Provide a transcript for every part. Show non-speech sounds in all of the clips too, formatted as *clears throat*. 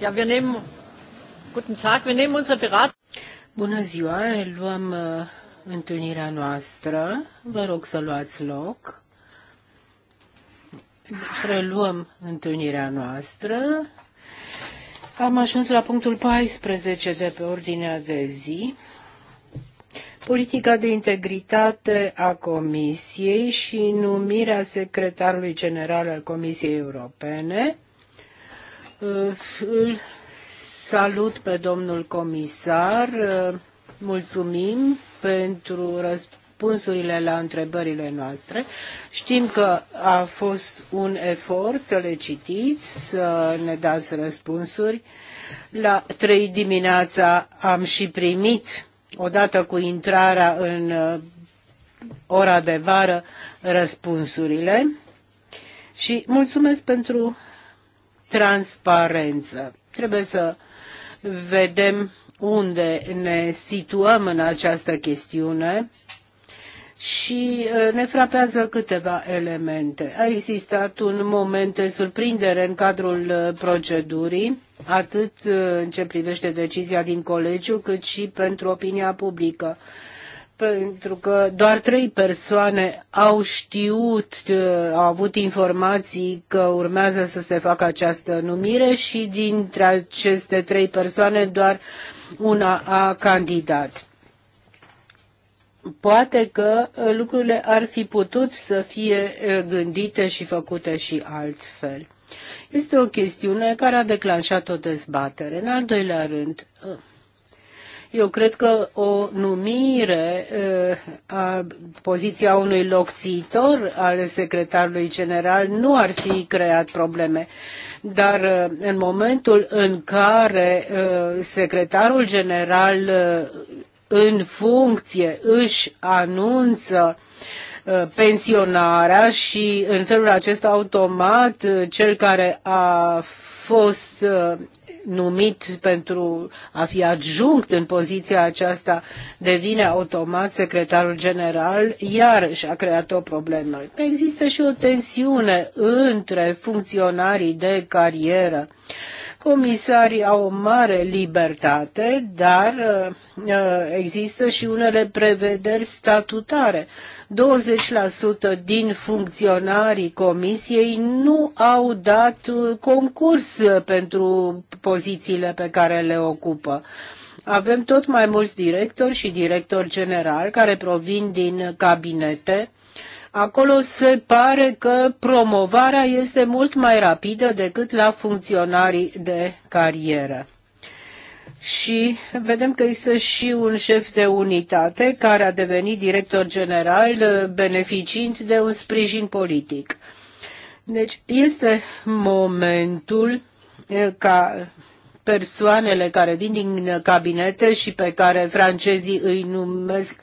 Ja, wir nehmen, guten Tag, wir nehmen Berat Bună ziua, luăm uh, întâlnirea noastră. Vă rog să luați loc. Reluăm întâlnirea noastră. Am ajuns la punctul 14 de pe ordinea de zi. Politica de integritate a Comisiei și numirea secretarului general al Comisiei Europene. Uh, îl salut pe domnul comisar. Uh, mulțumim pentru răspunsurile la întrebările noastre. Știm că a fost un efort să le citiți, să ne dați răspunsuri. La trei dimineața am și primit, odată cu intrarea în uh, ora de vară răspunsurile și mulțumesc pentru transparență. Trebuie să vedem unde ne situăm în această chestiune și uh, ne frapează câteva elemente. A existat un moment de surprindere în cadrul uh, procedurii, atât uh, în ce privește decizia din colegiu, cât și pentru opinia publică pentru că doar trei persoane au știut, uh, au avut informații că urmează să se facă această numire și dintre aceste trei persoane doar una a candidat. Poate că uh, lucrurile ar fi putut să fie uh, gândite și făcute și altfel. Este o chestiune care a declanșat o dezbatere. În al doilea rând, eu cred că o numire eh, a poziția unui locțitor al secretarului general nu ar fi creat probleme. Dar eh, în momentul în care eh, secretarul general în funcție își anunță pensionarea și în felul acesta automat cel care a fost numit pentru a fi adjunct în poziția aceasta devine automat secretarul general, iar și-a creat o problemă. Există și o tensiune între funcționarii de carieră. Uh, Comisarii au o mare libertate, dar uh, uh, există și unele prevederi statutare. 20% din funcționarii comisiei nu au dat uh, concurs pentru pozițiile pe care le ocupă avem tot mai mulți directori și directori generali care provin din cabinete Acolo se pare că promovarea este mult mai rapidă decât la funcționarii de carieră. Și vedem că există și un șef de unitate care a devenit director general beneficiind de un sprijin politic. Deci este momentul eh, ca persoanele care vin din cabinete și pe care francezii îi numesc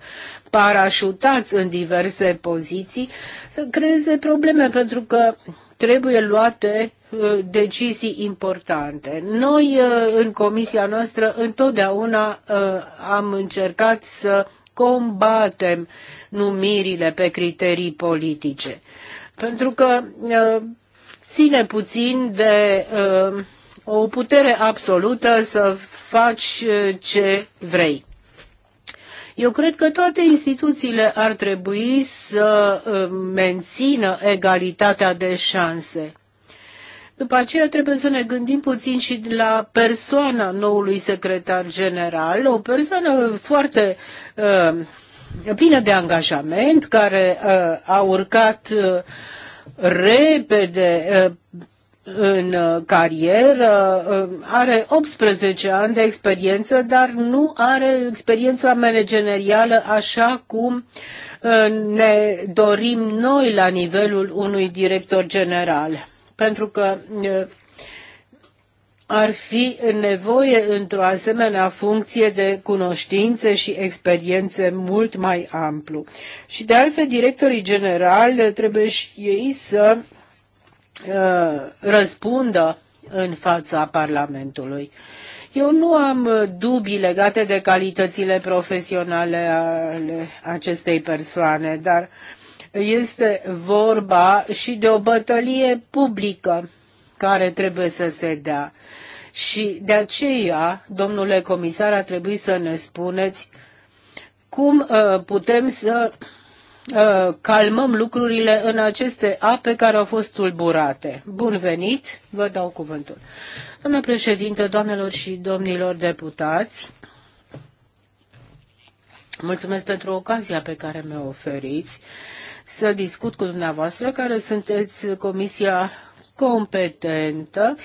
parașutați în diverse poziții, să creeze probleme, pentru că trebuie luate uh, decizii importante. Noi, uh, în comisia noastră, întotdeauna uh, am încercat să combatem numirile pe criterii politice. Pentru că ține puțin de o putere absolută să faci ce vrei. Eu cred că toate instituțiile ar trebui să uh, mențină egalitatea de șanse. După aceea trebuie să ne gândim puțin și la persoana noului secretar general, o persoană foarte uh, plină de angajament, care uh, a urcat uh, repede uh, în uh, carieră, uh, are 18 ani de experiență, dar nu are experiența managerială așa cum uh, ne dorim noi la nivelul unui director general. Pentru că ar fi nevoie într-o asemenea funcție de cunoștințe și experiențe mult mai amplu. Și de altfel, directorii generali trebuie și ei să Uh, răspundă în fața Parlamentului. Eu nu am uh, dubii legate de calitățile profesionale ale acestei persoane, dar este vorba și de o bătălie publică care trebuie să se dea. Și de aceea, domnule comisar, a trebuit să ne spuneți cum uh, putem să Uh, calmăm lucrurile în aceste ape care au fost tulburate. Bun venit, vă dau cuvântul. Doamna președintă, doamnelor și domnilor deputați, mulțumesc pentru ocazia pe care mi-o oferiți să discut cu dumneavoastră, care sunteți Comisia competentă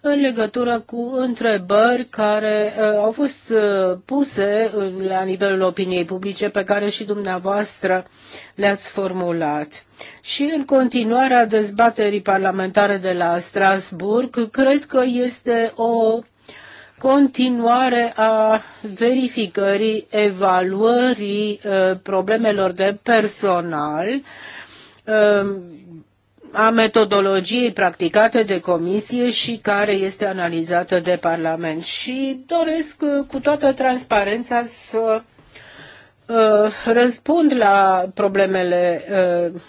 în legătură cu întrebări care uh, au fost uh, puse la nivelul opiniei publice pe care și dumneavoastră le-ați formulat. Și în continuarea dezbaterii parlamentare de la Strasburg, cred că este o continuare a verificării, evaluării uh, problemelor de personal a metodologiei practicate de comisie și care este analizată de Parlament. Și doresc uh, cu toată transparența să uh, răspund la problemele uh,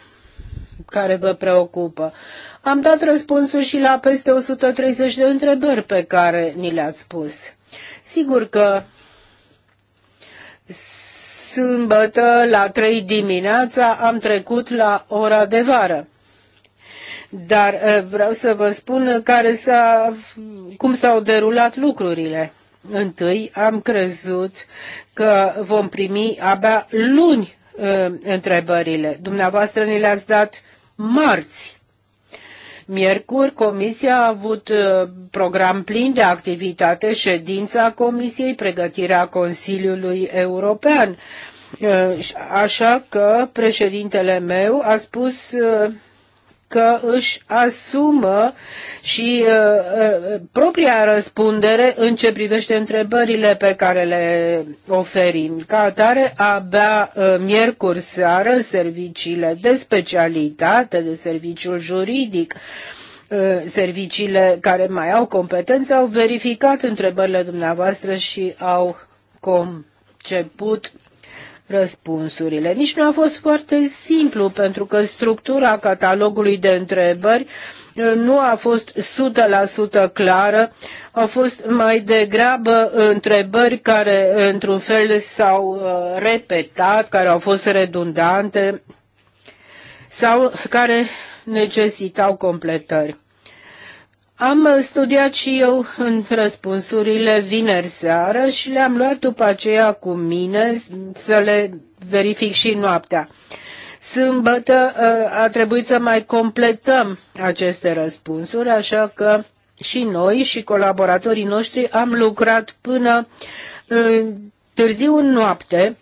care vă preocupă. Am dat răspunsuri și la peste 130 de întrebări pe care ni le-ați pus. Sigur că sâmbătă la 3 dimineața am trecut la ora de vară. Dar eh, vreau să vă spun care s-a, cum s-au derulat lucrurile. Întâi am crezut că vom primi abia luni eh, întrebările. Dumneavoastră ne le-ați dat marți. Miercuri, Comisia a avut eh, program plin de activitate, ședința Comisiei, pregătirea Consiliului European. Așa că președintele meu a spus că își asumă și uh, uh, propria răspundere în ce privește întrebările pe care le oferim. Ca atare, abia uh, miercuri seară, serviciile de specialitate, de serviciul juridic, uh, serviciile care mai au competență au verificat întrebările dumneavoastră și au conceput răspunsurile. Nici nu a fost foarte simplu, pentru că structura catalogului de întrebări uh, nu a fost 100% clară, au fost mai degrabă întrebări care într-un fel s-au uh, repetat, care au fost redundante sau care necesitau completări. Am studiat și eu în răspunsurile vineri seară și le-am luat după aceea cu mine să le verific și noaptea. Sâmbătă uh, a trebuit să mai completăm aceste răspunsuri, așa că și noi și colaboratorii noștri am lucrat până uh, târziu în noapte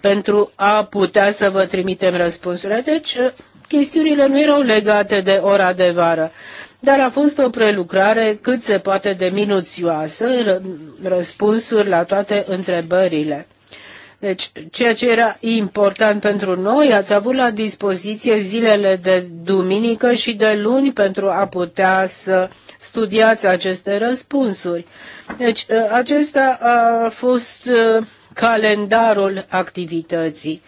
pentru a putea să vă trimitem răspunsurile. Deci, uh, chestiunile nu erau legate de ora de vară dar a fost o prelucrare cât se poate de minuțioasă, răspunsuri la toate întrebările. Deci, ceea ce era important pentru noi, ați avut la dispoziție zilele de duminică și de luni pentru a putea să studiați aceste răspunsuri. Deci, ă, acesta a fost ă, calendarul activității.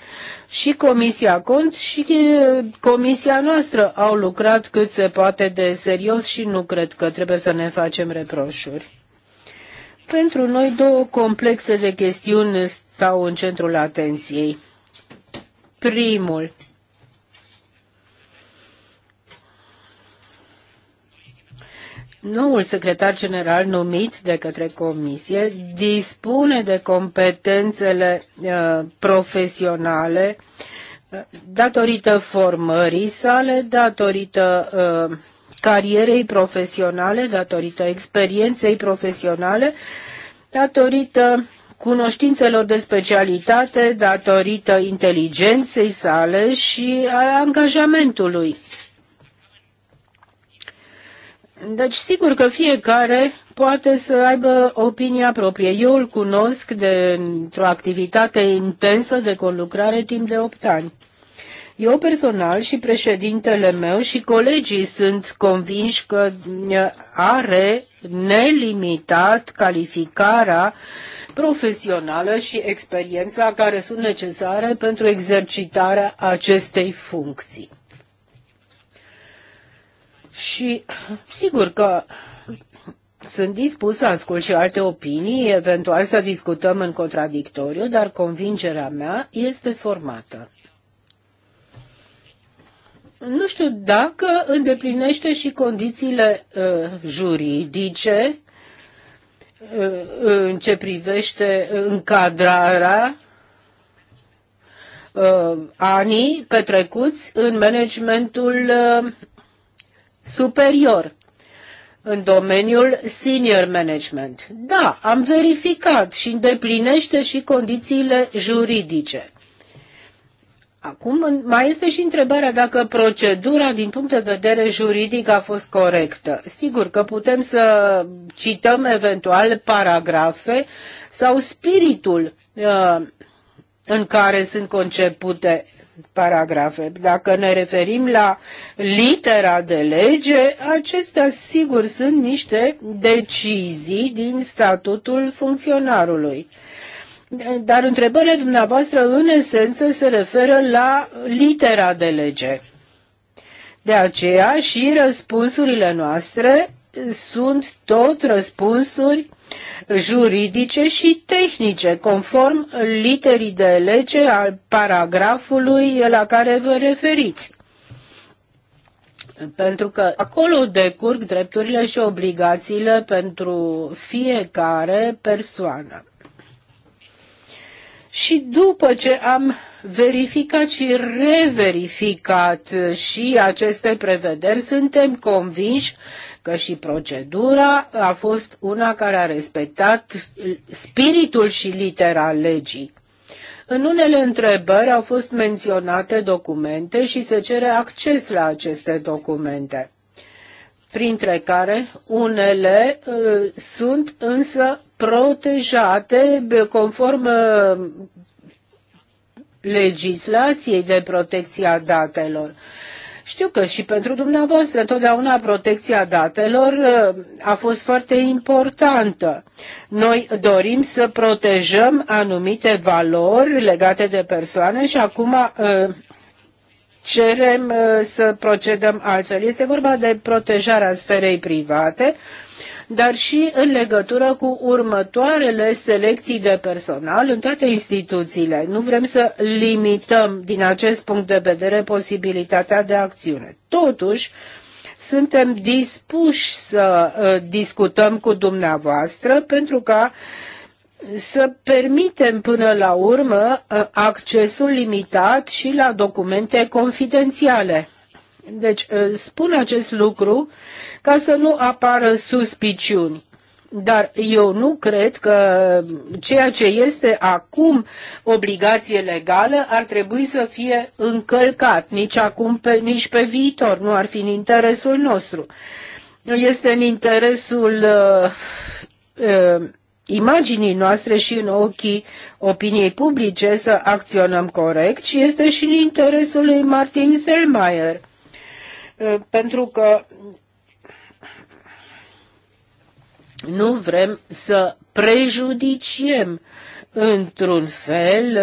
Și Comisia Cont și Comisia noastră au lucrat cât se poate de serios și nu cred că trebuie să ne facem reproșuri. Pentru noi două complexe de chestiuni stau în centrul atenției. Primul, noul secretar general numit de către comisie dispune de competențele uh, profesionale uh, datorită formării sale, datorită uh, carierei profesionale, datorită experienței profesionale, datorită cunoștințelor de specialitate, datorită inteligenței sale și a angajamentului deci, sigur că fiecare poate să aibă opinia proprie. Eu îl cunosc de, într-o activitate intensă de conlucrare timp de 8 ani. Eu personal și președintele meu și colegii sunt convinși că are nelimitat calificarea profesională și experiența care sunt necesare pentru exercitarea acestei funcții. Și sigur că sunt dispus să ascult și alte opinii, eventual să discutăm în contradictoriu, dar convingerea mea este formată. Nu știu dacă îndeplinește și condițiile uh, juridice uh, în ce privește încadrarea uh, anii petrecuți în managementul uh, superior în domeniul senior management. Da, am verificat și îndeplinește și condițiile juridice. Acum mai este și întrebarea dacă procedura din punct de vedere juridic a fost corectă. Sigur că putem să cităm eventual paragrafe sau spiritul uh, în care sunt concepute paragrafe. Dacă ne referim la litera de lege, acestea sigur sunt niște decizii din statutul funcționarului. Dar întrebările dumneavoastră în esență se referă la litera de lege. De aceea și răspunsurile noastre sunt tot răspunsuri juridice și tehnice, conform literii de lege al paragrafului la care vă referiți. Pentru că acolo decurg drepturile și obligațiile pentru fiecare persoană. Și după ce am verificat și reverificat și aceste prevederi, suntem convinși că și procedura a fost una care a respectat spiritul și litera legii. În unele întrebări au fost menționate documente și se cere acces la aceste documente, printre care unele uh, sunt însă protejate conform uh, legislației de protecție a datelor. Știu că și pentru dumneavoastră întotdeauna protecția datelor uh, a fost foarte importantă. Noi dorim să protejăm anumite valori legate de persoane și acum uh, cerem uh, să procedăm altfel. Este vorba de protejarea sferei private dar și în legătură cu următoarele selecții de personal în toate instituțiile. Nu vrem să limităm din acest punct de vedere posibilitatea de acțiune. Totuși, suntem dispuși să ă, discutăm cu dumneavoastră pentru ca să permitem până la urmă ă, accesul limitat și la documente confidențiale. Deci uh, spun acest lucru ca să nu apară suspiciuni. Dar eu nu cred că ceea ce este acum obligație legală ar trebui să fie încălcat nici acum, pe, nici pe viitor. Nu ar fi în interesul nostru. Este în interesul uh, uh, imaginii noastre și în ochii opiniei publice să acționăm corect și este și în interesul lui Martin Selmayr pentru că nu vrem să prejudiciem într-un fel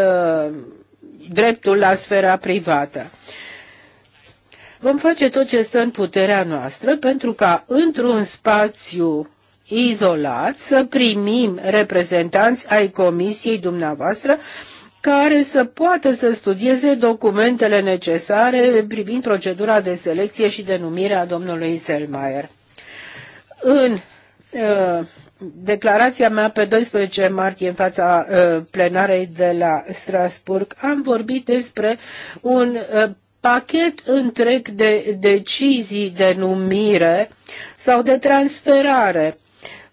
dreptul la sfera privată. Vom face tot ce stă în puterea noastră pentru ca într-un spațiu izolat să primim reprezentanți ai comisiei dumneavoastră care să poată să studieze documentele necesare privind procedura de selecție și a domnului Selmayr. În uh, declarația mea pe 12 martie în fața uh, plenarei de la Strasburg am vorbit despre un uh, pachet întreg de decizii de numire sau de transferare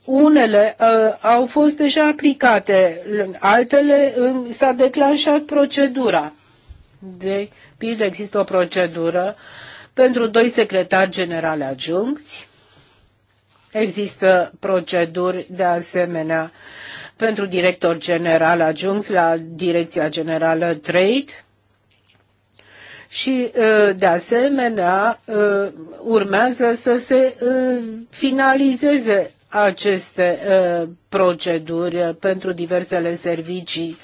unele uh, au fost deja aplicate, altele uh, s-a declanșat procedura. De pildă există o procedură pentru doi secretari generale adjuncți. Există proceduri de asemenea pentru director general adjunct la Direcția Generală Trade și uh, de asemenea uh, urmează să se uh, finalizeze aceste uh, proceduri pentru diversele servicii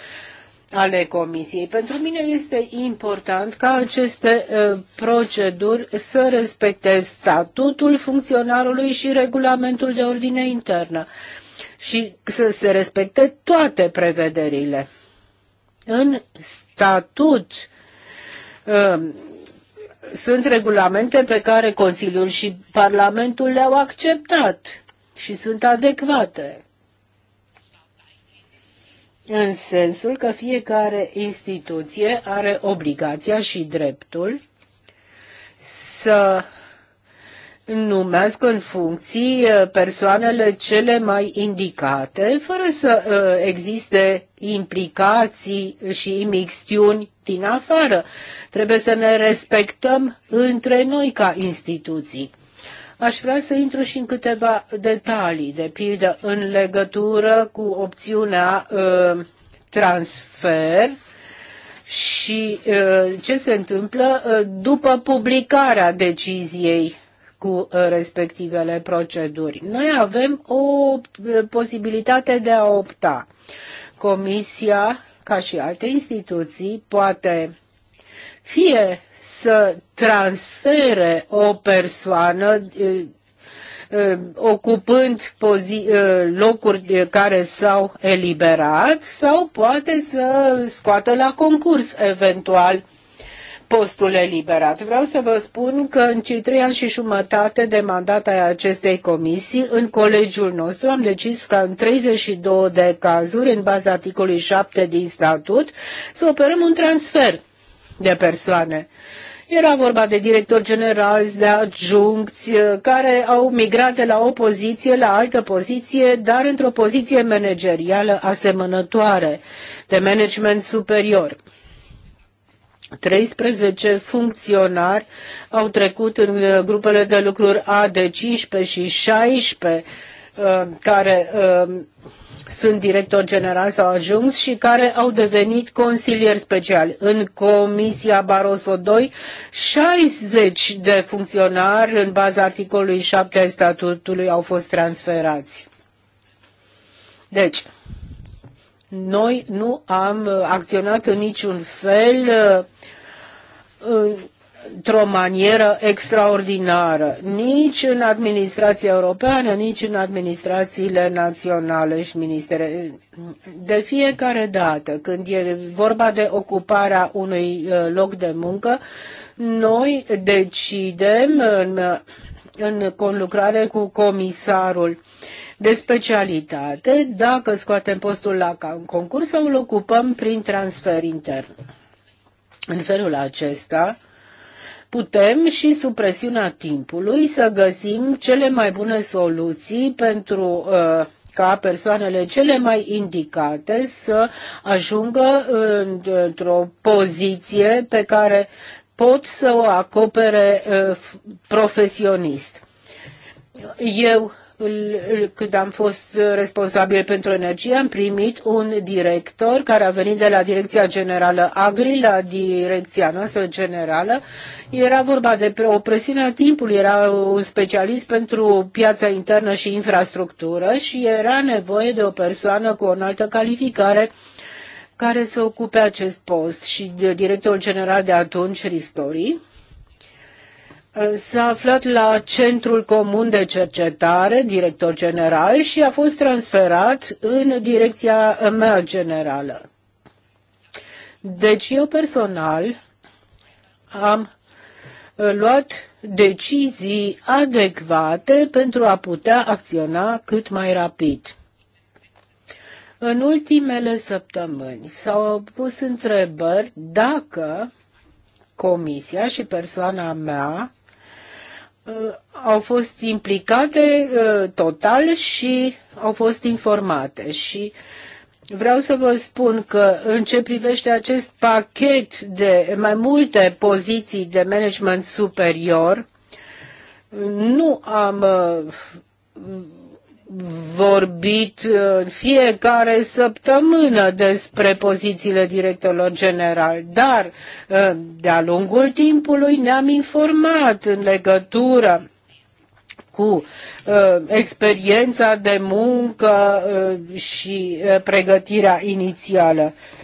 ale Comisiei. Pentru mine este important ca aceste uh, proceduri să respecte statutul funcționarului și regulamentul de ordine internă și să se respecte toate prevederile. În statut uh, sunt regulamente pe care Consiliul și Parlamentul le-au acceptat și sunt adecvate. În sensul că fiecare instituție are obligația și dreptul să numească în funcții uh, persoanele cele mai indicate, fără să uh, existe implicații și imixtiuni din afară. Trebuie să ne respectăm între noi ca instituții. Aș vrea să intru și în câteva detalii, de pildă în legătură cu opțiunea uh, transfer și uh, ce se întâmplă uh, după publicarea deciziei cu uh, respectivele proceduri. Noi avem o uh, posibilitate de a opta. Comisia, ca și alte instituții, poate fie să transfere o persoană ocupând locuri care s-au eliberat sau poate să scoată la concurs eventual postul eliberat. Vreau să vă spun că în cei trei ani și jumătate de mandat ai acestei comisii, în colegiul nostru am decis ca în 32 de cazuri, în baza articolului 7 din statut, să operăm un transfer de persoane. Era vorba de directori generali, de adjuncți, eh, care au migrat de la o poziție la altă poziție, dar într-o poziție managerială asemănătoare, de management superior. 13 funcționari au trecut în eh, grupele de lucruri A de 15 și 16, eh, care sunt director general sau ajuns și care au devenit consilieri speciali. În Comisia Barroso II, 60 de funcționari în baza articolului 7 al statutului au fost transferați. Deci, noi nu am acționat în niciun fel uh, într-o manieră extraordinară, nici în administrația europeană, nici în administrațiile naționale și ministere. De fiecare dată când e vorba de ocuparea unui uh, loc de muncă, noi decidem în, uh, în conlucrare cu comisarul de specialitate dacă scoatem postul la concurs sau îl ocupăm prin transfer intern. În felul acesta, putem și sub presiunea timpului să găsim cele mai bune soluții pentru uh, ca persoanele cele mai indicate să ajungă într-o poziție pe care pot să o acopere uh, profesionist. Eu Eh, Când am fost eh, responsabil pentru energie, am primit un director care a venit de la Direcția Generală Agri la Direcția noastră generală. Era vorba de o presiune a timpului, era un specialist pentru piața internă și infrastructură și era nevoie de o persoană cu o înaltă calificare care să ocupe acest post și directorul general de atunci, Ristori, Uh, s-a aflat la Centrul Comun de Cercetare, director general, și a fost transferat în direcția mea generală. Deci eu personal am uh, luat decizii adecvate pentru a putea acționa cât mai rapid. În ultimele săptămâni s-au pus întrebări dacă comisia și persoana mea Uh, au fost implicate uh, total și au fost informate și Vreau să vă spun că în ce privește acest pachet de mai multe poziții de management superior, nu am uh, vorbit uh, în fiecare săptămână despre pozițiile directorilor generali, dar uh, de-a lungul timpului ne-am informat în legătură cu uh, experiența de muncă uh, și uh, pregătirea inițială. Uh,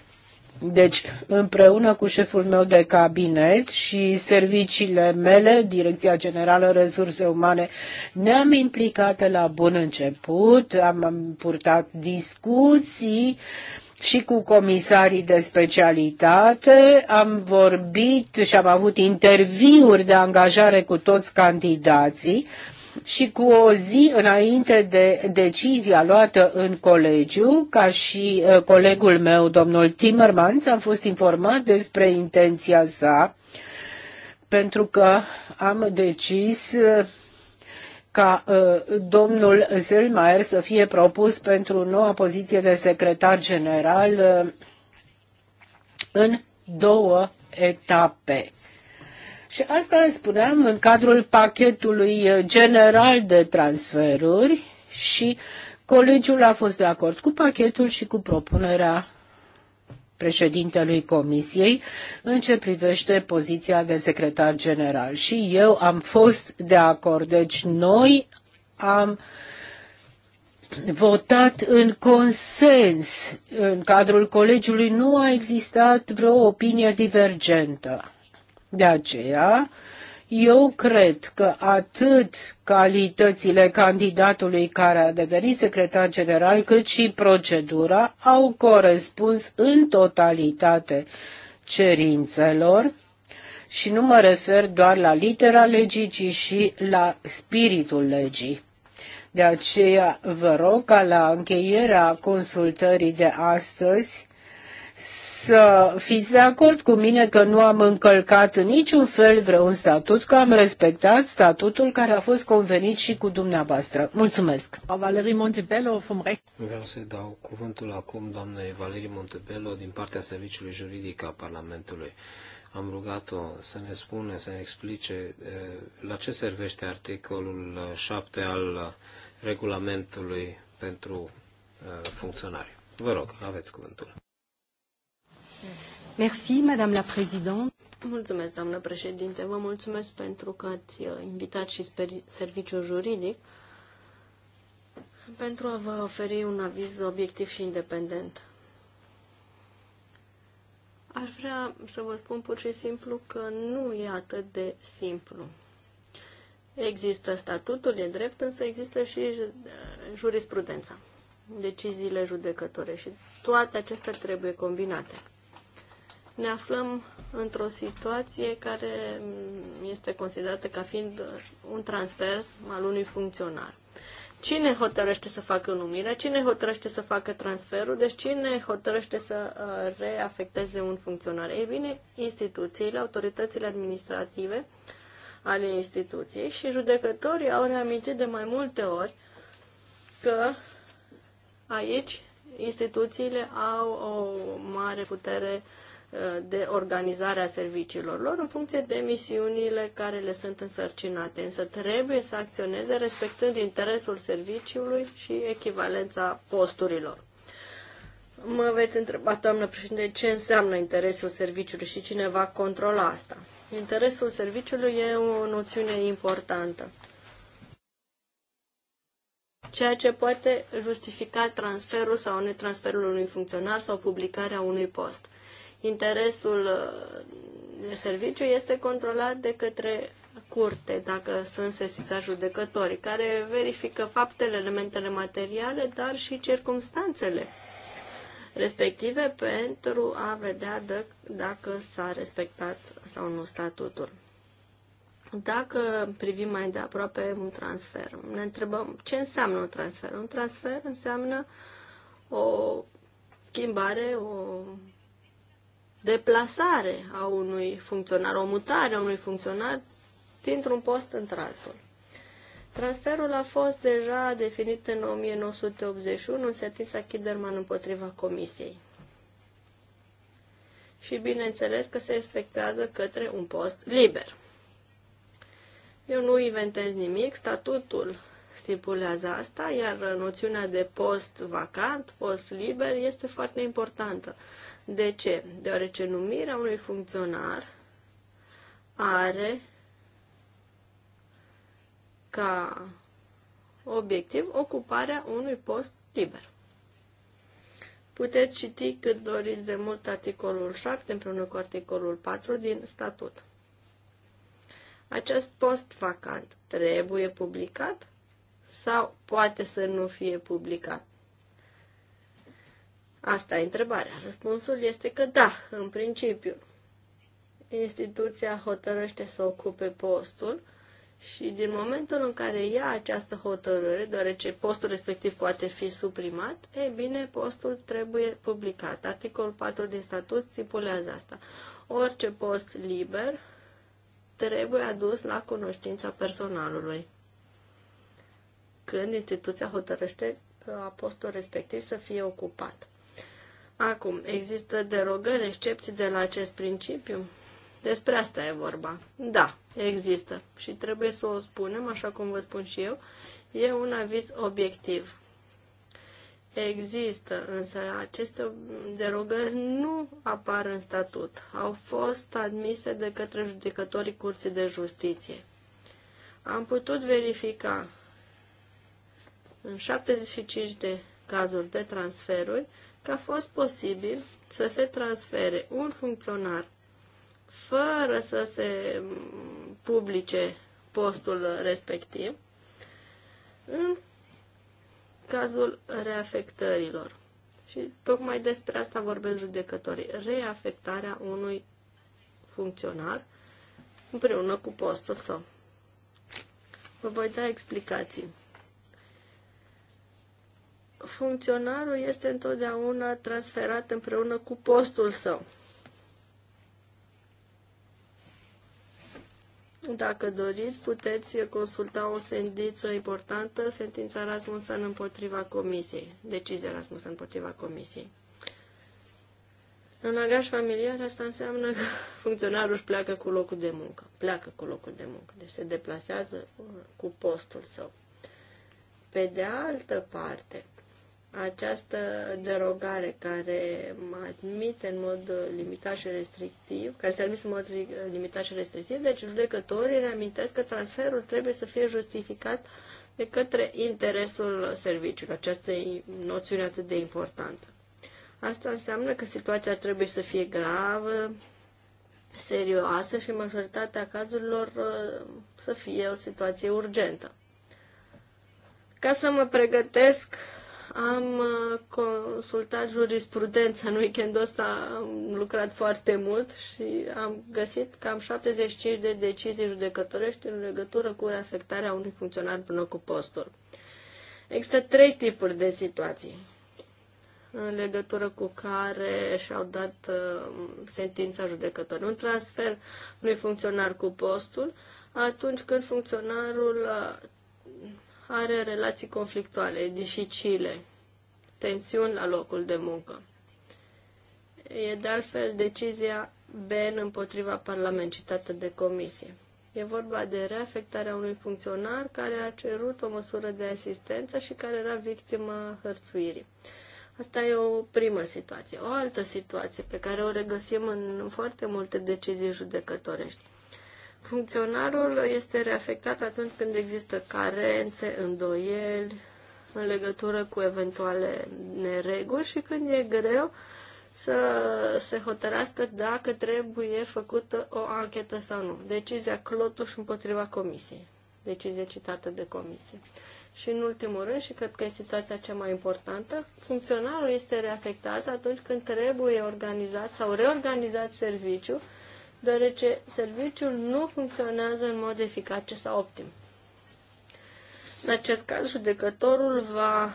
deci, împreună cu șeful meu de cabinet și serviciile mele, Direcția Generală Resurse Umane, ne-am implicat la bun început, am purtat discuții și cu comisarii de specialitate, am vorbit și am avut interviuri de angajare cu toți candidații și cu o zi înainte de decizia luată în colegiu, ca și uh, colegul meu, domnul Timmermans, am fost informat despre intenția sa, pentru că am decis uh, ca uh, domnul Zellmayer să fie propus pentru noua poziție de secretar general în două etape. Și asta spuneam în cadrul pachetului eh, general de transferuri și colegiul a fost de acord cu pachetul și cu propunerea președintelui Comisiei în ce privește poziția de secretar general. Și eu am fost de acord. Deci noi am votat în consens în cadrul colegiului. Nu a existat vreo opinie divergentă. De aceea, eu cred că atât calitățile candidatului care a devenit secretar general, cât și procedura au corespuns în totalitate cerințelor și nu mă refer doar la litera legii, ci și la spiritul legii. De aceea vă rog ca la încheierea consultării de astăzi să fiți de acord cu mine că nu am încălcat în niciun fel vreun statut, că am respectat statutul care a fost convenit și cu dumneavoastră. Mulțumesc! Valerii Montebello, Vreau să-i dau cuvântul acum doamnei Valerii Montebello din partea Serviciului Juridic al Parlamentului. Am rugat-o să ne spune, să ne explice eh, la ce servește articolul 7 eh, al eh, regulamentului pentru funcționari. Vă rog, aveți cuvântul. Merci, Madame la Présidente. Mulțumesc, doamnă președinte. Vă mulțumesc pentru că ați uh, invitat și serviciul juridic pentru a vă oferi un aviz obiectiv și independent. Aș vrea să vă spun pur și simplu că nu e atât de simplu. Există statutul, e drept, însă există și uh, jurisprudența, deciziile judecătore și toate acestea trebuie combinate ne aflăm într-o situație care este considerată ca fiind un transfer al unui funcționar. Cine hotărăște să facă numirea, cine hotărăște să facă transferul, deci cine hotărăște să uh, reafecteze un funcționar? Ei bine, instituțiile, autoritățile administrative ale instituției și judecătorii au reamintit de mai multe ori că aici instituțiile au o mare putere uh, de organizare a serviciilor lor în funcție de misiunile care le sunt însărcinate, însă trebuie să acționeze respectând interesul serviciului și echivalența posturilor. Mă veți întreba, doamnă președinte, ce înseamnă interesul serviciului și cine va controla asta. Interesul serviciului e o noțiune importantă. Ceea ce poate justifica transferul sau netransferul unui funcționar sau publicarea unui post interesul uh, de serviciu este controlat de către curte, dacă sunt sesizați judecătorii, care verifică faptele, elementele materiale, dar și circumstanțele respective pentru a vedea dacă s-a respectat sau nu statutul. Dacă privim mai de aproape un transfer, ne întrebăm ce înseamnă un transfer. Un transfer înseamnă o schimbare, o deplasare a unui funcționar, o mutare a unui funcționar dintr-un post într-altul. Transferul a fost deja definit în 1981 în sentința Kiderman împotriva Comisiei. Și bineînțeles că se efectuează către un post liber. Eu nu inventez nimic, statutul stipulează asta, iar noțiunea de post vacant, post liber, este foarte importantă de ce? Deoarece numirea unui funcționar are ca obiectiv ocuparea unui post liber. Puteți citi cât doriți de mult articolul 7 împreună cu articolul 4 din statut. Acest post vacant trebuie publicat sau poate să nu fie publicat? Asta e întrebarea. Răspunsul este că da, în principiu. Instituția hotărăște să ocupe postul și din momentul în care ia această hotărâre, deoarece postul respectiv poate fi suprimat, e bine, postul trebuie publicat. Articolul 4 din statut stipulează asta. Orice post liber trebuie adus la cunoștința personalului. Când instituția hotărăște uh, postul respectiv să fie ocupat. Acum, există derogări, excepții de la acest principiu? Despre asta e vorba. Da, există și trebuie să o spunem, așa cum vă spun și eu, e un aviz obiectiv. Există, însă aceste derogări nu apar în statut. Au fost admise de către judecătorii Curții de Justiție. Am putut verifica în 75 de cazuri de transferuri că a fost posibil să se transfere un funcționar fără să se publice postul respectiv în cazul reafectărilor. Și tocmai despre asta vorbesc judecătorii. Reafectarea unui funcționar împreună cu postul său. Vă voi da explicații funcționarul este întotdeauna transferat împreună cu postul său. Dacă doriți, puteți consulta o sentință importantă, sentința Rasmussen împotriva comisiei, decizia Rasmussen împotriva comisiei. În agaj familiar asta înseamnă că funcționarul își pleacă cu locul de muncă, pleacă cu locul de muncă, deci se deplasează cu postul său. Pe de altă parte, această derogare care mă admite în mod limitat și restrictiv, care se admite în mod limitat și restrictiv, deci judecătorii reamintesc că transferul trebuie să fie justificat de către interesul serviciului, această noțiune atât de importantă. Asta înseamnă că situația trebuie să fie gravă, serioasă și majoritatea cazurilor uh, să fie o situație urgentă. Ca să mă pregătesc am uh, consultat jurisprudența în weekendul ăsta, am lucrat foarte mult și am găsit cam 75 de decizii judecătorești în legătură cu reafectarea unui funcționar până cu postul. Există trei tipuri de situații în legătură cu care și-au dat uh, sentința judecătorului Un transfer unui funcționar cu postul, atunci când funcționarul uh, are relații conflictuale, dificile, tensiuni la locul de muncă. E de altfel decizia BN împotriva Parlament citată de comisie. E vorba de reafectarea unui funcționar care a cerut o măsură de asistență și care era victima hărțuirii. Asta e o primă situație. O altă situație pe care o regăsim în foarte multe decizii judecătorești Funcționarul este reafectat atunci când există carențe, îndoieli în legătură cu eventuale nereguli și când e greu să se hotărească dacă trebuie făcută o anchetă sau nu. Decizia Clotuș împotriva comisiei. Decizie citată de comisie. Și în ultimul rând, și cred că e situația cea mai importantă, funcționarul este reafectat atunci când trebuie organizat sau reorganizat serviciu deoarece serviciul nu funcționează în mod eficace sau optim. În acest caz, judecătorul va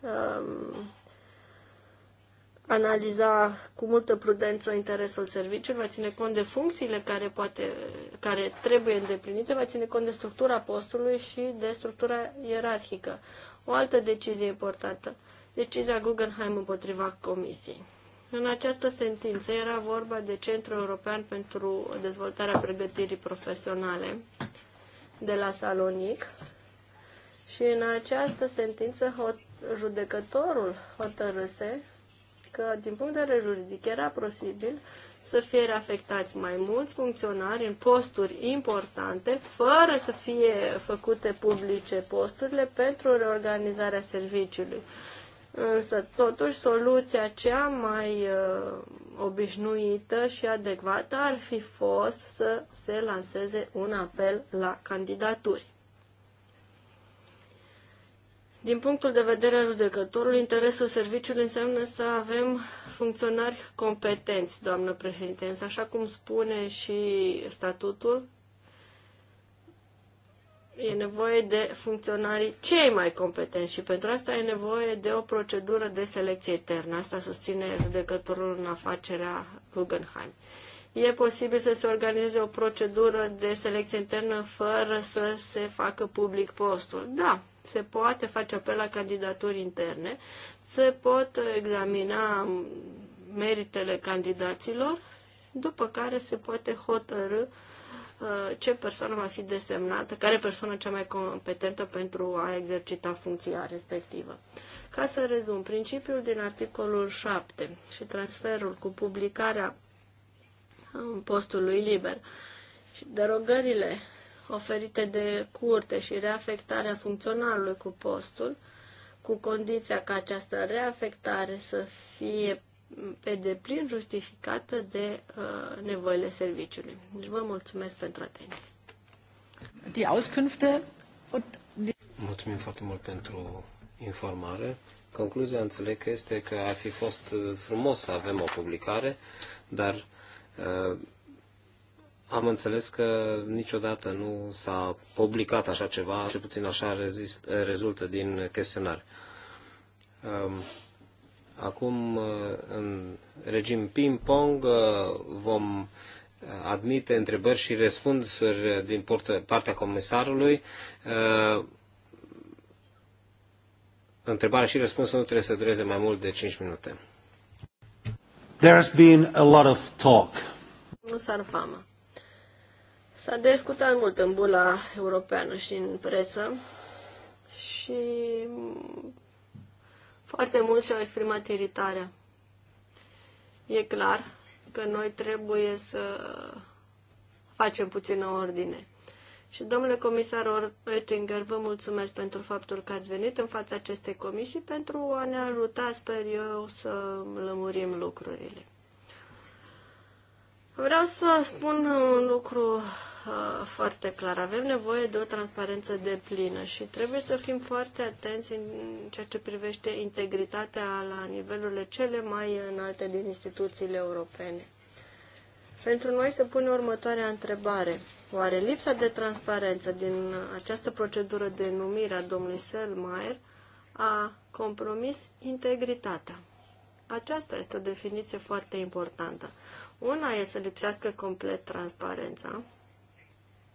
um, analiza cu multă prudență interesul serviciului, va ține cont de funcțiile care, poate, care trebuie îndeplinite, va ține cont de structura postului și de structura ierarhică. O altă decizie importantă, decizia Guggenheim împotriva comisiei. În această sentință era vorba de Centrul European pentru Dezvoltarea Pregătirii Profesionale de la Salonic și în această sentință hot- judecătorul hotărâse că, din punct de vedere juridic, era posibil să fie afectați mai mulți funcționari în posturi importante, fără să fie făcute publice posturile pentru reorganizarea serviciului. Însă, totuși, soluția cea mai uh, obișnuită și adecvată ar fi fost să se lanseze un apel la candidaturi. Din punctul de vedere al judecătorului, interesul serviciului înseamnă să avem funcționari competenți, doamnă președinte. Însă, așa cum spune și statutul, e nevoie de funcționarii cei mai competenți și pentru asta e nevoie de o procedură de selecție eternă. Asta susține judecătorul în afacerea Guggenheim. E posibil să se organizeze o procedură de selecție internă fără să se facă public postul. Da, se poate face apel la candidaturi interne, se pot examina meritele candidaților, după care se poate hotărâ Uh, ce persoană va fi desemnată, care persoană cea mai competentă pentru a exercita funcția respectivă. Ca să rezum, principiul din articolul 7 și transferul cu publicarea postului liber și derogările oferite de curte și reafectarea funcționalului cu postul, cu condiția ca această reafectare să fie pe deplin justificată de uh, nevoile serviciului. Deci vă mulțumesc pentru atenție. Mulțumim foarte mult pentru informare. Concluzia înțeleg că este că ar fi fost uh, frumos să avem o publicare, dar uh, am înțeles că niciodată nu s-a publicat așa ceva, cel puțin așa rezist, rezultă din chestionare. Uh, um, Acum, uh, în regim ping-pong, uh, vom uh, admite întrebări și răspunsuri din partea comisarului. Întrebarea și răspunsul nu trebuie să dureze mai mult de 5 minute. There has been a lot of talk. Nu s-ar fama. S-a discutat mult în bula europeană și în presă și foarte mult și au exprimat iritarea. E clar că noi trebuie să facem puțină ordine. Și domnule comisar Oettinger, vă mulțumesc pentru faptul că ați venit în fața acestei comisii pentru a ne ajuta, sper eu, să lămurim lucrurile. Vreau să spun un lucru Uh, foarte clar. Avem nevoie de o transparență de plină și trebuie să fim foarte atenți în ceea ce privește integritatea la nivelurile cele mai înalte din instituțiile europene. Pentru noi se pune următoarea întrebare. Oare lipsa de transparență din această procedură de numire a domnului Selmayr a compromis integritatea? Aceasta este o definiție foarte importantă. Una e să lipsească complet transparența,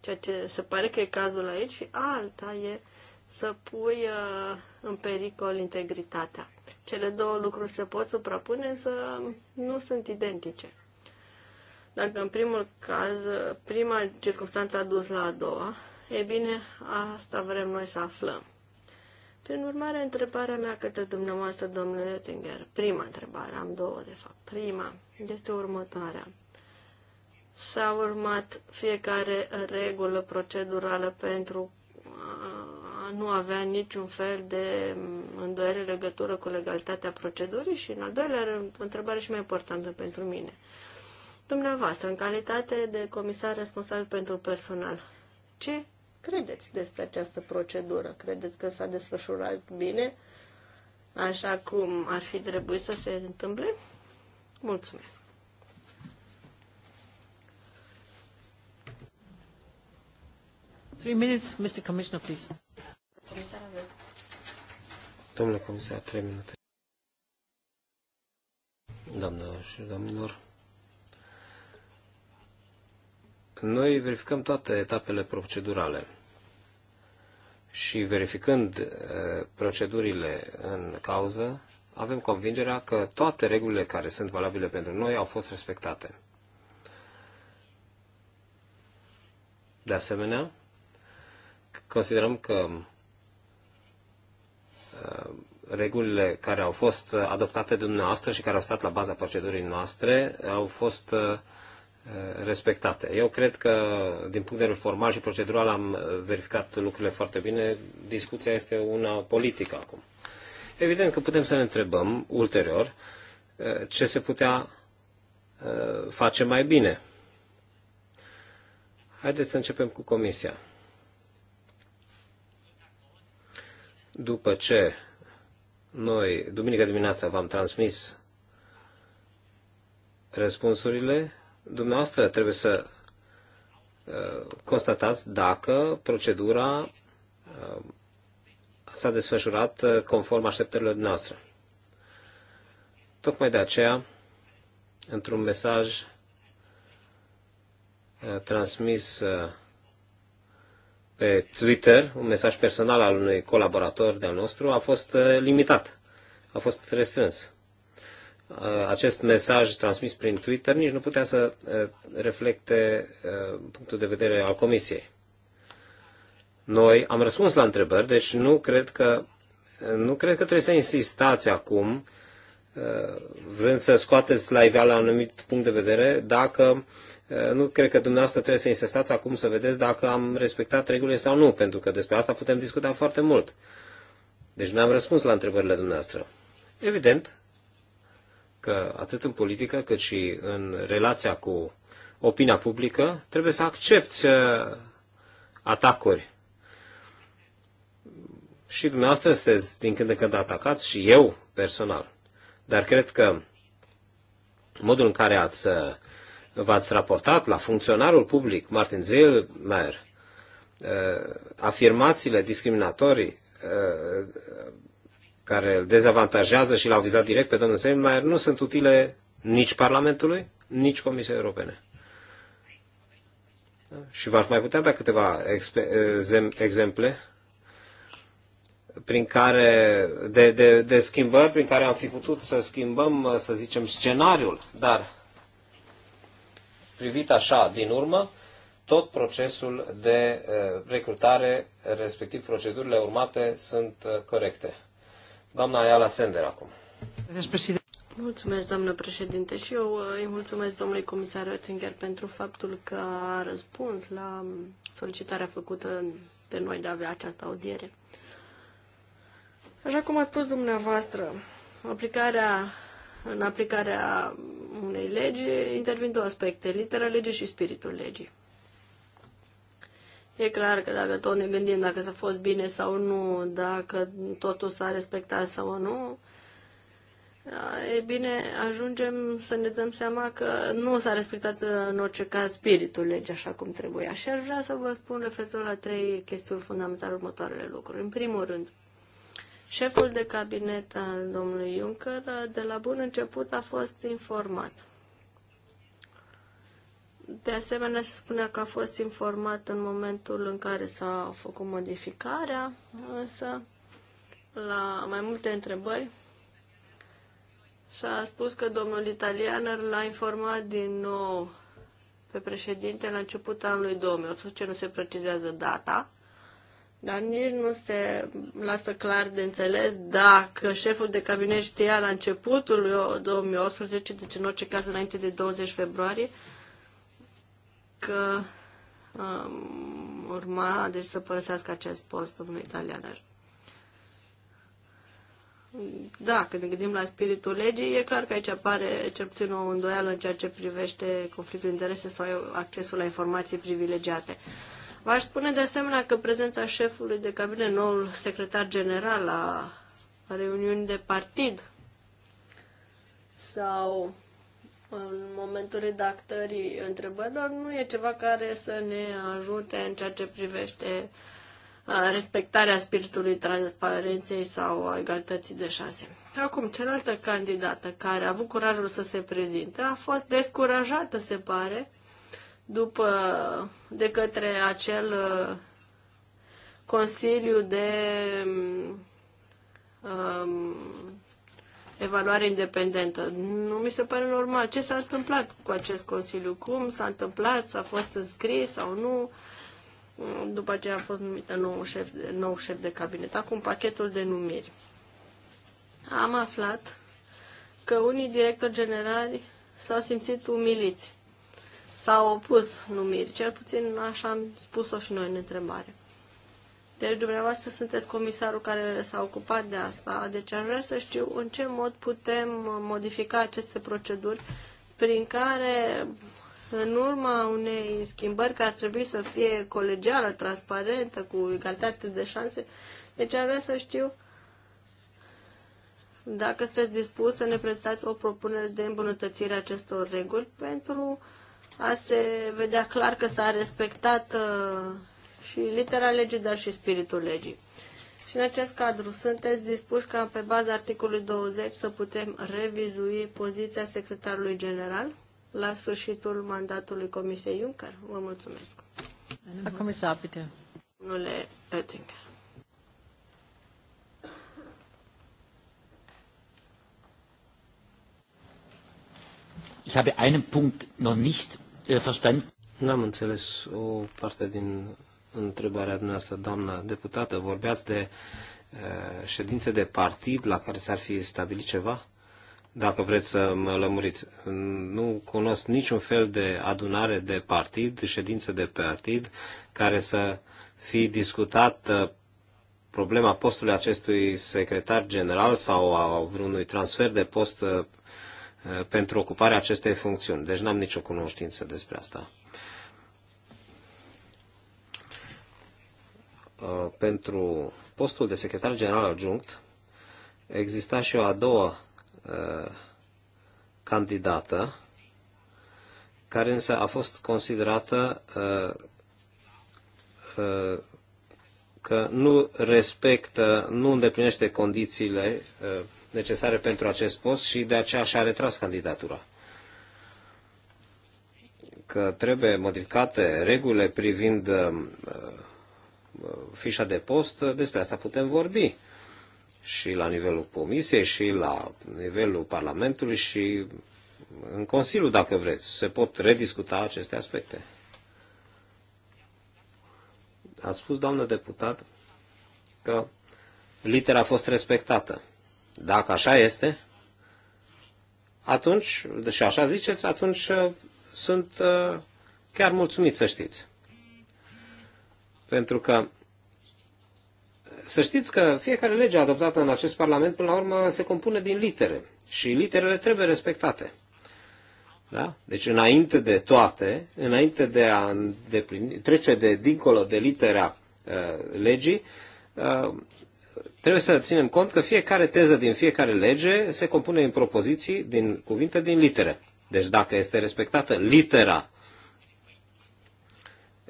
ceea ce se pare că e cazul aici, și alta e să pui uh, în pericol integritatea. Cele două lucruri se pot suprapune, să nu sunt identice. Dacă în primul caz, prima circunstanță a dus la a doua, e bine, asta vrem noi să aflăm. Prin urmare, întrebarea mea către dumneavoastră, domnule Oettinger, prima întrebare, am două de fapt, prima, este următoarea s-a urmat fiecare regulă procedurală pentru a nu avea niciun fel de îndoiere legătură cu legalitatea procedurii și, în al doilea rând, o întrebare și mai importantă pentru mine. Dumneavoastră, în calitate de comisar responsabil pentru personal, ce credeți despre această procedură? Credeți că s-a desfășurat bine, așa cum ar fi trebuit să se întâmple? Mulțumesc! Domnule comisar, trei minute. Doamnelor și domnilor, noi verificăm toate etapele procedurale și verificând eh, procedurile în cauză, avem convingerea că toate regulile care sunt valabile pentru noi au fost respectate. De asemenea, considerăm că uh, regulile care au fost adoptate de dumneavoastră și care au stat la baza procedurii noastre au fost uh, respectate. Eu cred că, din punct de vedere formal și procedural, am uh, verificat lucrurile foarte bine. Discuția este una politică acum. Evident că putem să ne întrebăm ulterior ce se putea face mai bine. Haideți să începem cu Comisia. După ce noi, duminică dimineața, v-am transmis răspunsurile, dumneavoastră trebuie să uh, constatați dacă procedura uh, s-a desfășurat uh, conform așteptărilor noastre. Tocmai de aceea, într-un mesaj transmis pe Twitter, un mesaj personal al unui colaborator de-al nostru, a fost uh, limitat, a fost restrâns. Uh, acest mesaj transmis prin Twitter nici nu putea să uh, reflecte punctul de vedere al Comisiei. Noi am răspuns la întrebări, deci nu cred că, nu cred că trebuie să insistați acum, vrând să scoateți la iveală anumit punct de vedere, dacă nu cred că dumneavoastră trebuie să insistați acum să vedeți dacă am respectat regulile sau nu, pentru că despre asta putem discuta foarte mult. Deci nu am răspuns la întrebările dumneavoastră. Evident că atât în politică cât și în relația cu opinia publică trebuie să accepti atacuri. Și dumneavoastră sunteți din când în când atacați și eu personal. Dar cred că modul în care ați v-ați raportat la funcționarul public Martin Zilmer. Uh, afirmațiile discriminatorii uh, care îl dezavantajează și l-au vizat direct pe domnul Zilmer, nu sunt utile nici Parlamentului, nici Comisiei Europene. Și v-aș mai putea da câteva exemple prin care, de, de, de schimbări prin care am fi putut să schimbăm, să zicem, scenariul, dar privit așa din urmă tot procesul de eh, recrutare, respectiv procedurile urmate, sunt eh, corecte. Doamna Ayala Sender acum. Mulțumesc, doamnă președinte, și eu eh, îi mulțumesc domnului comisar Oettinger pentru faptul că a răspuns la solicitarea făcută de noi de a avea această audiere. Așa cum ați spus dumneavoastră, aplicarea în aplicarea unei legi intervin două aspecte, litera legii și spiritul legii. E clar că dacă tot ne gândim dacă s-a fost bine sau nu, dacă totul s-a respectat sau nu, e bine, ajungem să ne dăm seama că nu s-a respectat în orice caz spiritul legii așa cum trebuia. Și aș vrea să vă spun referitor la trei chestiuni fundamentale următoarele lucruri. În primul rând, Șeful de cabinet al domnului Juncker de la bun început a fost informat. De asemenea, se spunea că a fost informat în momentul în care s-a făcut modificarea, însă la mai multe întrebări s-a spus că domnul italian l-a informat din nou pe președinte la începutul anului 2018, nu se precizează data, dar nici nu se lasă clar de înțeles dacă șeful de cabinet știa la începutul 2018, deci în orice caz înainte de 20 februarie, că um, urma deci să părăsească acest post domnul italianer. Da, când ne gândim la spiritul legii, e clar că aici apare cel puțin o îndoială în ceea ce privește conflictul de interese sau accesul la informații privilegiate. V-aș spune de asemenea că prezența șefului de cabinet, noul secretar general la reuniunii de partid sau în momentul redactării întrebărilor nu e ceva care să ne ajute în ceea ce privește respectarea spiritului transparenței sau a egalității de șanse. Acum, cealaltă candidată care a avut curajul să se prezinte a fost descurajată, se pare, după, de către acel uh, Consiliu de um, Evaluare Independentă. Nu mi se pare normal. Ce s-a întâmplat cu acest Consiliu? Cum s-a întâmplat? S-a fost înscris sau nu? După aceea a fost numită nou șef, nou șef de cabinet. Acum pachetul de numiri. Am aflat că unii directori generali s-au simțit umiliți s-au opus numiri, Cel puțin așa am spus-o și noi în întrebare. Deci dumneavoastră sunteți comisarul care s-a ocupat de asta, deci aș vrea să știu în ce mod putem modifica aceste proceduri prin care în urma unei schimbări care ar trebui să fie colegială, transparentă, cu egalitate de șanse, deci aș vrea să știu dacă sunteți dispus să ne prezentați o propunere de îmbunătățire acestor reguli pentru a se vedea clar că s-a respectat uh, și litera legii, dar și spiritul legii. Și în acest cadru, sunteți dispuși ca pe baza articolului 20 să putem revizui poziția secretarului general la sfârșitul mandatului Comisiei Juncker? Vă mulțumesc. A comisar, bine. Domnule Oettinger. Ich habe einen Punkt noch nicht verstanden. N-am înțeles o parte din întrebarea dumneavoastră, doamnă deputată. Vorbeați de uh, ședințe de partid la care s-ar fi stabilit ceva? Dacă vreți să mă lămuriți. Nu cunosc niciun fel de adunare de partid, de ședință de partid, care să fi discutat uh, problema postului acestui secretar general sau a vreunui transfer de post uh, Uh, pentru ocuparea acestei funcțiuni. Deci n-am nicio cunoștință despre asta. Uh, pentru postul de secretar general adjunct exista și o a doua uh, candidată care însă a fost considerată că nu respectă, nu îndeplinește condițiile necesare pentru acest post și de aceea și-a retras candidatura. Că trebuie modificate regulile privind uh, uh, fișa de post, uh, despre asta putem vorbi și la nivelul comisiei și la nivelul Parlamentului și în Consiliu, dacă vreți. Se pot rediscuta aceste aspecte. A spus, doamnă deputat, că litera a fost respectată. Dacă așa este, atunci, și așa ziceți, atunci uh, sunt uh, chiar mulțumit să știți. Pentru că să știți că fiecare lege adoptată în acest Parlament, până la urmă, se compune din litere. Și literele trebuie respectate. Da? Deci, înainte de toate, înainte de a trece de dincolo de litera uh, legii, uh, trebuie să ținem cont că fiecare teză din fiecare lege se compune din propoziții, din cuvinte, din litere. Deci dacă este respectată litera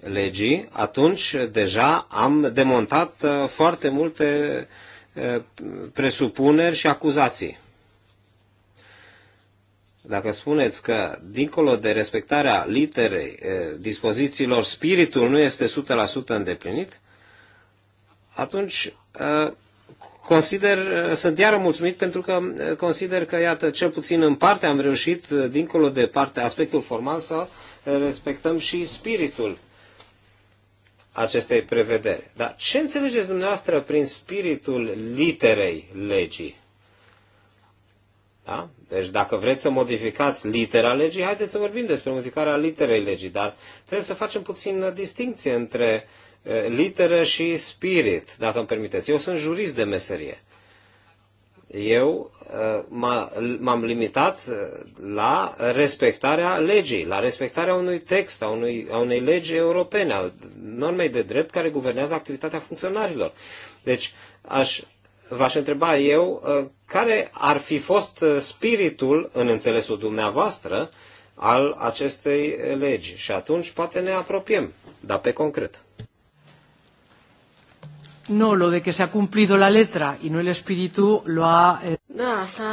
legii, atunci deja am demontat uh, foarte multe uh, presupuneri și acuzații. Dacă spuneți că, dincolo de respectarea literei uh, dispozițiilor, spiritul nu este 100% îndeplinit, atunci Uh, consider, uh, sunt iară mulțumit pentru că uh, consider că, iată, cel puțin în parte am reușit, dincolo de parte aspectul formal, să respectăm și spiritul acestei prevederi. Dar ce înțelegeți dumneavoastră prin spiritul literei legii? Da? Deci dacă vreți să modificați litera legii, haideți să vorbim despre modificarea literei legii, dar trebuie să facem puțin distinție între uh, literă și spirit, dacă îmi permiteți. Eu sunt jurist de meserie. Eu m-am limitat la respectarea legii, la respectarea unui text, a, unui, a unei legi europene, a normei de drept care guvernează activitatea funcționarilor. Deci, aș v-aș întreba eu care ar fi fost spiritul, în înțelesul dumneavoastră, al acestei legi. Și atunci poate ne apropiem, dar pe concret. No, lo de que se ha cumplido la letra y no el espíritu lo ha... Eh... Da, s-a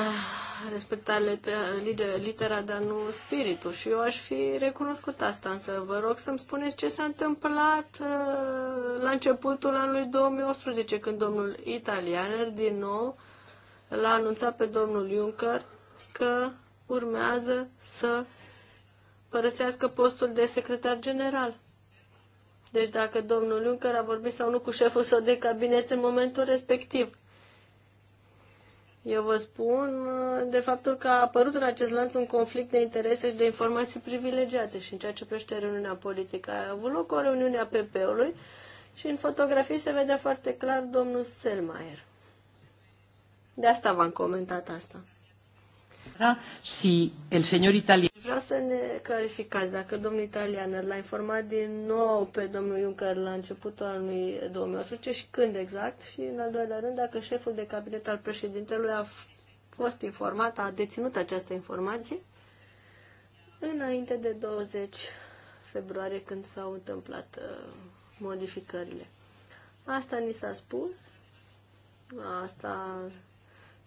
respectat letra, litera, dar nu spiritul și eu aș fi recunoscut asta, însă vă rog să-mi spuneți ce s-a întâmplat uh, la începutul anului 2018, când domnul italianer din nou l-a anunțat pe domnul Juncker că urmează să părăsească postul de secretar general. Deci dacă domnul Juncker a vorbit sau nu cu șeful său de cabinet în momentul respectiv. Eu vă spun de faptul că a apărut în acest lanț un conflict de interese și de informații privilegiate și în ceea ce privește reuniunea politică. A avut loc o reuniune a PP-ului și în fotografii se vedea foarte clar domnul Selmayr. De asta v-am comentat asta. Vreau să ne clarificați dacă domnul italian l-a informat din nou pe domnul Juncker la începutul anului 2018 și când exact și în al doilea rând dacă șeful de cabinet al președintelui a fost informat, a deținut această informație înainte de 20 februarie când s-au întâmplat uh, modificările. Asta ni s-a spus, asta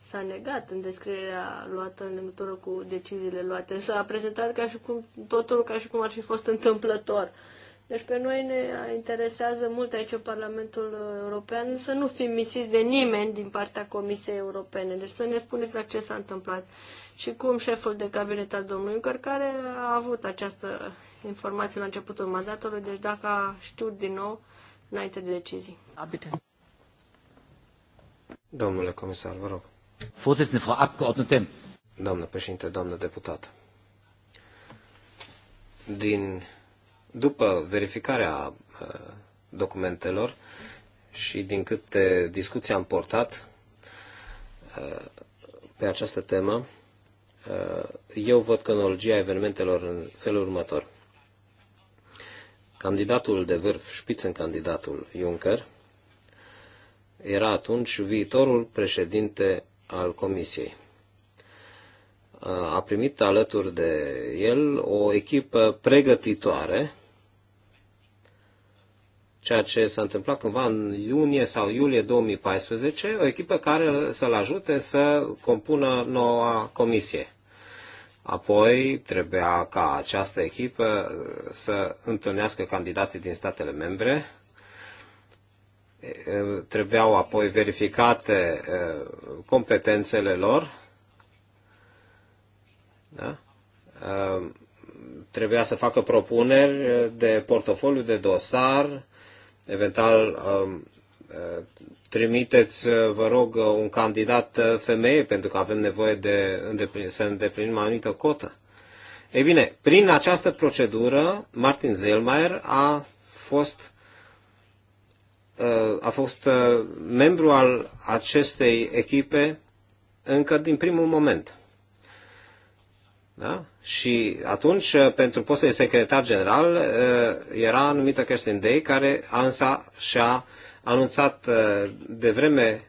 s-a negat în descrierea luată în legătură cu deciziile luate. S-a prezentat ca și cum totul ca și cum ar fi fost întâmplător. Deci pe noi ne interesează mult aici în Parlamentul European să nu fim misiți de nimeni din partea Comisiei Europene. Deci să ne spuneți la ce s-a întâmplat. Și cum șeful de cabinet al domnului Juncker, care a avut această informație la începutul mandatului, deci dacă a știut din nou înainte de decizii. Abite. Domnule comisar, vă rog. Doamnă președinte, doamnă deputată, din, după verificarea uh, documentelor și din câte discuții am portat uh, pe această temă, uh, eu văd cronologia evenimentelor în felul următor. Candidatul de vârf, candidatul Juncker, era atunci viitorul președinte al Comisiei. A primit alături de el o echipă pregătitoare, ceea ce s-a întâmplat cumva în iunie sau iulie 2014, o echipă care să-l ajute să compună noua comisie. Apoi trebuia ca această echipă uh, să întâlnească candidații din statele membre, trebuiau apoi verificate competențele lor. Da? Trebuia să facă propuneri de portofoliu, de dosar, eventual trimiteți, vă rog, un candidat femeie, pentru că avem nevoie de să îndeplinim anumită cotă. Ei bine, prin această procedură, Martin Zelmaier a fost Uh, a fost uh, membru al acestei echipe încă din primul moment. Da? Și atunci, uh, pentru postul de secretar general, era anumită Kerstin Day, care ANSA și-a anunțat de vreme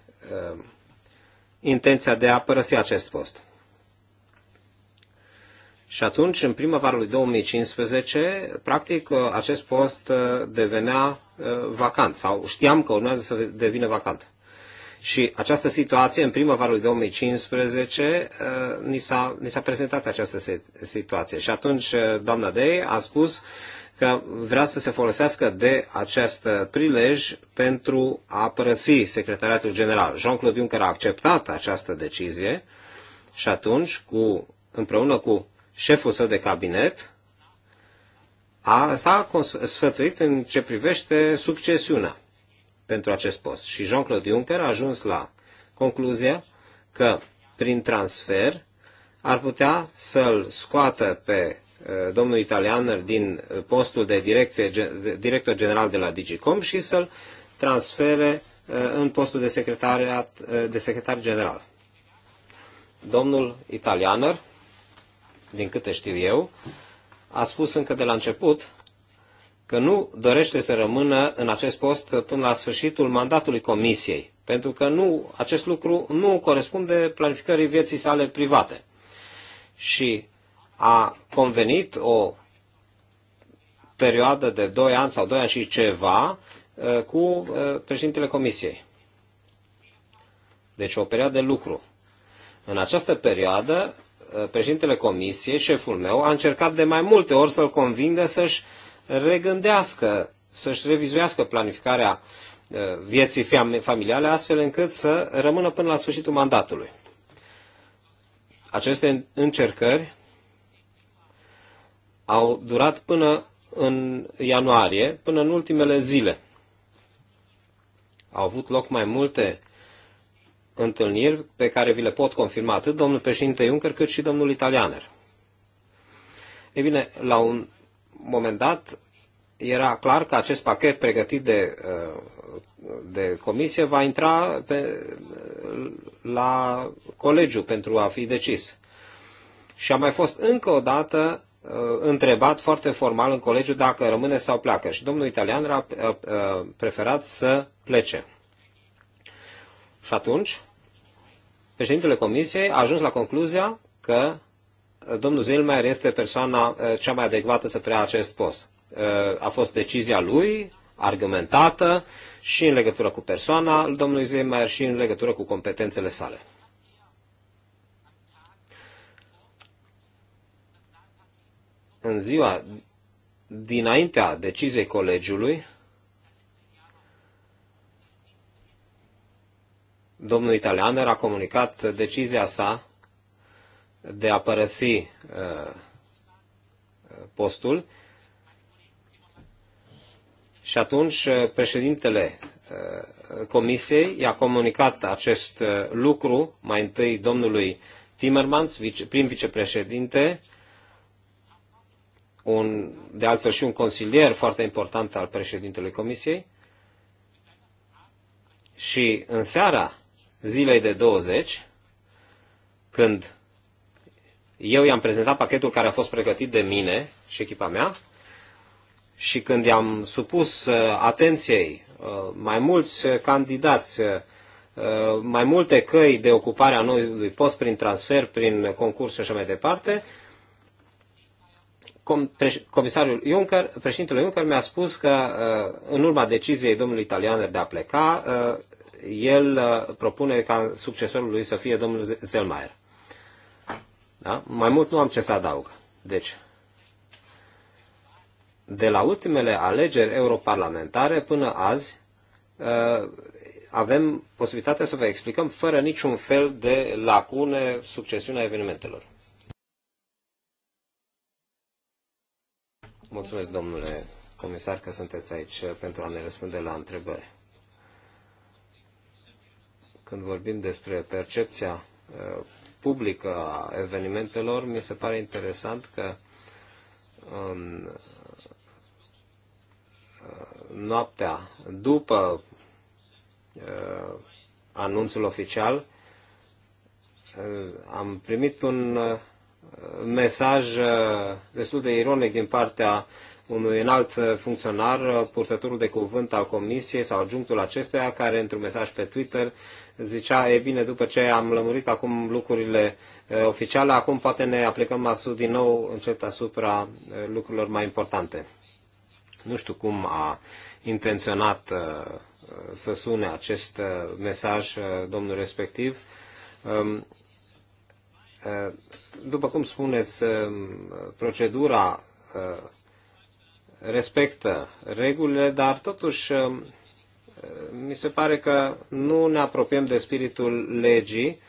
intenția de a părăsi acest post. Și atunci, în primăvara lui 2015, practic, acest post devenea Uh, vacant sau știam că urmează să devină vacant. Și această situație, în primăvara lui 2015, uh, ni s-a, ni s-a prezentat această situație. Și atunci uh, doamna Dei a spus că vrea să se folosească de acest prilej pentru a părăsi Secretariatul General. Jean-Claude Juncker a acceptat această decizie și atunci, cu, împreună cu șeful său de cabinet, a, s-a sfătuit în ce privește succesiunea pentru acest post. Și Jean-Claude Juncker a ajuns la concluzia că prin transfer ar putea să-l scoată pe uh, domnul italianer din uh, postul de direcție, director general de la Digicom și să-l transfere uh, în postul de secretar, de secretar general. Domnul italianer, din câte știu eu, a spus încă de la început că nu dorește să rămână în acest post până la sfârșitul mandatului comisiei, pentru că nu, acest lucru nu corespunde planificării vieții sale private. Și a convenit o perioadă de 2 ani sau 2 ani și ceva uh, cu uh, președintele comisiei. Deci o perioadă de lucru. În această perioadă, Eh, președintele comisiei, șeful meu, a încercat de mai multe ori să-l convingă să-și regândească, să-și revizuiască planificarea eh, vieții familiale, astfel încât să rămână până la sfârșitul mandatului. Aceste încercări au durat până în ianuarie, până în ultimele zile. Au avut loc mai multe întâlniri pe care vi le pot confirma atât domnul președinte Juncker cât și domnul Italianer. E bine, la un moment dat era clar că acest pachet pregătit de, uh, de comisie va intra pe, la colegiu pentru a fi decis. Și a mai fost încă o dată uh, întrebat foarte formal în colegiu dacă rămâne sau pleacă. Și domnul italian a preferat să plece. Și atunci, președintele comisiei a ajuns la concluzia că uh, domnul Zilmer este persoana uh, cea mai adecvată să preia acest post. Uh, a fost decizia lui, argumentată și în legătură cu persoana domnului Zilmer și în legătură cu competențele sale. În ziua dinaintea deciziei colegiului, domnul Italianer a comunicat decizia sa de a părăsi uh, postul și atunci uh, președintele uh, comisiei i-a comunicat acest lucru mai întâi domnului Timmermans, prim vicepreședinte, un, de altfel și un consilier foarte important al președintelui comisiei, și în seara zilei de 20, când eu i-am prezentat pachetul care a fost pregătit de mine și echipa mea și când i-am supus uh, atenției uh, mai mulți uh, candidați, mai multe căi de ocupare a noului post prin transfer, prin concurs și așa mai departe, comisarul Juncker, președintele Juncker mi-a spus că în urma deciziei domnului italian de a pleca, el uh, propune ca succesorul lui să fie domnul Zelmaier. Da? Mai mult nu am ce să adaug. Deci, de la ultimele alegeri europarlamentare până azi, uh, avem posibilitatea să vă explicăm fără niciun fel de lacune succesiunea evenimentelor. Mulțumesc, domnule comisar, că sunteți aici pentru a ne răspunde la întrebări când vorbim despre percepția uh, publică a evenimentelor, mi se pare interesant că în um, uh, noaptea după uh, anunțul oficial, am primit un mesaj destul de ironic din partea unui înalt funcționar, purtătorul de cuvânt al comisiei sau adjunctul acestuia, care într-un mesaj pe Twitter zicea, e bine, după ce am lămurit acum lucrurile oficiale, acum poate ne aplicăm asu din nou încet asupra lucrurilor mai importante. Nu știu cum a intenționat să sune acest mesaj domnul respectiv. După cum spuneți, procedura respectă regulile, dar totuși uh, mi se pare că nu ne apropiem de spiritul legii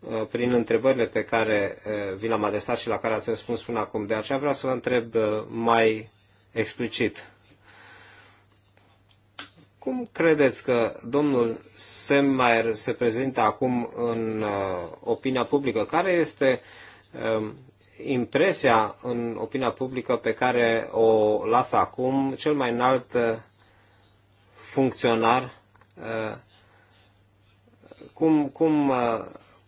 uh, prin întrebările pe care uh, vi le-am adresat și la care ați răspuns până acum. De aceea vreau să vă întreb mai explicit. Cum credeți că domnul Semmeier se prezintă acum în opinia publică? Care este impresia în opinia publică pe care o lasă acum cel mai înalt uh, funcționar uh, cum, cum, uh,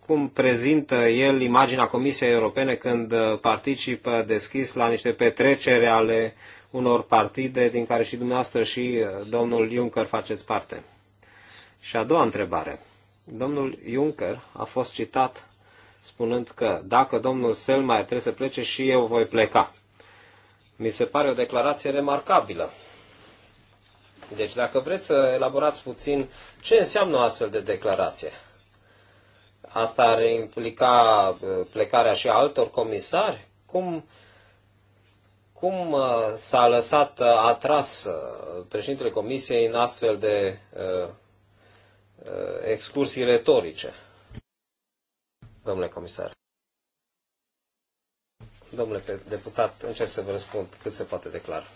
cum prezintă el imaginea Comisiei Europene când participă deschis la niște petrecere ale unor partide din care și dumneavoastră și domnul Juncker faceți parte. Și a doua întrebare. Domnul Juncker a fost citat spunând că dacă domnul Selmayr trebuie să plece și eu voi pleca. Mi se pare o declarație remarcabilă. Deci dacă vreți să elaborați puțin ce înseamnă o astfel de declarație. Asta ar implica uh, plecarea și a altor comisari? Cum, cum uh, s-a lăsat uh, atras președintele Comisiei în astfel de uh, excursii retorice? domnule comisar. Domnule deputat, încerc să vă răspund cât se poate declar.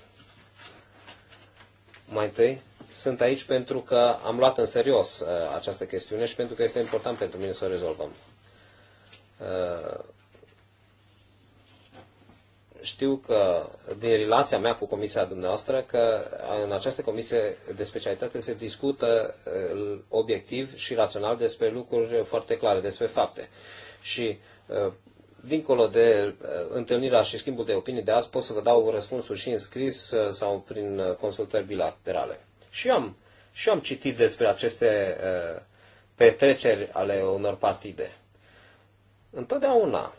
Mai întâi, sunt aici pentru că am luat în serios uh, această chestiune și pentru că este important pentru mine să o rezolvăm. Uh, știu că din relația mea cu comisia dumneavoastră că în această comisie de specialitate se discută uh, obiectiv și rațional despre lucruri foarte clare, despre fapte. Și uh, dincolo de uh, întâlnirea și schimbul de opinii de azi, pot să vă dau răspunsuri și în scris sau prin consultări bilaterale. Și am, și am citit despre aceste petreceri ale unor partide. Întotdeauna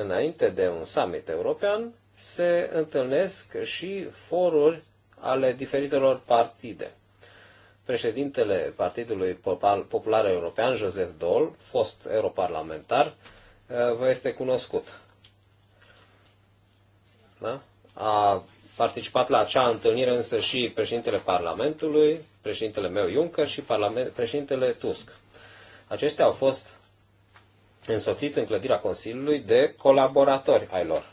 înainte de un summit european, se întâlnesc și foruri ale diferitelor partide. Președintele Partidului Popular European, Joseph Dol, fost europarlamentar, uh, vă este cunoscut. Da? A participat la acea întâlnire însă și președintele Parlamentului, președintele meu Juncker și președintele Tusk. Aceștia au fost însoțiți în clădirea Consiliului de colaboratori ai lor.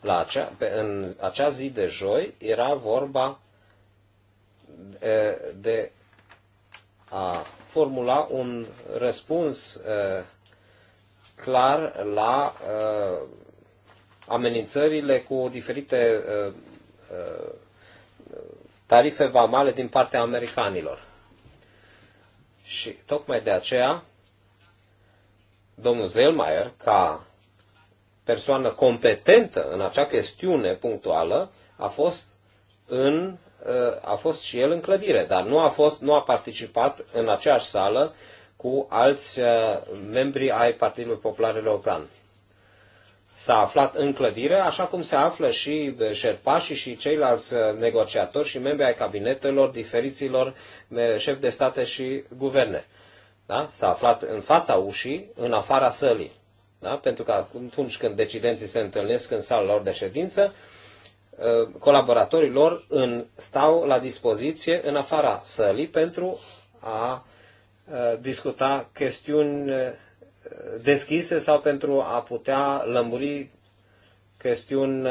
La acea, pe, în acea zi de joi era vorba de, de a formula un răspuns clar la amenințările cu diferite tarife vamale din partea americanilor. Și tocmai de aceea domnul Zelmaier, ca persoană competentă în acea chestiune punctuală, a fost, în, uh, a fost și el în clădire, dar nu a, fost, nu a participat în aceeași sală cu alți uh, membri ai Partidului Popular European. S-a aflat în clădire, așa cum se află și uh, șerpașii și ceilalți negociatori și membri ai cabinetelor diferiților șefi de state și guverne da? s-a aflat în fața ușii, în afara sălii. Da? Pentru că atunci când decidenții se întâlnesc în sala lor de ședință, uh, colaboratorii lor în, stau la dispoziție în afara sălii pentru a uh, discuta chestiuni uh, deschise sau pentru a putea lămuri chestiuni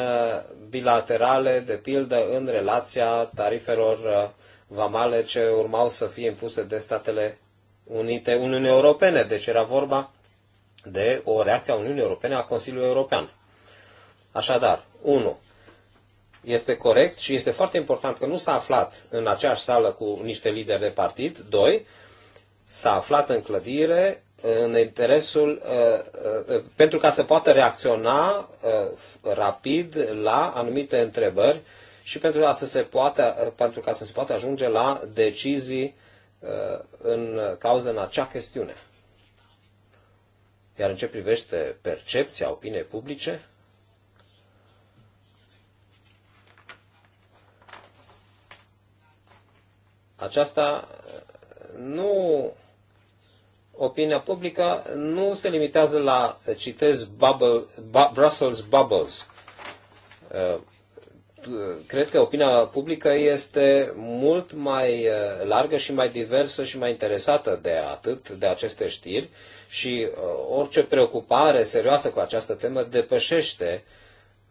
bilaterale, de pildă în relația tarifelor vamale ce urmau să fie impuse de statele Unite, Uniunii Europene. Deci era vorba de o reacție a Uniunii Europene a Consiliului European. Așadar, 1. Este corect și este foarte important că nu s-a aflat în aceeași sală cu niște lideri de partid. 2. S-a aflat în clădire în interesul, uh, uh, pentru ca să poată reacționa uh, rapid la anumite întrebări și pentru ca să se poată, pentru ca să se poată ajunge la decizii Uh, în cauză în acea chestiune. Iar în ce privește percepția opiniei publice, aceasta uh, nu opinia publică nu se limitează la, citez, bubble, bu, Brussels Bubbles, uh, cred că opinia publică este mult mai uh, largă și mai diversă și mai interesată de atât, de aceste știri și uh, orice preocupare serioasă cu această temă depășește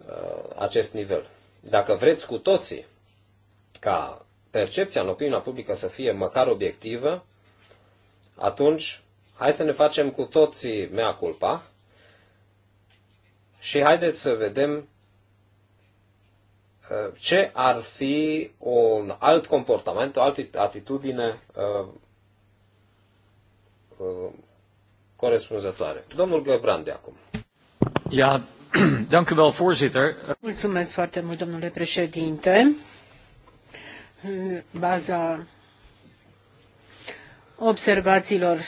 uh, acest nivel. Dacă vreți cu toții ca percepția în opinia publică să fie măcar obiectivă, atunci hai să ne facem cu toții mea culpa și haideți să vedem ce ar fi un alt comportament, o altă atitudine uh, uh, corespunzătoare. Domnul de acum. Ja, *clears throat* dank u wel, voorzitter. Mulțumesc foarte mult, domnule președinte. Baza observațiilor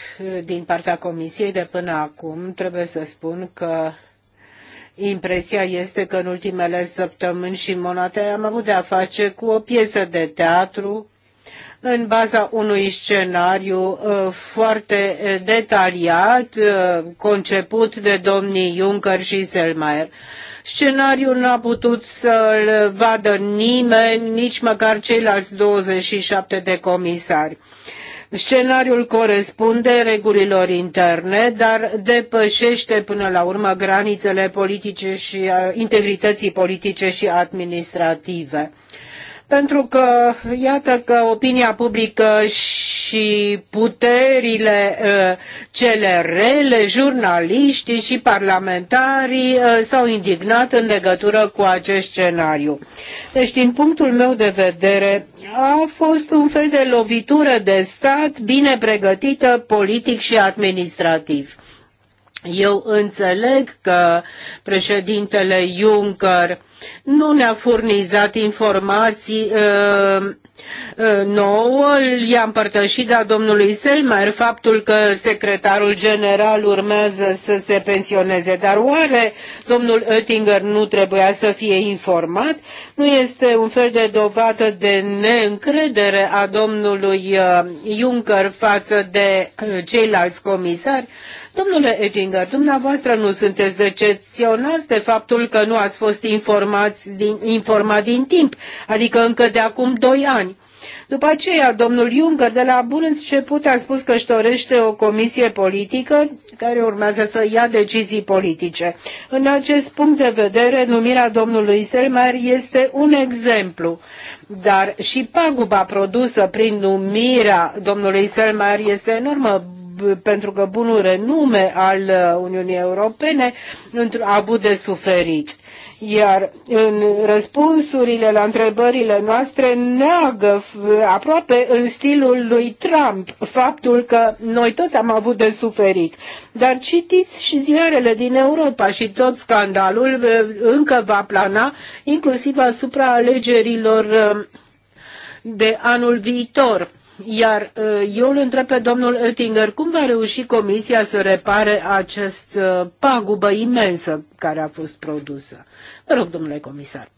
din partea Comisiei de până acum, trebuie să spun că Impresia este că în ultimele săptămâni și monate am avut de a face cu o piesă de teatru în baza unui scenariu uh, foarte uh, detaliat uh, conceput de domnii Juncker și Selmayr. Scenariul n-a putut să-l vadă nimeni, nici măcar ceilalți 27 de comisari. Scenariul corespunde regulilor interne, dar depășește până la urmă granițele politice și uh, integrității politice și administrative pentru că iată că opinia publică și puterile ă, cele rele, jurnaliștii și parlamentarii ă, s-au indignat în legătură cu acest scenariu. Deci, din punctul meu de vedere, a fost un fel de lovitură de stat bine pregătită politic și administrativ. Eu înțeleg că președintele Juncker nu ne-a furnizat informații uh, uh, nouă, i-a împărtășit a domnului Selmer faptul că secretarul general urmează să se pensioneze. Dar oare domnul Oettinger nu trebuia să fie informat? Nu este un fel de dovadă de neîncredere a domnului uh, Juncker față de ceilalți comisari? Domnule Ettinger, dumneavoastră nu sunteți decepționați de faptul că nu ați fost informați din, informat din timp, adică încă de acum doi ani. După aceea, domnul Juncker, de la bun început, a spus că își dorește o comisie politică care urmează să ia decizii politice. În acest punct de vedere, numirea domnului Selmer este un exemplu, dar și paguba produsă prin numirea domnului Selmer este enormă pentru că bunul renume al Uniunii Europene a avut de suferit. Iar în răspunsurile la întrebările noastre neagă aproape în stilul lui Trump faptul că noi toți am avut de suferit. Dar citiți și ziarele din Europa și tot scandalul încă va plana, inclusiv asupra alegerilor de anul viitor. Iar uh, eu îl întreb pe domnul Oettinger cum va reuși Comisia să repare acest uh, pagubă imensă care a fost produsă. Vă rog, domnule comisar.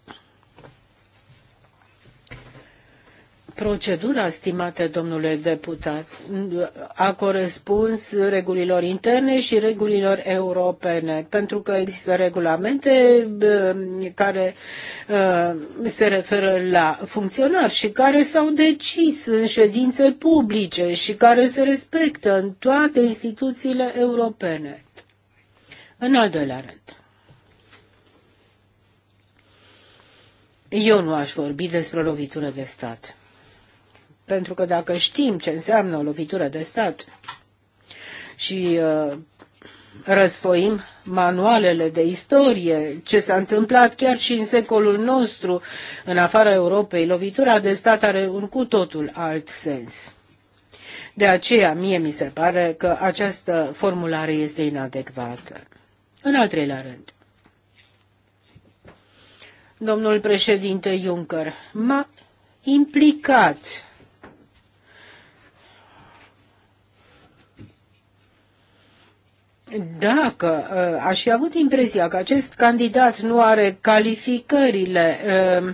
Procedura, stimate domnule deputat, a corespuns regulilor interne și regulilor europene, pentru că există regulamente uh, care uh, se referă la funcționari și care s-au decis în ședințe publice și care se respectă în toate instituțiile europene. În al doilea rând, eu nu aș vorbi despre o lovitură de stat. Pentru că dacă știm ce înseamnă o lovitură de stat și uh, răsfoim manualele de istorie, ce s-a întâmplat chiar și în secolul nostru, în afara Europei, lovitura de stat are un cu totul alt sens. De aceea, mie mi se pare că această formulare este inadecvată. În al treilea rând, domnul președinte Juncker m-a implicat dacă uh, aș fi avut impresia că acest candidat nu are calificările uh,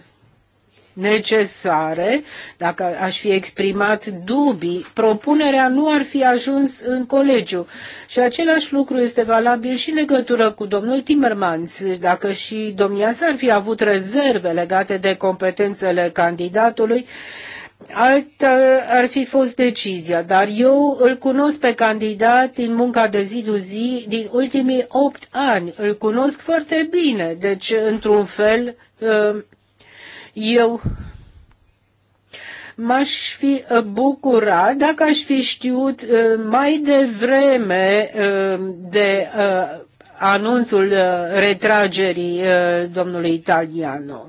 necesare, dacă aș fi exprimat dubii, propunerea nu ar fi ajuns în colegiu. Și același lucru este valabil și în legătură cu domnul Timmermans. Dacă și domnia s-ar fi avut rezerve legate de competențele candidatului, uh, Altă ar fi fost decizia, dar eu îl cunosc pe candidat din munca de zi de zi din ultimii opt ani. Îl cunosc foarte bine, deci într-un fel uh, eu m-aș fi bucurat dacă aș fi știut uh, mai devreme uh, de anunțul retragerii domnului Italiano.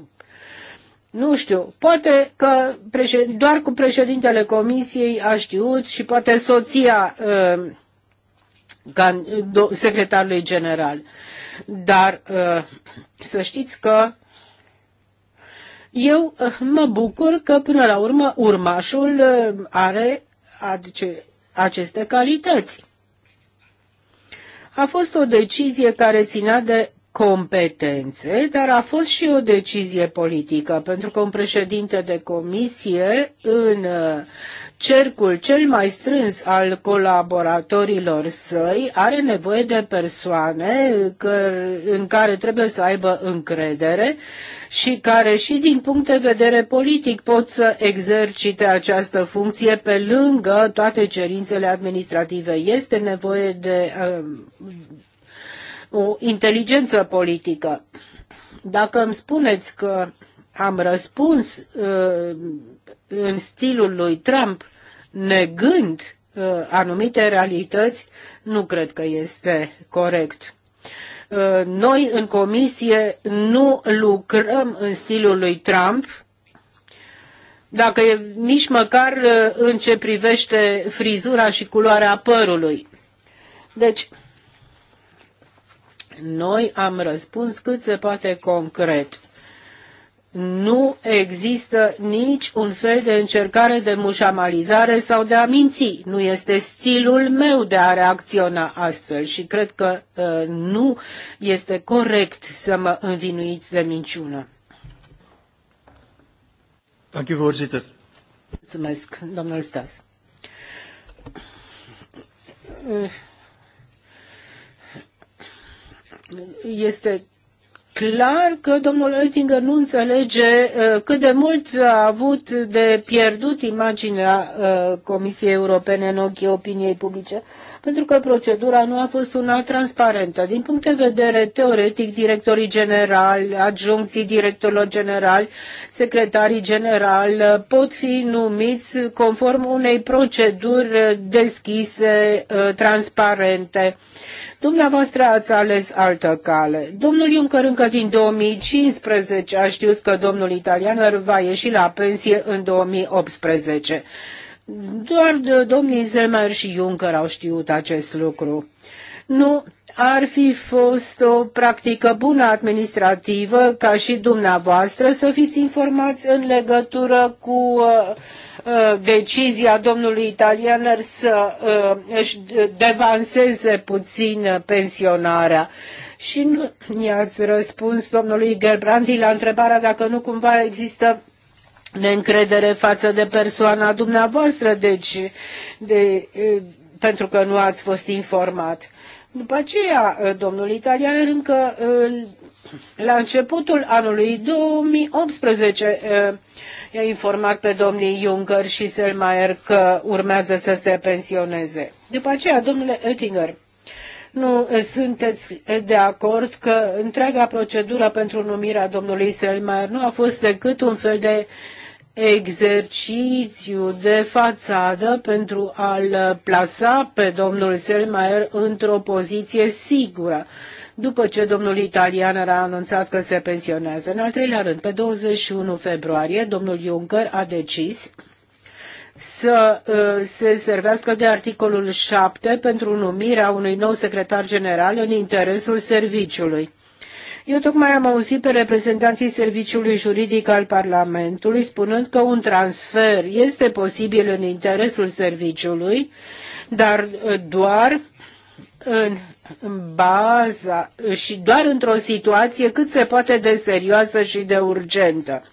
Nu știu, poate că doar cu președintele comisiei a știut și poate soția uh, secretarului general. Dar uh, să știți că eu uh, mă bucur că până la urmă urmașul uh, are adice, aceste calități. A fost o decizie care ținea de competențe, dar a fost și o decizie politică, pentru că un președinte de comisie în uh, cercul cel mai strâns al colaboratorilor săi are nevoie de persoane în care trebuie să aibă încredere și care și din punct de vedere politic pot să exercite această funcție pe lângă toate cerințele administrative. Este nevoie de uh, o inteligență politică. Dacă îmi spuneți că am răspuns uh, în stilul lui Trump, negând uh, anumite realități, nu cred că este corect. Uh, noi în comisie nu lucrăm în stilul lui Trump, dacă e nici măcar în ce privește frizura și culoarea părului. Deci, noi am răspuns cât se poate concret. Nu există nici un fel de încercare de mușamalizare sau de a minți. Nu este stilul meu de a reacționa astfel și cred că uh, nu este corect să mă învinuiți de minciună. Mulțumesc, domnul Stas. Uh este clar că domnul Oettinger nu înțelege uh, cât de mult a avut de pierdut imaginea uh, Comisiei Europene în ochii opiniei publice pentru că procedura nu a fost una transparentă. Din punct de vedere teoretic, directorii generali, adjuncții directorilor generali, secretarii generali pot fi numiți conform unei proceduri deschise, ă, transparente. Dumneavoastră ați ales altă cale. Domnul Juncker încă din 2015 a știut că domnul italian va ieși la pensie în 2018. 2018. Doar domnii Zemer și Juncker au știut acest lucru. Nu ar fi fost o practică bună administrativă ca și dumneavoastră să fiți informați în legătură cu uh, uh decizia domnului Italianer să uh, își devanseze puțin pensionarea. Și nu i-ați răspuns domnului Gerbrandi la întrebarea dacă nu cumva există neîncredere față de persoana dumneavoastră, deci, de, pentru că nu ați fost informat. După aceea, domnul italian încă la începutul anului 2018 i-a informat pe domnii Juncker și Selmayr că urmează să se pensioneze. După aceea, domnule Oettinger, nu sunteți de acord că întreaga procedură pentru numirea domnului Selmayr nu a fost decât un fel de uh, exercițiu de fațadă pentru a-l plasa pe domnul Selmayr într-o poziție sigură, după ce domnul italian a anunțat că se pensionează. În al treilea rând, pe 21 februarie, domnul Juncker a decis să uh, se servească de articolul 7 pentru numirea unui nou secretar general în interesul serviciului. Eu tocmai am auzit pe reprezentanții Serviciului Juridic al Parlamentului spunând că un transfer este posibil în interesul serviciului, dar uh, doar în baza și doar într-o situație cât se poate de serioasă și de urgentă.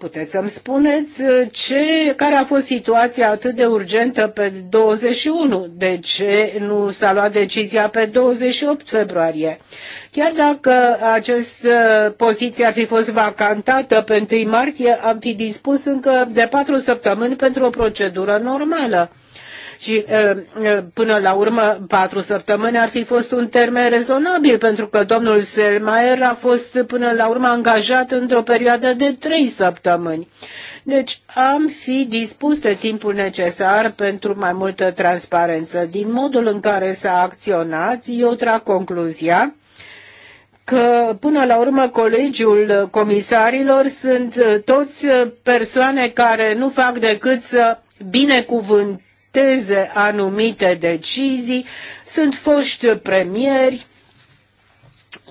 Puteți să-mi spuneți uh, ce, care a fost situația atât de urgentă pe 21? De ce nu s-a luat decizia pe 28 februarie? Chiar dacă această uh, poziție ar fi fost vacantată pe 1 martie, am fi dispus încă de patru săptămâni pentru o procedură normală și uh, uh, până la urmă patru săptămâni ar fi fost un termen rezonabil pentru că domnul Selmayr a fost până la urmă angajat într-o perioadă de trei săptămâni. Deci am fi dispus de timpul necesar pentru mai multă transparență. Din modul în care s-a acționat, eu trag concluzia că până la urmă colegiul comisarilor sunt uh, toți persoane care nu fac decât să binecuvânt dicteze anumite decizii. Sunt foști premieri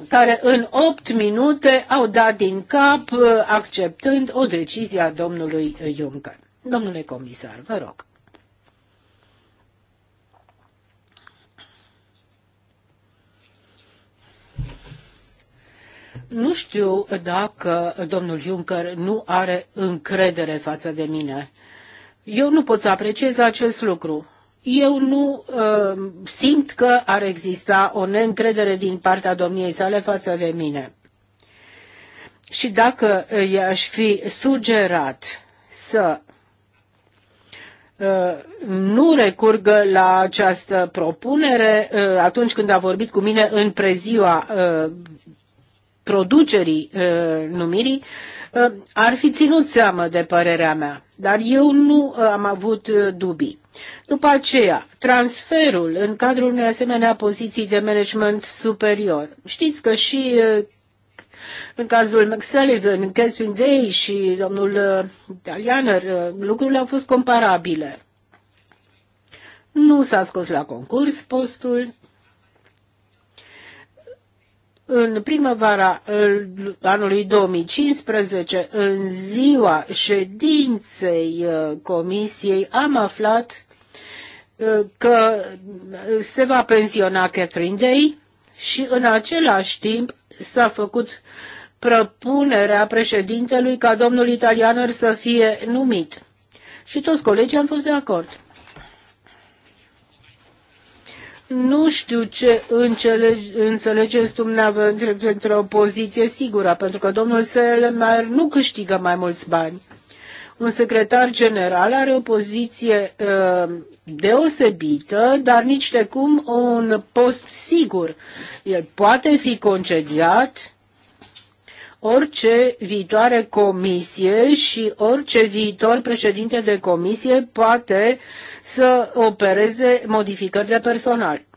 care în 8 minute au dat din cap uh, acceptând o decizie a domnului Juncker. Domnule comisar, vă rog. Nu știu dacă domnul Juncker nu are încredere față de mine. Eu nu pot să apreciez acest lucru. Eu nu uh, simt că ar exista o neîncredere din partea domniei sale față de mine. Și dacă uh, i-aș fi sugerat să uh, nu recurgă la această propunere uh, atunci când a vorbit cu mine în preziua producerii numirii, Ă, ar fi ținut seamă de părerea mea, dar eu nu ă, am avut ă, dubii. După aceea, transferul în cadrul unei asemenea poziții de management superior. Știți că și în cazul McSullivan, Catherine Day și domnul Italianer, lucrurile au fost comparabile. Nu s-a scos la concurs postul, în primăvara anului 2015, în ziua ședinței uh, comisiei, am aflat uh, că uh, se va pensiona Catherine Day și în același timp s-a făcut propunerea președintelui ca domnul italianer să fie numit. Și toți colegii am fost de acord nu știu ce înțelegeți dumneavoastră pentru o poziție sigură, pentru că domnul Selmer nu câștigă mai mulți bani. Un secretar general are o poziție uh, deosebită, dar nici de cum un post sigur. El poate fi concediat orice viitoare comisie și orice viitor președinte de comisie poate să opereze modificări de personal.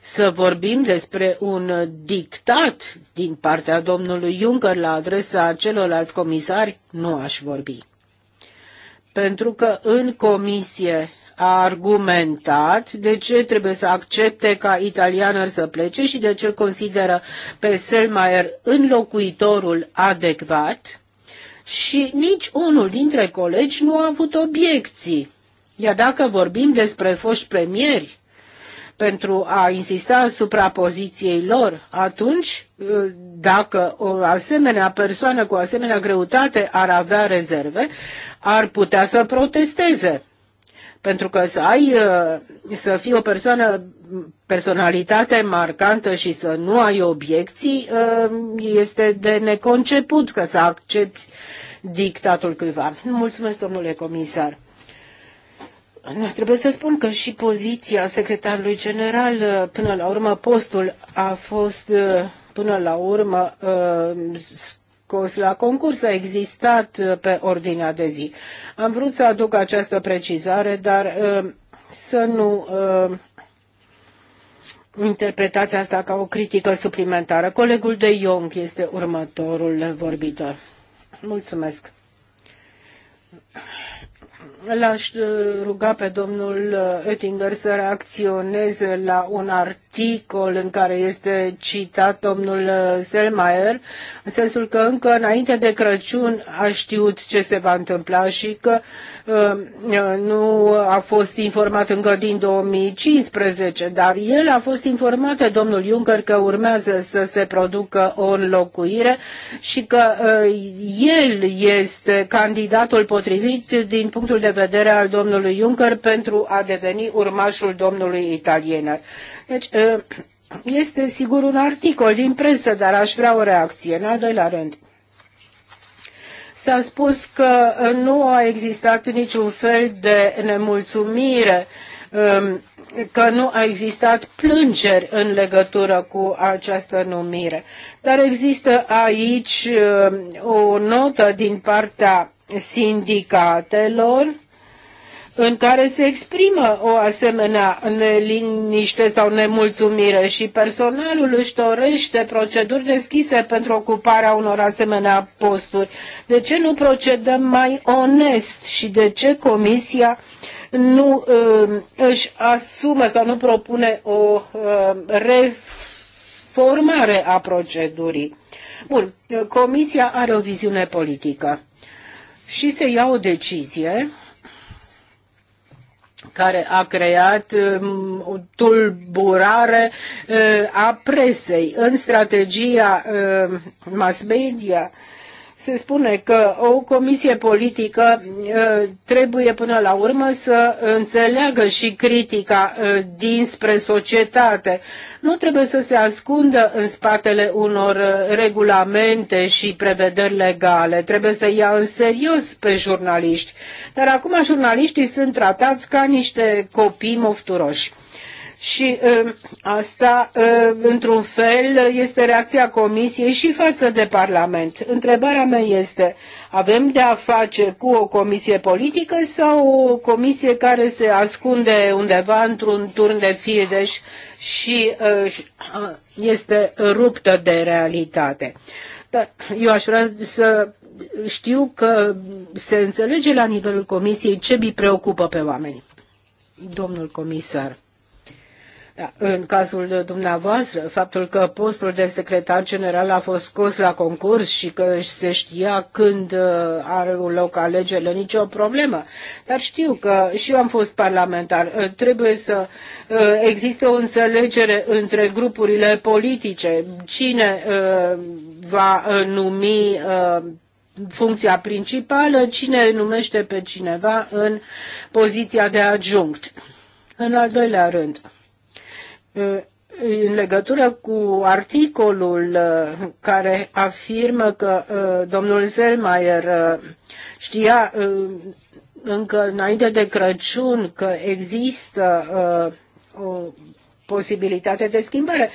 Să vorbim despre un dictat din partea domnului Juncker la adresa celorlalți comisari, nu aș vorbi. Pentru că în comisie a argumentat de ce trebuie să accepte ca italiană să plece și de ce îl consideră pe Selmayr înlocuitorul adecvat și nici unul dintre colegi nu a avut obiecții. Iar dacă vorbim despre foști premieri, pentru a insista asupra poziției lor, atunci, dacă o asemenea persoană cu asemenea greutate ar avea rezerve, ar putea să protesteze. Pentru că să ai, uh, să fii o persoană, personalitate marcantă și să nu ai obiecții, uh, este de neconceput că să accepti dictatul cuiva. Mulțumesc, domnule comisar. Trebuie să spun că și poziția secretarului general, uh, până la urmă, postul a fost până la urmă scos la concurs a existat uh, pe ordinea de zi. Am vrut să aduc această precizare, dar uh, să nu uh, interpretați asta ca o critică suplimentară. Colegul de Iong este următorul vorbitor. Mulțumesc. L-aș uh, ruga pe domnul uh, Oettinger să reacționeze la un articol în care este citat domnul uh, Selmayr, în sensul că încă înainte de Crăciun a știut ce se va întâmpla și că nu a fost informat încă din 2015, dar el a fost informat de domnul Juncker că urmează să se producă o înlocuire și că el este candidatul potrivit din punctul de de vedere al domnului Juncker pentru a deveni urmașul domnului italiener. Deci, ă, este sigur un articol din presă, dar aș vrea o reacție. În al doilea rând, s-a spus că nu a existat niciun fel de nemulțumire ă, că nu a existat plângeri în legătură cu această numire. Dar există aici ă, o notă din partea sindicatelor în care se exprimă o asemenea neliniște sau nemulțumire și personalul își dorește proceduri deschise pentru ocuparea unor asemenea posturi. De ce nu procedăm mai onest și de ce Comisia nu uh, își asumă sau nu propune o uh, reformare a procedurii? Bun, Comisia are o viziune politică și se ia o decizie care a creat um, o tulburare uh, a presei. În strategia uh, mass media se spune că o comisie politică uh, trebuie până la urmă să înțeleagă și critica uh, dinspre societate. Nu trebuie să se ascundă în spatele unor uh, regulamente și prevederi legale. Trebuie să ia în serios pe jurnaliști. Dar acum jurnaliștii sunt tratați ca niște copii mofturoși și um, asta, um, într-un fel, este reacția Comisiei și față de Parlament. Întrebarea mea este, avem de a face cu o comisie politică sau o comisie care se ascunde undeva într-un turn de firdeș și uh, uh, este ruptă de realitate? eu aș vrea să știu că se înțelege la nivelul comisiei ce bi preocupă pe oameni. Domnul comisar în cazul dumneavoastră, faptul că postul de secretar general a fost scos la concurs și că se știa când uh, are loc alegerile, nicio problemă. Dar știu că și eu am fost parlamentar. Uh, trebuie să uh, existe o înțelegere între grupurile politice. Cine va numi funcția principală, cine numește pe cineva în poziția de adjunct. În al doilea rând, în legătură cu articolul uh, care afirmă că uh, domnul Zelmayer uh, știa încă înainte de Crăciun că există o posibilitate de schimbare.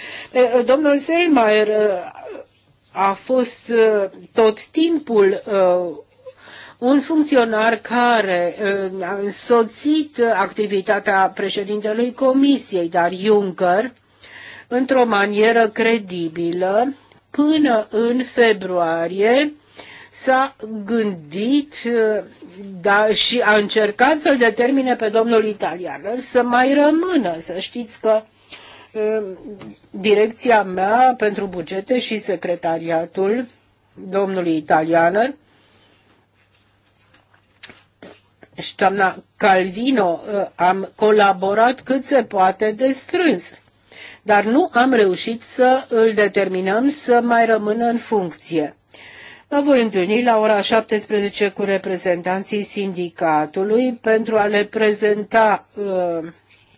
Domnul Selmayr a fost tot timpul un funcționar care uh, a însoțit activitatea președintelui Comisiei, dar Juncker, într-o manieră credibilă, până în februarie s-a gândit uh, da, și a încercat să-l determine pe domnul italian să mai rămână. Să știți că uh, direcția mea pentru bugete și secretariatul domnului italianer și doamna Calvino ă, am colaborat cât se poate de strâns, dar nu am reușit să îl determinăm să mai rămână în funcție. Mă voi întâlni la ora 17 cu reprezentanții sindicatului pentru a le prezenta uh,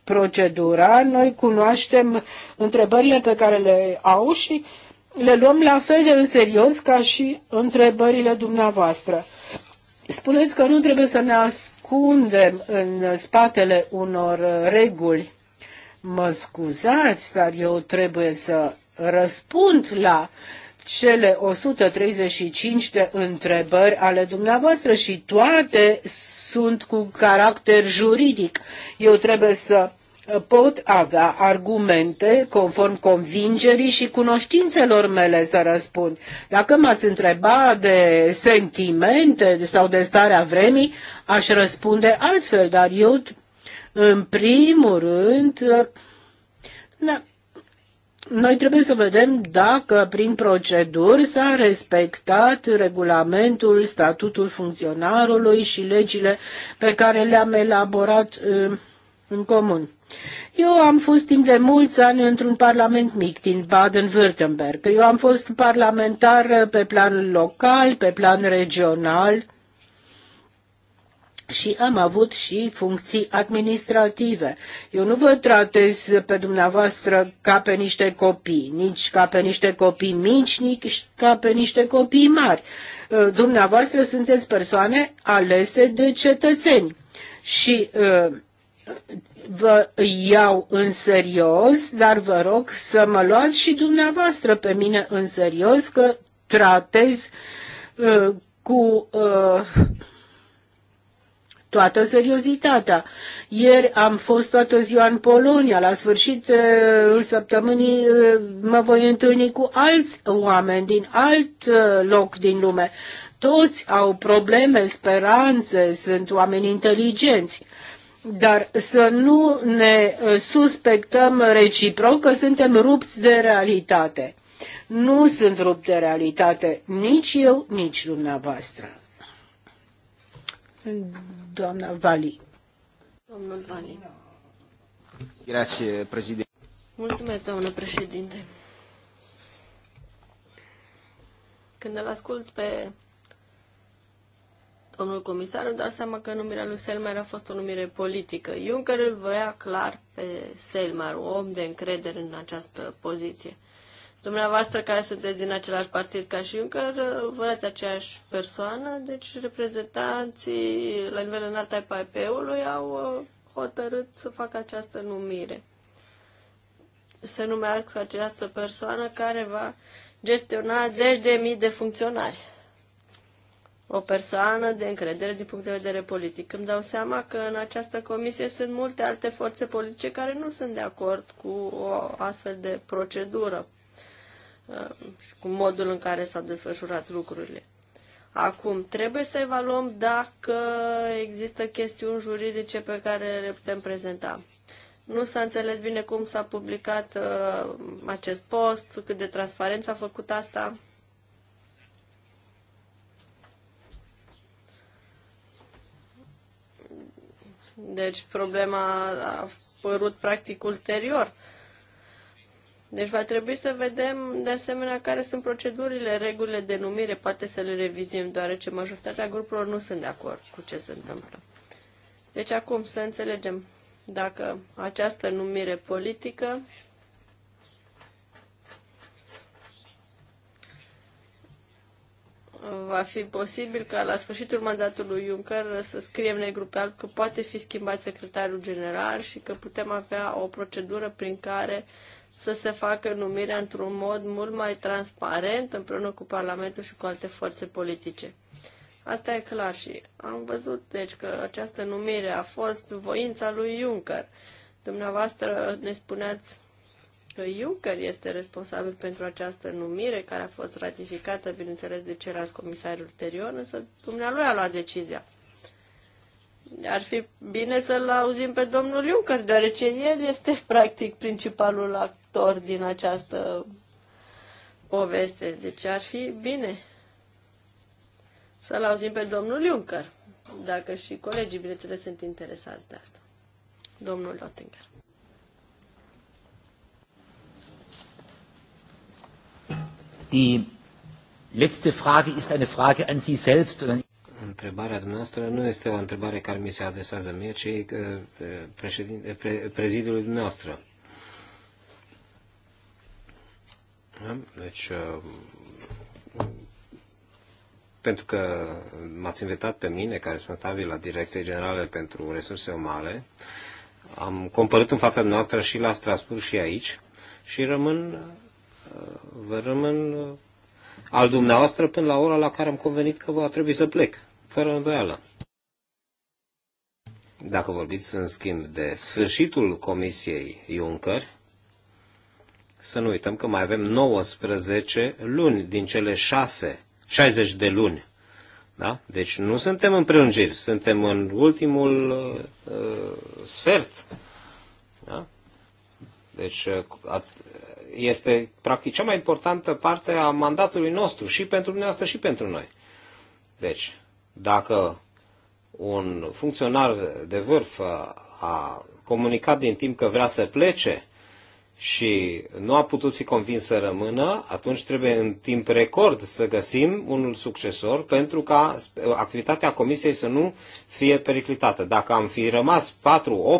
procedura. Noi cunoaștem întrebările pe care le au și le luăm la fel de în serios ca și întrebările dumneavoastră. Spuneți că nu trebuie să ne ascundem în spatele unor reguli. Mă scuzați, dar eu trebuie să răspund la cele 135 de întrebări ale dumneavoastră și toate sunt cu caracter juridic. Eu trebuie să pot avea argumente conform convingerii și cunoștințelor mele să răspund. Dacă m-ați întreba de sentimente sau de starea vremii, aș răspunde altfel, dar eu, în primul rând, da, noi trebuie să vedem dacă prin proceduri s-a respectat regulamentul, statutul funcționarului și legile pe care le-am elaborat uh, în comun. Eu am fost timp de mulți ani într-un parlament mic din Baden-Württemberg. Eu am fost parlamentar pe plan local, pe plan regional și am avut și funcții administrative. Eu nu vă tratez pe dumneavoastră ca pe niște copii, nici ca pe niște copii mici, nici ca pe niște copii mari. Dumneavoastră sunteți persoane alese de cetățeni și uh, vă iau în serios, dar vă rog să mă luați și dumneavoastră pe mine în serios că tratez uh, cu uh, toată seriozitatea. Ieri am fost toată ziua în Polonia, la sfârșitul uh, săptămânii uh, mă voi întâlni cu alți oameni din alt uh, loc din lume. Toți au probleme, speranțe, sunt oameni inteligenți. Dar să nu ne uh, suspectăm reciproc că suntem rupți de realitate. Nu sunt rupt de realitate nici eu, nici dumneavoastră. Doamna Vali. Domnul Vali. Grazie, președinte. Mulțumesc, doamnă președinte. Când îl ascult pe Domnul comisar îmi dau seama că numirea lui Selmar a fost o numire politică. Juncker îl voia clar pe Selmar, un om de încredere în această poziție. Dumneavoastră care sunteți din același partid ca și Juncker, vărați aceeași persoană, deci reprezentanții la nivel înalt ai PAP-ului au uh, hotărât să facă această numire. Să numească această persoană care va gestiona zeci de mii de funcționari o persoană de încredere din punct de vedere politic. Îmi dau seama că în această comisie sunt multe alte forțe politice care nu sunt de acord cu o astfel de procedură uh, și cu modul în care s-au desfășurat lucrurile. Acum, trebuie să evaluăm dacă există chestiuni juridice pe care le putem prezenta. Nu s-a înțeles bine cum s-a publicat uh, acest post, cât de transparent s-a făcut asta. Deci problema a apărut practic ulterior. Deci va trebui să vedem de asemenea care sunt procedurile, regulile de numire, poate să le revizim, deoarece majoritatea grupurilor nu sunt de acord cu ce se întâmplă. Deci acum să înțelegem dacă această numire politică va fi posibil ca la sfârșitul mandatului Juncker să scriem negru pe alb că poate fi schimbat secretarul general și că putem avea o procedură prin care să se facă numirea într-un mod mult mai transparent împreună cu Parlamentul și cu alte forțe politice. Asta e clar și am văzut deci că această numire a fost voința lui Juncker. Dumneavoastră ne spuneați Juncker este responsabil pentru această numire, care a fost ratificată, bineînțeles, de ceilalți comisari ulterior, însă dumnealui a luat decizia. Ar fi bine să-l auzim pe domnul Juncker, deoarece el este, *laughs* practic, principalul actor din această poveste. Deci ar fi bine să-l auzim pe domnul Juncker, dacă și colegii, bineînțeles, sunt interesați de asta. Domnul Lottinger. Die letzte Frage ist eine Frage an Sie selbst Întrebarea dumneavoastră nu este o întrebare care mi se adresează mie, ci uh, uh, președin, uh, pre, prezidiului dumneavoastră. Da? Deci, pentru că m-ați invitat pe mine, care sunt avii la Direcției Generale pentru Resurse Umane, am compărut în fața noastră și la Strasburg și aici și rămân vă rămân uh, al dumneavoastră până la ora la care am convenit că va trebui să plec, fără îndoială. Dacă vorbiți, în schimb, de sfârșitul Comisiei Juncker, să nu uităm că mai avem 19 luni din cele 6, 60 de luni. Da? Deci nu suntem în prelungiri, suntem în ultimul uh, uh sfert. Da? Deci uh, at- este practic cea mai importantă parte a mandatului nostru și pentru dumneavoastră și pentru noi. Deci, dacă un funcționar de vârf a comunicat din timp că vrea să plece și nu a putut fi convins să rămână, atunci trebuie în timp record să găsim unul succesor pentru ca activitatea comisiei să nu fie periclitată. Dacă am fi rămas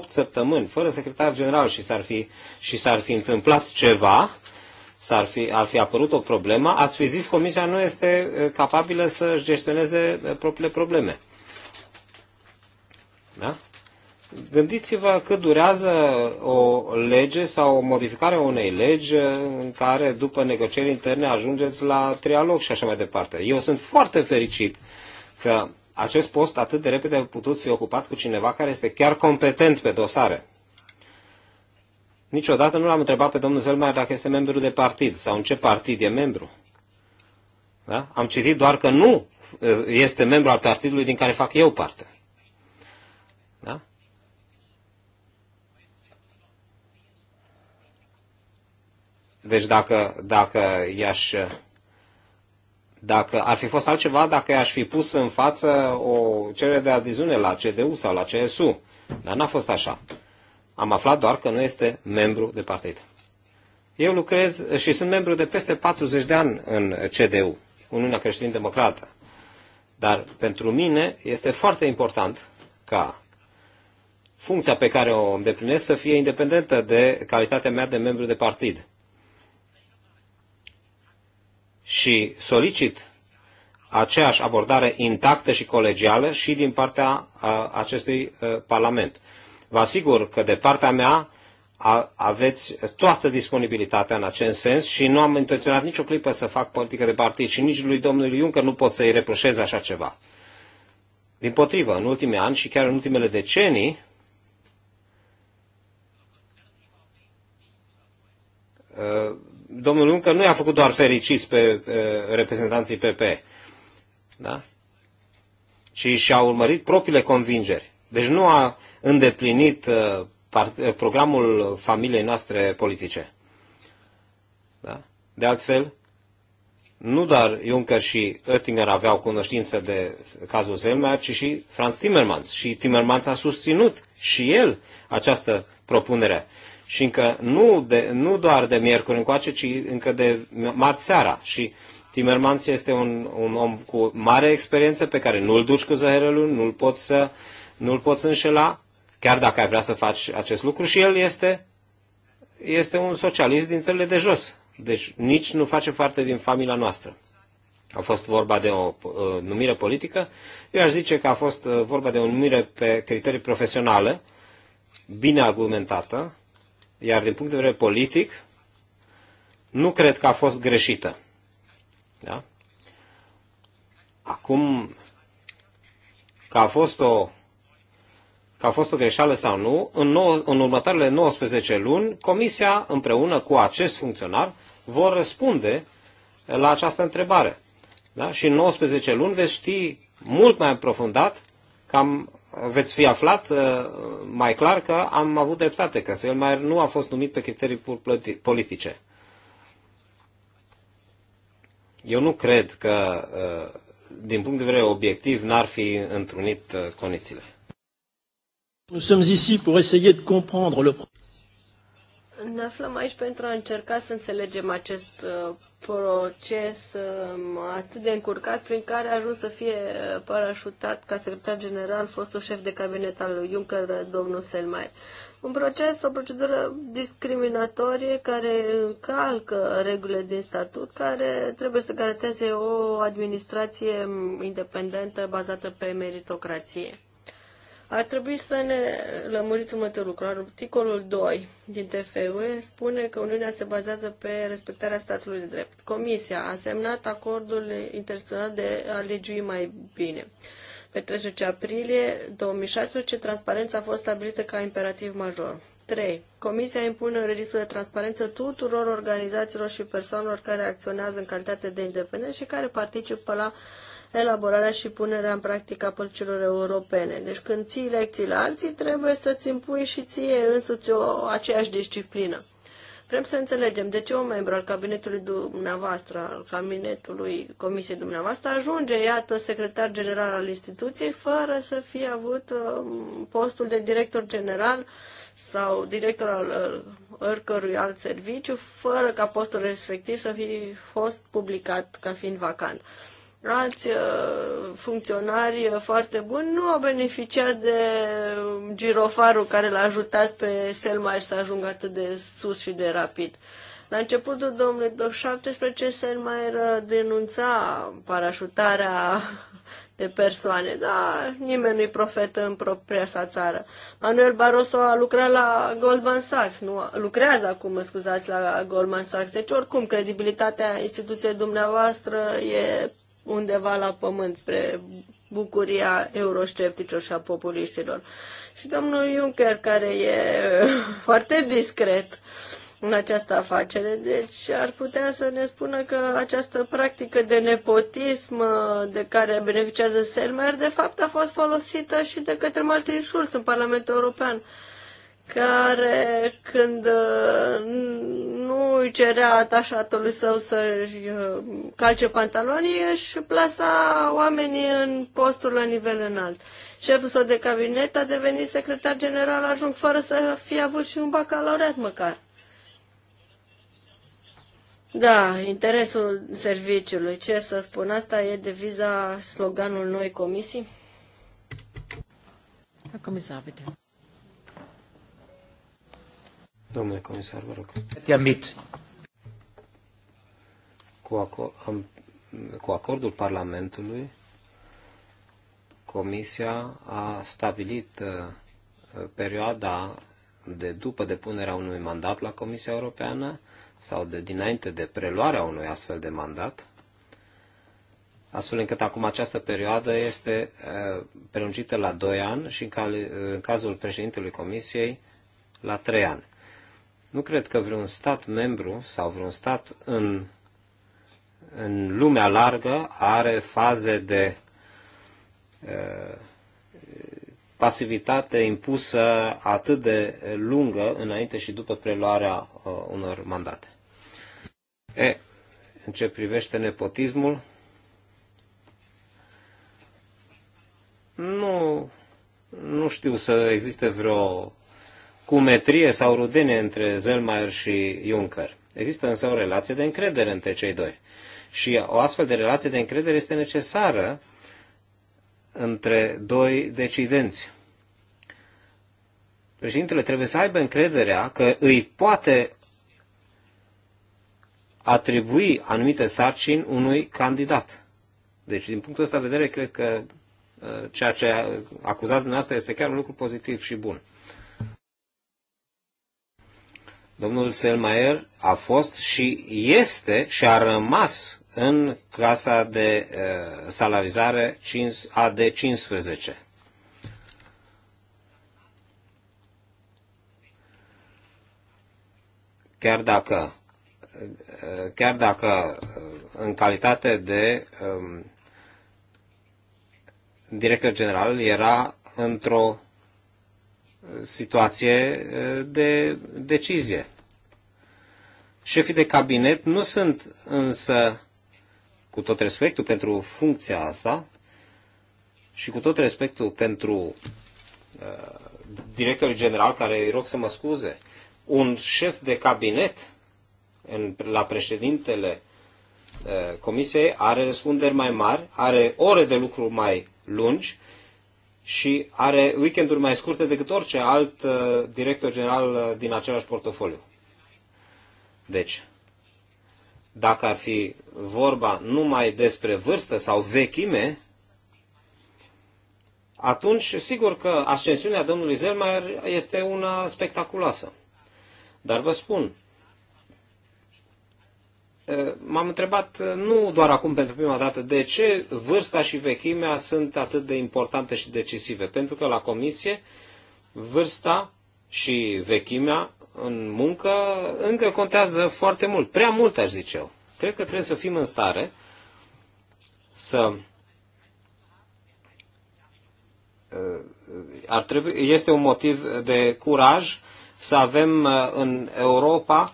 4-8 săptămâni fără secretar general și s-ar fi, și s-ar fi întâmplat ceva, s-ar fi, ar fi apărut o problemă, ați fi zis comisia nu este capabilă să gestioneze propriile probleme. Da? Gândiți-vă cât durează o lege sau o modificare a unei legi în care după negocieri interne ajungeți la trialog și așa mai departe. Eu sunt foarte fericit că acest post atât de repede a putut fi ocupat cu cineva care este chiar competent pe dosare. Niciodată nu l-am întrebat pe domnul Zelmaier dacă este membru de partid sau în ce partid e membru. Da? Am citit doar că nu este membru al partidului din care fac eu parte. Deci dacă, dacă i-aș dacă ar fi fost altceva, dacă i-aș fi pus în față o cerere de adiziune la CDU sau la CSU. Dar n-a fost așa. Am aflat doar că nu este membru de partid. Eu lucrez și sunt membru de peste 40 de ani în CDU, Uniunea Creștin Democrată. Dar pentru mine este foarte important ca funcția pe care o îndeplinesc să fie independentă de calitatea mea de membru de partid și solicit aceeași abordare intactă și colegială și din partea acestui uh, Parlament. Vă asigur că de partea mea aveți toată disponibilitatea în acest sens și nu am intenționat nicio clipă să fac politică de partid și nici lui domnul Juncker nu pot să-i reproșez așa ceva. Din potrivă, în ultimii ani și chiar în ultimele decenii, domnul Juncker nu i-a făcut doar fericiți pe reprezentanții PP, da? ci și-a urmărit propriile convingeri. Deci nu a îndeplinit uh, uh, programul familiei noastre politice. Da? De altfel, nu doar Juncker și Oettinger aveau cunoștință de cazul Selmayr, ci și Franz Timmermans. Și Timmermans a susținut și el această propunere și încă nu, de, nu doar de miercuri încoace, ci încă de marți seara. Și Timmermans este un, un om cu mare experiență pe care nu-l duci cu zăherelul, nu-l poți, să, nu-l poți înșela, chiar dacă ai vrea să faci acest lucru și el este, este un socialist din țările de jos. Deci nici nu face parte din familia noastră. A fost vorba de o uh, numire politică. Eu aș zice că a fost uh, vorba de o numire pe criterii profesionale, bine argumentată, iar din punct de vedere politic, nu cred că a fost greșită. Da? Acum, că a fost o, că a fost o greșeală sau nu, în, nou, în următoarele 19 luni, Comisia, împreună cu acest funcționar, vor răspunde la această întrebare. Da? Și în 19 luni veți ști mult mai aprofundat cam veți fi aflat uh, mai clar că am avut dreptate, că Selmayr nu a fost numit pe criterii pur politice. Eu nu cred că, uh, din punct de vedere obiectiv, n-ar fi întrunit uh, condițiile. Nous sommes ici pour essayer de comprendre le ne aflăm aici pentru a încerca să înțelegem acest uh, proces um, atât de încurcat prin care a ajuns să fie uh, parașutat ca secretar general fostul șef de cabinet al lui Juncker, domnul Selmayr. Un proces, o procedură discriminatorie care încalcă regulile din statut, care trebuie să garanteze o administrație um, independentă bazată pe meritocrație. Ar trebui să ne lămuriți următorul lucru. Articolul 2 din TFU spune că Uniunea se bazează pe respectarea statului de drept. Comisia a semnat acordul internațional de a legiui mai bine. Pe 13 aprilie 2016, transparența a fost stabilită ca imperativ major. 3. Comisia impune un registru de transparență tuturor organizațiilor și persoanelor care acționează în calitate de independenți și care participă la elaborarea și punerea în practică a politicilor europene. Deci când ții lecții la alții, trebuie să-ți impui și ție însuți o aceeași disciplină. Vrem să înțelegem de ce un membru al cabinetului dumneavoastră, al cabinetului comisiei dumneavoastră, ajunge, iată, secretar general al instituției, fără să fie avut um, postul de director general sau director al uh, oricărui alt serviciu, fără ca postul respectiv să fi fost publicat ca fiind vacant alți uh, funcționari uh, foarte buni nu au beneficiat de um, girofarul care l-a ajutat pe Selmayr să ajungă atât de sus și de rapid. La începutul 2017, Selmayr denunța parașutarea *laughs* de persoane, dar nimeni nu-i profetă în propria sa țară. Manuel Barroso a lucrat la Goldman Sachs, nu lucrează acum, mă scuzați, la Goldman Sachs. Deci, oricum, credibilitatea instituției dumneavoastră e undeva la pământ spre bucuria euroscepticilor și a populiștilor. Și domnul Juncker, care e *laughs* foarte discret în această afacere, deci ar putea să ne spună că această practică de nepotism de care beneficiază Selmer, de fapt a fost folosită și de către Martin Schulz în Parlamentul European care când uh, nu îi cerea atașatului său să-și uh, calce pantalonii, își plasa oamenii în posturi la nivel înalt. Șeful său de cabinet a devenit secretar general ajung fără să fie avut și un bacalaureat măcar. Da, interesul serviciului. Ce să spun, asta e deviza, sloganul noi comisii. Comisar, bitte. Domnule comisar, vă rog. Admit. Cu, aco- cu acordul Parlamentului, Comisia a stabilit uh, perioada de după depunerea unui mandat la Comisia Europeană sau de dinainte de preluarea unui astfel de mandat, astfel încât acum această perioadă este uh, prelungită la 2 ani și în, cal- în cazul președintelui Comisiei la 3 ani. Nu cred că vreun stat membru sau vreun stat în, în lumea largă are faze de pasivitate impusă atât de lungă înainte și după preluarea unor mandate. E, în ce privește nepotismul, nu, nu știu să existe vreo cu metrie sau rudenie între Zelmayr și Juncker. Există însă o relație de încredere între cei doi. Și o astfel de relație de încredere este necesară între doi decidenți. Președintele trebuie să aibă încrederea că îi poate atribui anumite sarcini unui candidat. Deci, din punctul ăsta de vedere, cred că uh, ceea ce acuzați dumneavoastră este chiar un lucru pozitiv și bun. Domnul Selmayr a fost și este și a rămas în clasa de uh, salarizare 5, AD15. Chiar dacă, uh, chiar dacă uh, în calitate de um, director general era într-o situație de decizie. Șefii de cabinet nu sunt însă, cu tot respectul pentru funcția asta și cu tot respectul pentru uh, directorul general, care îi rog să mă scuze, un șef de cabinet în, la președintele uh, comisiei are răspunderi mai mari, are ore de lucru mai lungi și are weekenduri mai scurte decât orice alt uh, director general uh, din același portofoliu. Deci, dacă ar fi vorba numai despre vârstă sau vechime, atunci sigur că ascensiunea domnului Zelmaier este una spectaculoasă. Dar vă spun, m-am întrebat uh, nu doar acum pentru prima dată de ce vârsta și vechimea sunt atât de importante și decisive. Pentru că la comisie vârsta și vechimea în muncă încă contează foarte mult. Prea mult, aș zice eu. Cred că trebuie să fim în stare să uh, ar trebui, este un motiv de curaj să avem uh, în Europa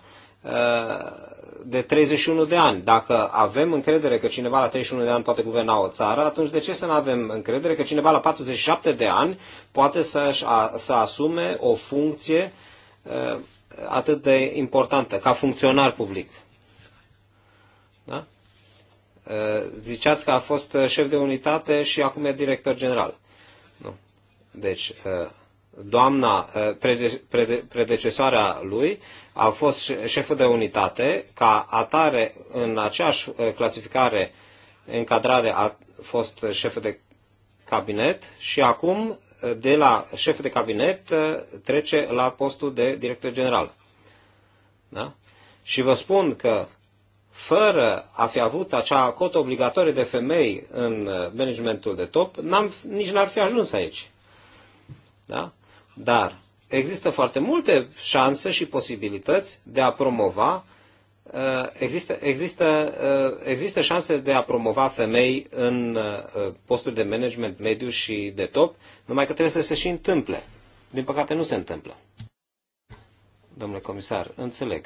de 31 de ani. Dacă avem încredere că cineva la 31 de ani poate guverna o țară, atunci de ce să nu avem încredere că cineva la 47 de ani poate să, să asume o funcție uh, atât de importantă, ca funcționar public? Da? Uh, ziceați că a fost șef de unitate și acum e director general. Nu. Deci, uh, doamna eh, predecesoarea lui a fost șeful de unitate, ca atare în aceeași eh, clasificare, încadrare a fost șeful de cabinet și acum eh, de la șef de cabinet trece la postul de director general. Da? Și vă spun că fără a fi avut acea cotă obligatorie de femei în managementul de top, n-am, nici n-ar fi ajuns aici. Da? Dar există foarte multe șanse și posibilități de a promova uh, Există, există, uh, există șanse de a promova femei în uh, posturi de management mediu și de top, numai că trebuie să se și întâmple. Din păcate nu se întâmplă. Domnule comisar, înțeleg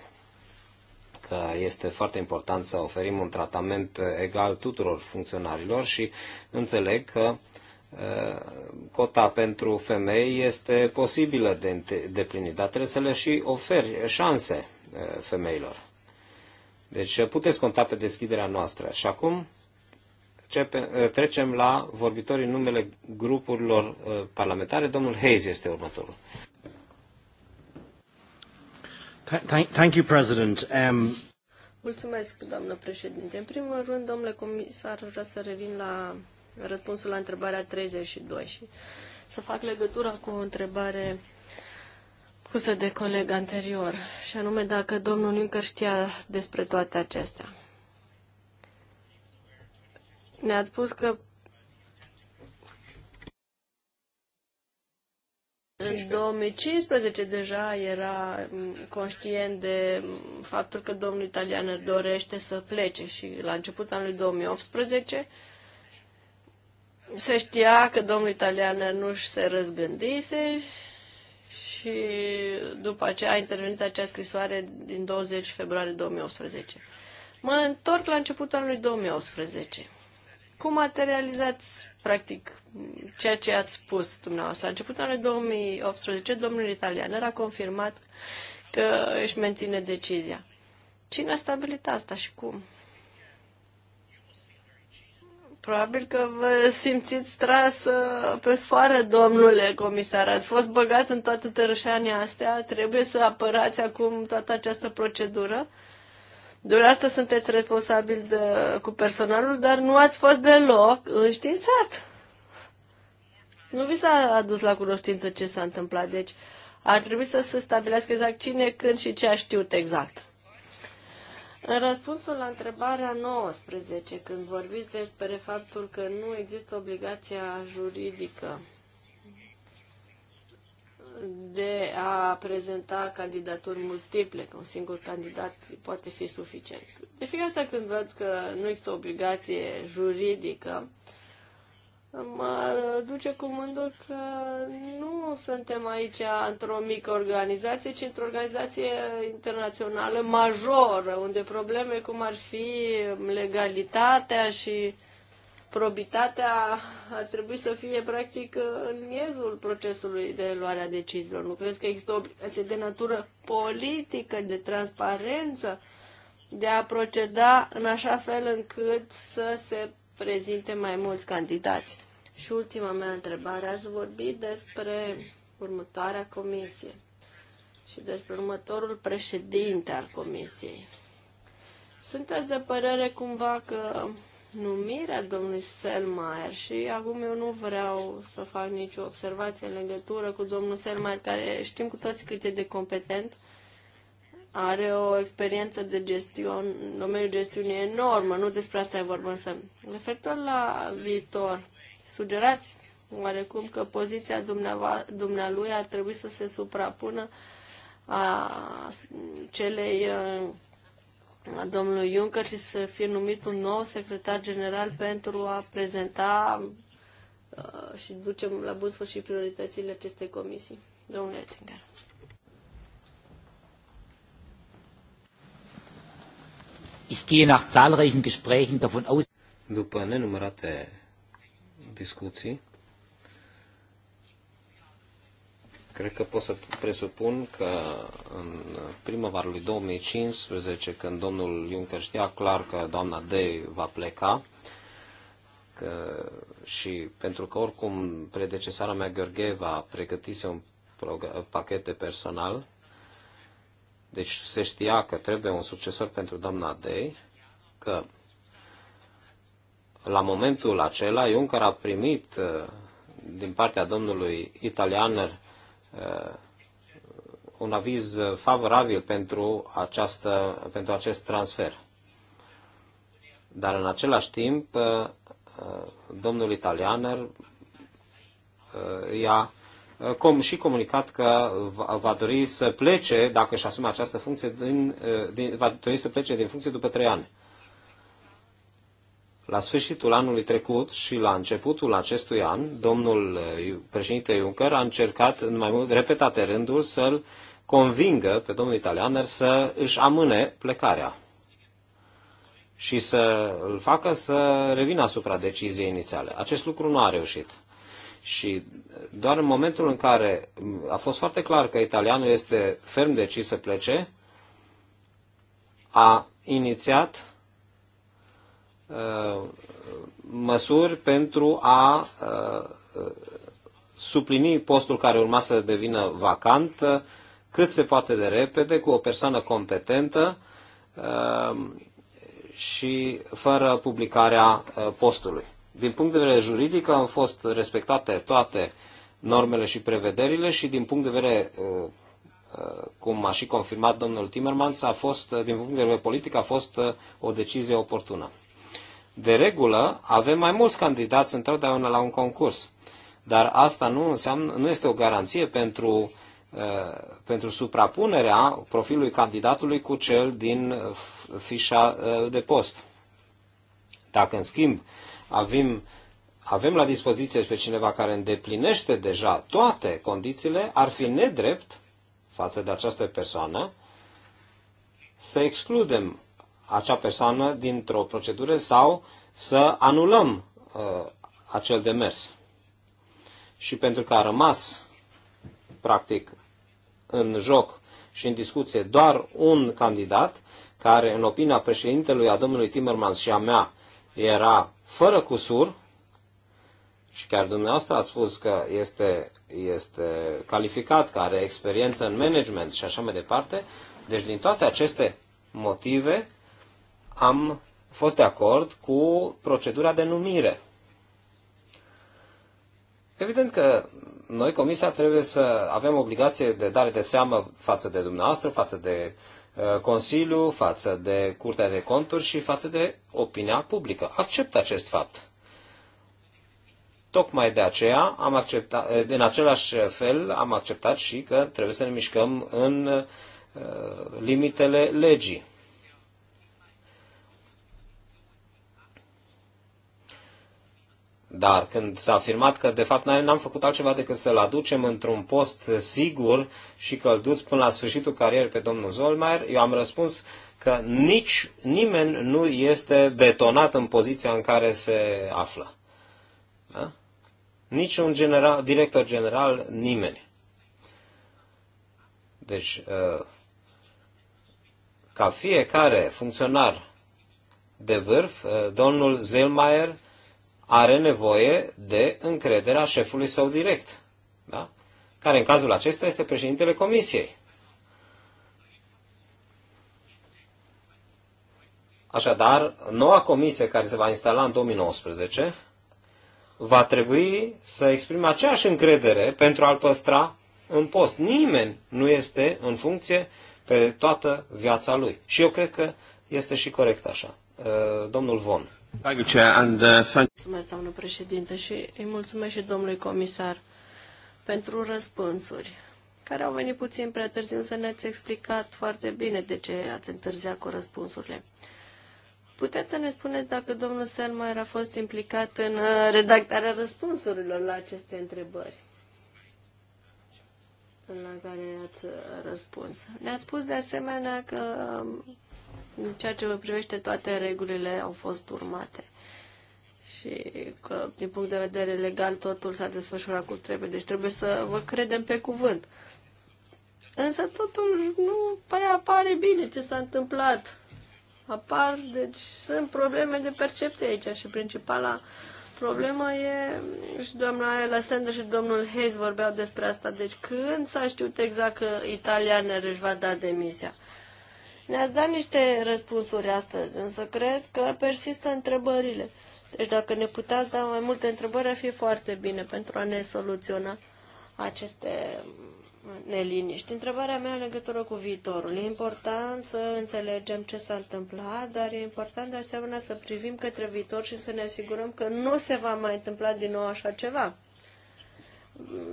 că este foarte important să oferim un tratament egal tuturor funcționarilor și înțeleg că uh, Uh, cota pentru femei este posibilă de deplinit, dar trebuie să le și oferi șanse uh, femeilor. Deci uh, puteți conta pe deschiderea noastră. Și acum trecem la vorbitorii numele grupurilor parlamentare. Domnul Hayes este următorul. Thank you, President. Um... Mulțumesc, doamnă președinte. În primul rând, domnule comisar, vreau să revin la răspunsul la întrebarea 32 și să fac legătura cu o întrebare pusă de coleg anterior, și anume dacă domnul Juncker știa despre toate acestea. Ne-ați spus că În 2015 deja era conștient de faptul că domnul italian dorește să plece și la început anului 2018 se știa că domnul italian nu și se răzgândise și după aceea a intervenit acea scrisoare din 20 februarie 2018. Mă întorc la începutul anului 2018. Cum materializați, practic, ceea ce ați spus dumneavoastră? La începutul anului 2018, domnul italian a confirmat că își menține decizia. Cine a stabilit asta și cum? Probabil că vă simțiți tras pe sfoară, domnule comisar. Ați fost băgat în toată tărășania astea. Trebuie să apărați acum toată această procedură. Dumneavoastră sunteți responsabil de, cu personalul, dar nu ați fost deloc înștiințat. Nu vi s-a adus la cunoștință ce s-a întâmplat. Deci ar trebui să se stabilească exact cine, când și ce a știut exact. În răspunsul la întrebarea 19, când vorbiți despre faptul că nu există obligația juridică de a prezenta candidaturi multiple, că un singur candidat poate fi suficient. De deci, fiecare dată când văd că nu există obligație juridică mă duce cu mândul că nu suntem aici într-o mică organizație, ci într-o organizație internațională majoră, unde probleme cum ar fi legalitatea și probitatea ar trebui să fie practic în miezul procesului de luare a deciziilor. Nu crezi că există obligație de natură politică, de transparență, de a proceda în așa fel încât să se prezinte mai mulți candidați. Și ultima mea întrebare, ați vorbit despre următoarea comisie și despre următorul președinte al comisiei. Sunteți de părere cumva că numirea domnului Selmayr și acum eu nu vreau să fac nicio observație în legătură cu domnul Selmayr, care știm cu toți cât e de competent, are o experiență de gestiune, domeniul gestiunii enormă, nu despre asta e vorba, însă referitor la viitor, Sugerați oarecum că poziția dumnealui ar trebui să se suprapună a celei a domnului Juncker și să fie numit un nou secretar general pentru a prezenta uh, și ducem la bun sfârșit prioritățile acestei comisii. Domnule Ettinger. Ich gehe nach zahlreichen Gesprächen davon aus, după nenumărate discuții. Cred că pot să presupun că în primăvara lui 2015, când domnul Juncker știa clar că doamna Dei va pleca, că, și pentru că oricum predecesara mea Gheorgheva pregătise un pachet de personal, deci se știa că trebuie un succesor pentru doamna Dei, că la momentul acela, Juncker a primit uh, din partea domnului italianer uh, un aviz favorabil pentru, această, pentru acest transfer. Dar în același timp, uh, domnul italianer i-a și comunicat că va dori să plece, dacă își asume această funcție, din, din, va dori să plece din funcție după trei ani. La sfârșitul anului trecut și la începutul acestui an, domnul eh, președinte Juncker a încercat în mai mult repetate rânduri să-l convingă pe domnul italianer să își amâne plecarea și să îl facă să revină asupra deciziei inițiale. Acest lucru nu a reușit. Și doar în momentul în care mm, a fost foarte clar că italianul este ferm decis să plece, a inițiat Uh, măsuri pentru a uh, suplini postul care urma să devină vacant uh, cât se poate de repede cu o persoană competentă și fără publicarea postului. Din punct de vedere juridic au fost respectate toate normele și prevederile și din punct de vedere, cum a și confirmat domnul Timmermans, a fost, din punct de vedere politic a fost o decizie oportună. De regulă, avem mai mulți candidați întotdeauna la un concurs, dar asta nu, înseamnă, nu este o garanție pentru, uh, pentru suprapunerea profilului candidatului cu cel din uh, fișa uh, de post. Dacă, în schimb, avem, avem la dispoziție pe cineva care îndeplinește deja toate condițiile, ar fi nedrept față de această persoană să excludem acea persoană dintr-o procedură sau să anulăm uh, acel demers. Și pentru că a rămas, practic, în joc și în discuție doar un candidat, care, în opinia președintelui a domnului Timmermans și a mea, era fără cusur, și chiar dumneavoastră a spus că este, este calificat, că are experiență în management și așa mai departe. Deci, din toate aceste motive, am fost de acord cu procedura de numire. Evident că noi, Comisia, trebuie să avem obligație de dare de seamă față de dumneavoastră, față de uh, Consiliu, față de Curtea de Conturi și față de opinia publică. Accept acest fapt. Tocmai de aceea am acceptat, uh, în același fel am acceptat și că trebuie să ne mișcăm în uh, limitele legii. Dar când s-a afirmat că de fapt n-am făcut altceva decât să-l aducem într-un post sigur și călduț până la sfârșitul carierei pe domnul Zolmaier, eu am răspuns că nici nimeni nu este betonat în poziția în care se află. Da? Nici un general, director general, nimeni. Deci, uh, ca fiecare funcționar de vârf, uh, domnul Zelmaier are nevoie de încrederea șefului său direct, da? care în cazul acesta este președintele comisiei. Așadar, noua comisie care se va instala în 2019 va trebui să exprime aceeași încredere pentru a-l păstra în post. Nimeni nu este în funcție pe toată viața lui. Și eu cred că este și corect așa. Domnul Von. Uh, mulțumesc, doamnă președinte, și îi mulțumesc și domnului comisar pentru răspunsuri, care au venit puțin prea târziu, să ne-ați explicat foarte bine de ce ați întârziat cu răspunsurile. Puteți să ne spuneți dacă domnul Selmayr a fost implicat în uh, redactarea răspunsurilor la aceste întrebări la care ați uh, răspuns. Ne-ați spus de asemenea că um, în ceea ce vă privește toate regulile au fost urmate și că din punct de vedere legal totul s-a desfășurat cum trebuie. Deci trebuie să vă credem pe cuvânt. Însă totul nu prea apare bine ce s-a întâmplat. Apar, deci sunt probleme de percepție aici și principala problemă e, și doamna Ela și domnul Hayes vorbeau despre asta, deci când s-a știut exact că Italia ne își va da demisia? Ne-ați dat niște răspunsuri astăzi, însă cred că persistă întrebările. Deci dacă ne puteați da mai multe întrebări, ar fi foarte bine pentru a ne soluționa aceste neliniști. Întrebarea mea în legătură cu viitorul. E important să înțelegem ce s-a întâmplat, dar e important de asemenea să privim către viitor și să ne asigurăm că nu se va mai întâmpla din nou așa ceva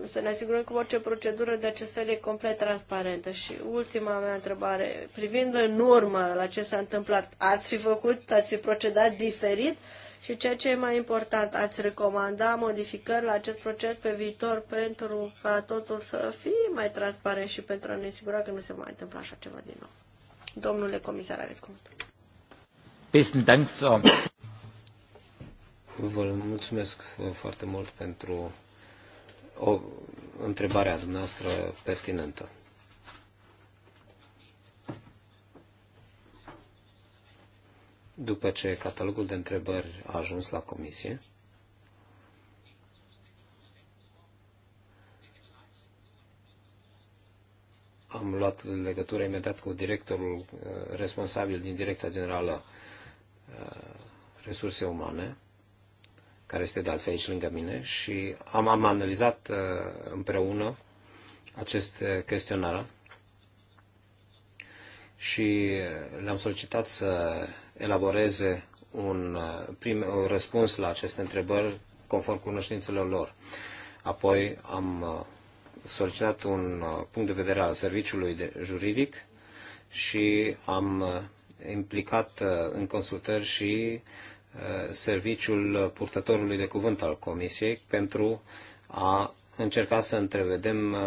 să ne asigurăm că orice procedură de acest fel e complet transparentă. Și ultima mea întrebare, privind în urmă la ce s-a întâmplat, ați fi făcut, ați fi procedat diferit? Și ceea ce e mai important, ați recomanda modificări la acest proces pe viitor pentru ca totul să fie mai transparent și pentru a ne asigura că nu se mai întâmplă așa ceva din nou. Domnule comisar, aveți cuvântul. Vă mulțumesc foarte mult pentru o a dumneavoastră pertinentă. După ce catalogul de întrebări a ajuns la comisie, am luat legătură imediat cu directorul uh, responsabil din Direcția Generală uh, Resurse Umane care este de altfel aici lângă mine, și am, am analizat uh, împreună acest uh, chestionar și uh, le-am solicitat să elaboreze un, prim, un răspuns la aceste întrebări conform cunoștințelor lor. Apoi am solicitat un punct de vedere al serviciului de juridic și am implicat în consultări și Uh, serviciul purtătorului de cuvânt al Comisiei pentru a încerca să întrevedem uh,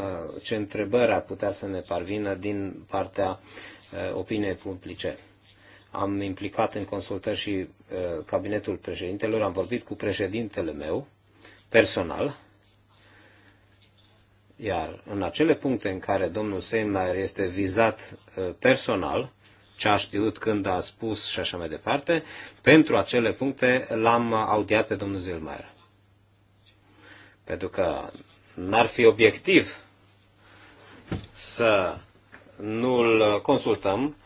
ce întrebări ar putea să ne parvină din partea uh, opiniei publice. Am implicat în consultări și cabinetul președintelor, am vorbit cu președintele meu personal, iar în acele puncte în care domnul Seimer este vizat personal, ce a știut când a spus și așa mai departe. Pentru acele puncte l-am audiat pe domnul Zilmaier. Pentru că n-ar fi obiectiv să nu-l consultăm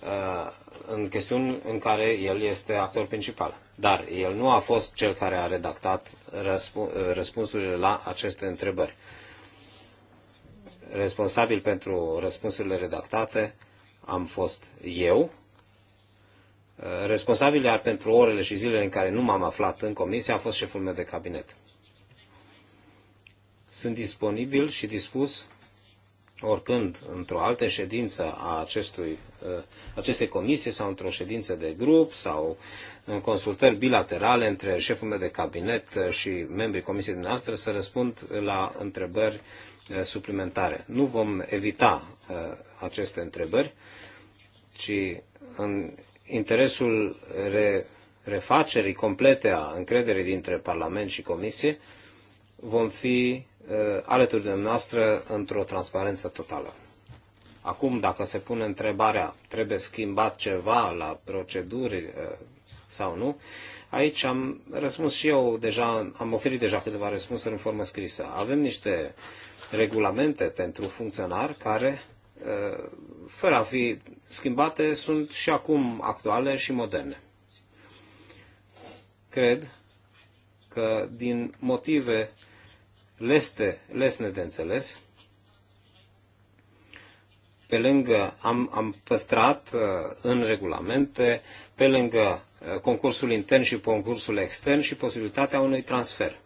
uh, în chestiuni în care el este actor principal. Dar el nu a fost cel care a redactat răspunsurile la aceste întrebări. Responsabil pentru răspunsurile redactate am fost eu, uh, responsabil iar pentru orele și zilele în care nu m-am aflat în comisie a fost șeful meu de cabinet. Sunt disponibil și dispus oricând într-o altă ședință a acestui, uh, acestei comisii sau într-o ședință de grup sau în consultări bilaterale între șeful meu de cabinet uh, și membrii comisiei dumneavoastră să răspund la întrebări Uh, suplimentare. Nu vom evita uh, aceste întrebări, ci în interesul refacerii complete a încrederii dintre Parlament și Comisie, vom fi uh, alături de noastră într-o transparență totală. Acum, dacă se pune întrebarea, trebuie schimbat ceva la proceduri sau nu, aici am răspuns și eu deja, am oferit deja câteva răspunsuri în formă scrisă. Avem niște uh, regulamente pentru funcționari care, uh, fără a fi schimbate, sunt și acum actuale și moderne. Cred că din motive leste, lesne de înțeles, pe lângă, am, am păstrat uh, în regulamente, pe lângă uh, concursul intern și concursul extern și posibilitatea unui transfer.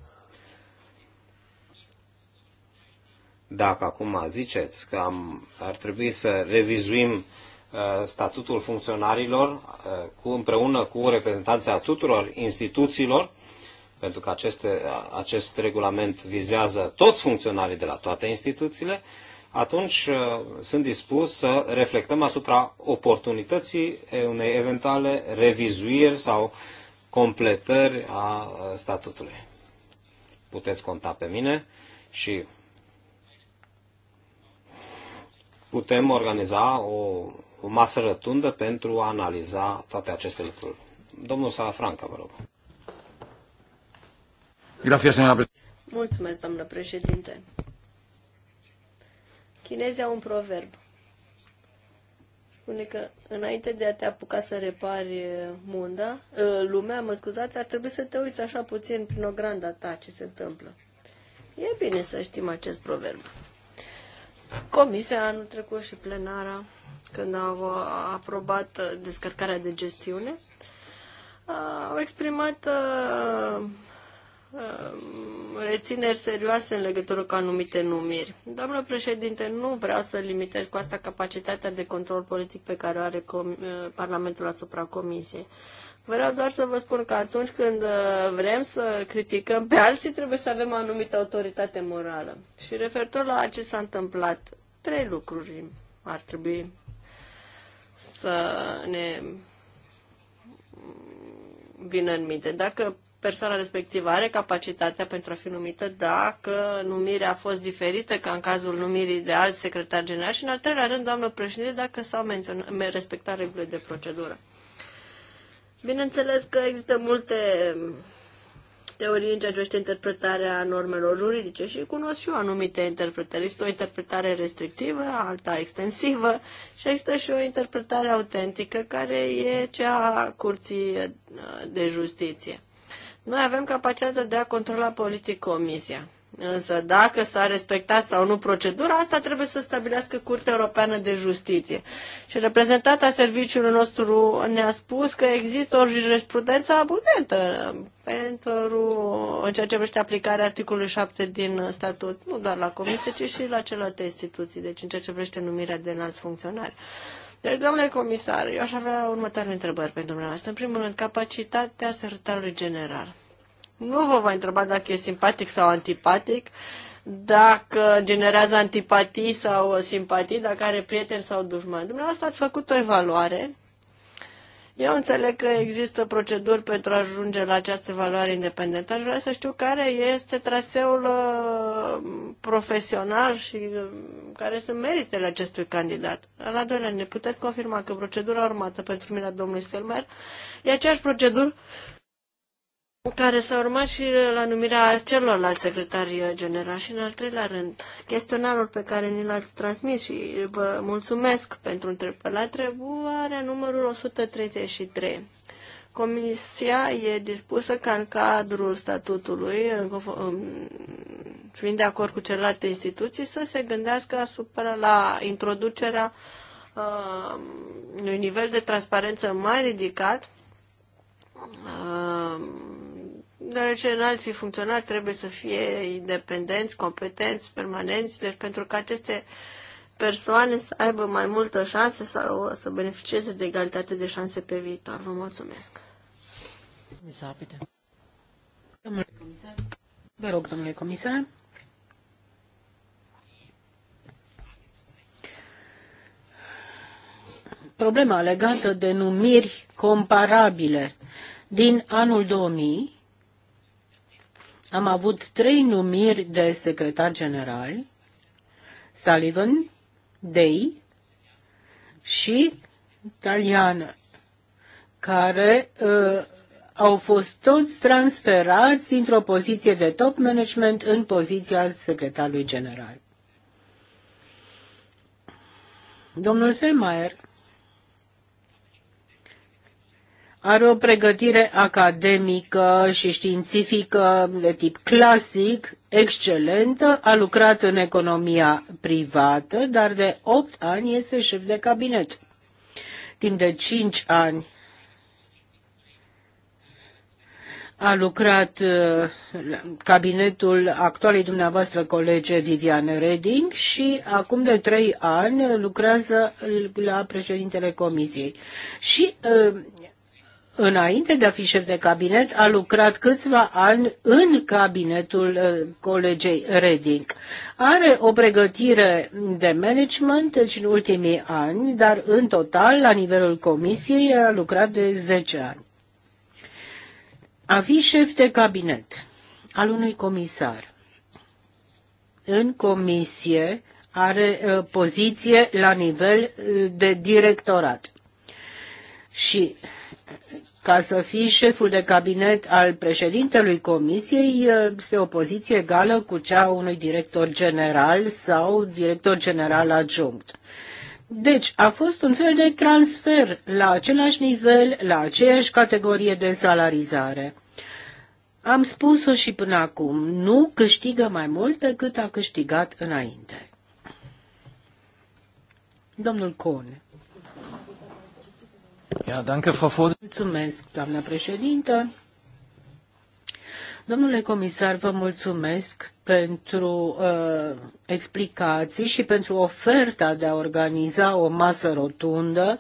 Dacă acum ziceți că am, ar trebui să revizuim uh, statutul funcționarilor uh, cu, împreună cu reprezentanța tuturor instituțiilor, pentru că aceste, acest regulament vizează toți funcționarii de la toate instituțiile, atunci uh, sunt dispus să reflectăm asupra oportunității unei eventuale revizuiri sau completări a statutului. Puteți conta pe mine și putem organiza o, o masă rotundă pentru a analiza toate aceste lucruri. Domnul Sala Franca, vă rog. Mulțumesc, domnule președinte. Chinezii au un proverb. Spune că înainte de a te apuca să repari munda, lumea, mă scuzați, ar trebui să te uiți așa puțin prin ogranda ta ce se întâmplă. E bine să știm acest proverb. Comisia anul trecut și plenara, când au aprobat uh, descărcarea de gestiune, uh, au exprimat uh, rețineri serioase în legătură cu anumite numiri. Doamnă președinte, nu vreau să limitez cu asta capacitatea de control politic pe care o are Parlamentul asupra Comisiei. Vreau doar să vă spun că atunci când uh, vrem să criticăm pe alții, trebuie să avem o anumită autoritate morală. Și referitor la ce s-a întâmplat, trei lucruri ar trebui să ne vină în minte. Dacă persoana respectivă are capacitatea pentru a fi numită, dacă numirea a fost diferită, ca în cazul numirii de alt secretar general și, în al treilea rând, doamnă președinte, dacă s-au respectat regulile de procedură. Bineînțeles că există multe teorii în ceea ce interpretarea normelor juridice și cunosc și eu anumite interpretări. Este o interpretare restrictivă, alta extensivă și există și o interpretare autentică care e cea a Curții de Justiție. Noi avem capacitatea de a controla politic comisia. Însă dacă s-a respectat sau nu procedura, asta trebuie să stabilească Curtea Europeană de Justiție. Și reprezentanta serviciului nostru ne-a spus că există o jurisprudență abundentă uh, pentru, în ceea ce vrește aplicarea articolului 7 din statut, nu doar la comisie, ci și la celelalte instituții, deci în ceea ce vrește numirea de înalți funcționari. Deci, domnule comisar, eu aș avea următoarele întrebări pentru dumneavoastră. În primul rând, capacitatea secretarului general nu vă voi întreba dacă e simpatic sau antipatic, dacă generează antipatii sau simpatii, dacă are prieteni sau dușmani. Dumneavoastră ați făcut o evaluare. Eu înțeleg că există proceduri pentru a ajunge la această valoare independentă. Aș vrea să știu care este traseul uh, profesional și uh, care sunt meritele acestui candidat. La doilea, ne puteți confirma că procedura urmată pentru mine, domnului Selmer, e aceeași procedură care s-a urmat și la numirea celorlalți secretari generali. Și în al treilea rând, chestionarul pe care ni l-ați transmis și vă mulțumesc pentru întrebări, întrebarea numărul 133. Comisia e dispusă ca în cadrul statutului, fiind de acord cu celelalte instituții, să se gândească asupra la introducerea uh, unui nivel de transparență mai ridicat uh, deoarece alții funcționari trebuie să fie independenți, competenți, permanenți, deci pentru că aceste persoane să aibă mai multă șanse sau să beneficieze de egalitate de șanse pe viitor. Vă mulțumesc. Domnule comisar. Vă rog, domnule comisar. Problema legată de numiri comparabile din anul 2000 am avut trei numiri de secretar general, Sullivan, Day și Italiană, care uh, au fost toți transferați dintr-o poziție de top management în poziția secretarului general. Domnul Selmayr are o pregătire academică și științifică de tip clasic, excelentă, a lucrat în economia privată, dar de 8 ani este șef de cabinet. Timp de 5 ani a lucrat uh, cabinetul actualei dumneavoastră colege Viviane Reding și acum de trei ani lucrează la președintele comisiei. Și uh, înainte de a fi șef de cabinet, a lucrat câțiva ani în cabinetul uh, colegei Reding. Are o pregătire de management deci în ultimii ani, dar în total, la nivelul comisiei, a lucrat de 10 ani. A fi șef de cabinet al unui comisar în comisie are uh, poziție la nivel uh, de directorat. Și ca să fii șeful de cabinet al președintelui comisiei este o poziție egală cu cea a unui director general sau director general adjunct. Deci a fost un fel de transfer la același nivel, la aceeași categorie de salarizare. Am spus-o și până acum, nu câștigă mai mult decât a câștigat înainte. Domnul Cone. Mulțumesc, doamna președintă. Domnule comisar, vă mulțumesc pentru uh, explicații și pentru oferta de a organiza o masă rotundă.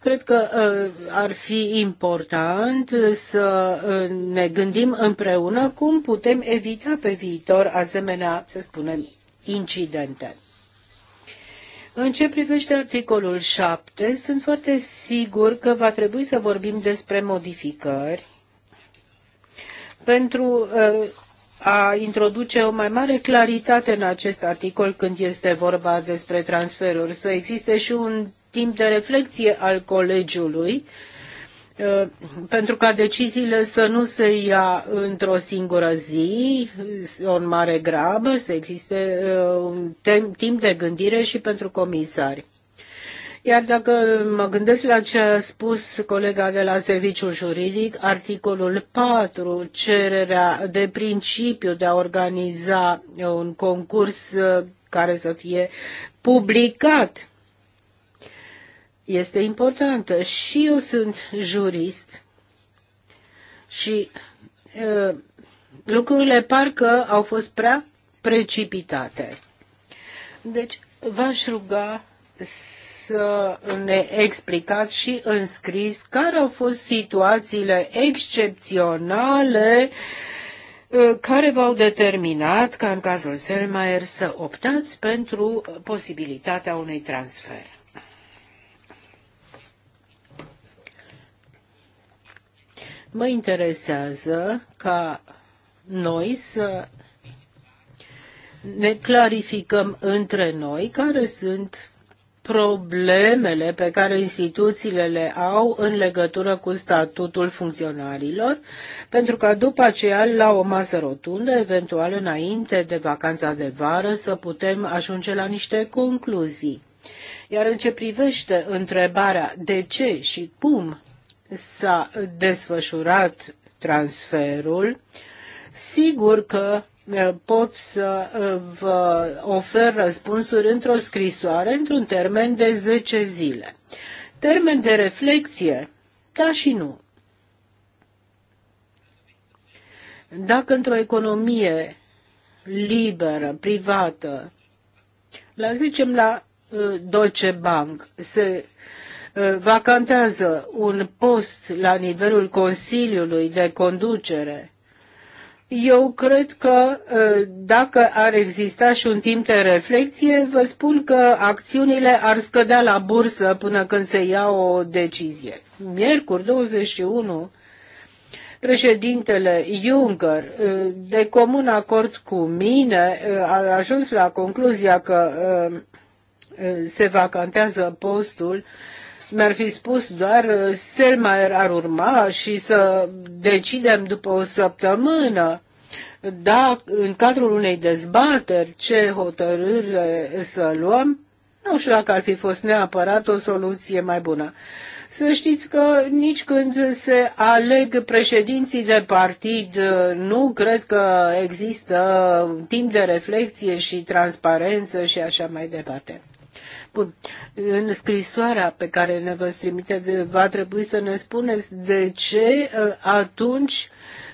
Cred că uh, ar fi important să uh, ne gândim împreună cum putem evita pe viitor asemenea, să spunem, incidente. În ce privește articolul 7, sunt foarte sigur că va trebui să vorbim despre modificări pentru uh, a introduce o mai mare claritate în acest articol când este vorba despre transferuri, să existe și un timp de reflexie al colegiului uh, pentru ca deciziile să nu se ia într-o singură zi, în mare grabă, să existe uh, un timp de gândire și pentru comisari. Iar dacă mă gândesc la ce a spus colega de la serviciul juridic, articolul 4, cererea de principiu de a organiza un concurs uh, care să fie publicat este importantă. Și eu sunt jurist și uh, lucrurile parcă au fost prea precipitate. Deci v-aș ruga să ne explicați și în scris care au fost situațiile excepționale care v-au determinat ca în cazul Selmayr să optați pentru posibilitatea unui transfer. Mă interesează ca noi să ne clarificăm între noi care sunt problemele pe care instituțiile le au în legătură cu statutul funcționarilor, pentru ca după aceea, la o masă rotundă, eventual înainte de vacanța de vară, să putem ajunge la niște concluzii. Iar în ce privește întrebarea de ce și cum s-a desfășurat transferul, sigur că pot să vă ofer răspunsuri într-o scrisoare într-un termen de 10 zile. Termen de reflexie? Da și nu. Dacă într-o economie liberă, privată, la zicem la Deutsche Bank, se Uh, vacantează un post la nivelul Consiliului de Conducere, eu cred că uh, dacă ar exista și un timp de reflexie, vă spun că acțiunile ar scădea la bursă până când se ia o decizie. Miercuri 21, președintele Juncker, uh, de comun acord cu mine, a ajuns la concluzia că se vacantează postul mi-ar fi spus doar uh, Selmayr ar urma și să decidem după o săptămână da, în cadrul unei dezbateri ce hotărârile să luăm, nu știu dacă ar fi fost neapărat o soluție mai bună. Să știți că nici când se aleg președinții de partid, uh, nu cred că există timp de reflexie și transparență și așa mai departe. Bun. În scrisoarea pe care ne vă trimite, de, va trebui să ne spuneți de ce uh, atunci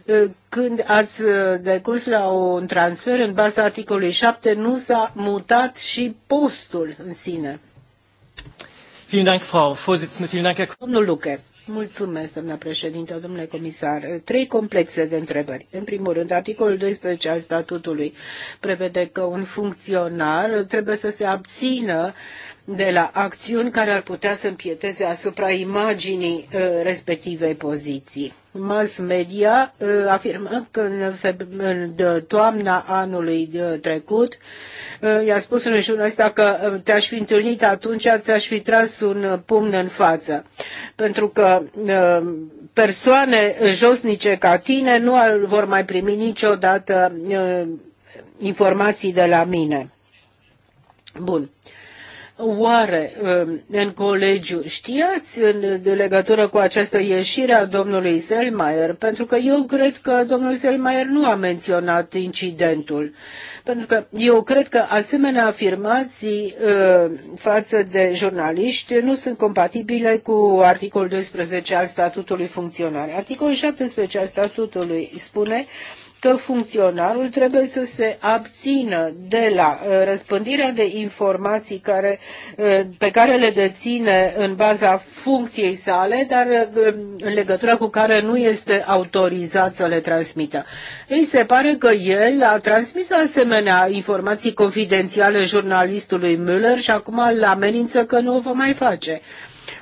uh, când ați uh, decurs la un transfer în baza articolului 7 nu s-a mutat și postul în sine. Vielen Dank, Frau Vorsitzende. Vielen Dank, Herr Domnul Luche. Mulțumesc, doamna președinte, domnule comisar. Trei complexe de întrebări. În primul rând, articolul 12 al statutului prevede că un funcționar trebuie să se abțină de la acțiuni care ar putea să împieteze asupra imaginii uh, respectivei poziții. Mass media uh, afirmă că în toamna anului uh, trecut i-a spus unui jurnalist că te-aș fi întâlnit atunci ți-aș fi tras un pumn în față. Pentru că persoane josnice ca tine nu vor mai primi niciodată informații de la mine. Bun. Uh, Oare um, în colegiu știați în legătură cu această ieșire a domnului Selmayer? Pentru că eu cred că domnul Selmayer nu a menționat incidentul. Pentru că eu cred că asemenea afirmații uh, față de jurnaliști nu sunt compatibile cu articolul 12 al statutului funcționare. Articolul 17 al statutului spune că funcționarul trebuie să se abțină de la uh, răspândirea de informații care, uh, pe care le deține în baza funcției sale, dar uh, în legătură cu care nu este autorizat să le transmită. Ei se pare că el a transmis asemenea informații confidențiale jurnalistului Müller și acum îl amenință că nu o va mai face.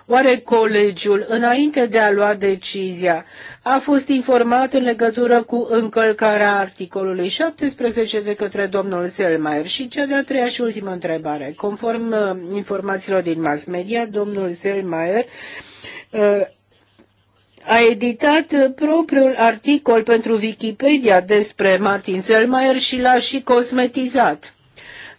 Oare colegiul, înainte de a lua decizia, a fost informat în legătură cu încălcarea articolului 17 de către domnul Selmayr? Și cea de-a treia și ultimă întrebare. Conform uh, informațiilor din mass media, domnul Selmayr uh, a editat propriul articol pentru Wikipedia despre Martin Selmayr și l-a și cosmetizat.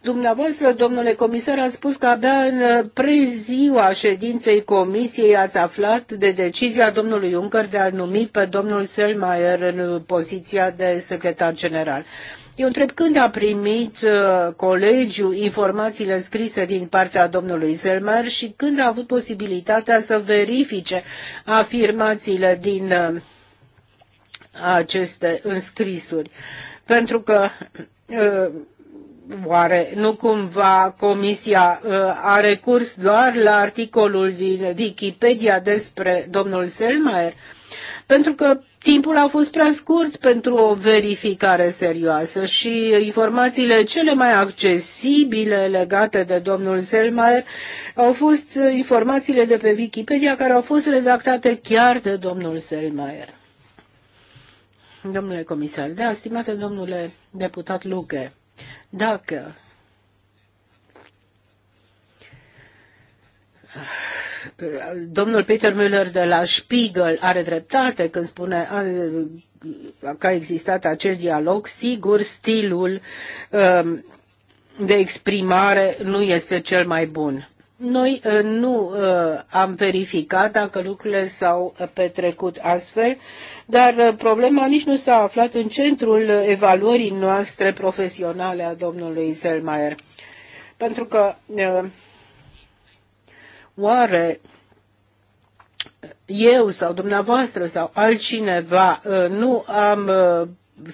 Dumneavoastră, domnule comisar, a spus că abia în uh, preziua ședinței comisiei ați aflat de decizia domnului Juncker de a-l numi pe domnul Selmayr în uh, poziția de secretar general. Eu întreb când a primit uh, colegiul informațiile scrise din partea domnului Selmayr și când a avut posibilitatea să verifice afirmațiile din uh, aceste înscrisuri. Pentru că uh, Oare nu cumva Comisia uh, a recurs doar la articolul din Wikipedia despre domnul Selmayr? Pentru că timpul a fost prea scurt pentru o verificare serioasă și informațiile cele mai accesibile legate de domnul Selmayr au fost informațiile de pe Wikipedia care au fost redactate chiar de domnul Selmayr. Domnule comisar, da, stimate domnule deputat Luche, dacă domnul Peter Müller de la Spiegel are dreptate când spune că a existat acel dialog, sigur stilul um, de exprimare nu este cel mai bun. Noi uh, nu uh, am verificat dacă lucrurile s-au uh, petrecut astfel, dar problema nici nu s-a aflat în centrul evaluării noastre profesionale a domnului Zelmaier. Pentru că oare eu sau dumneavoastră sau altcineva nu am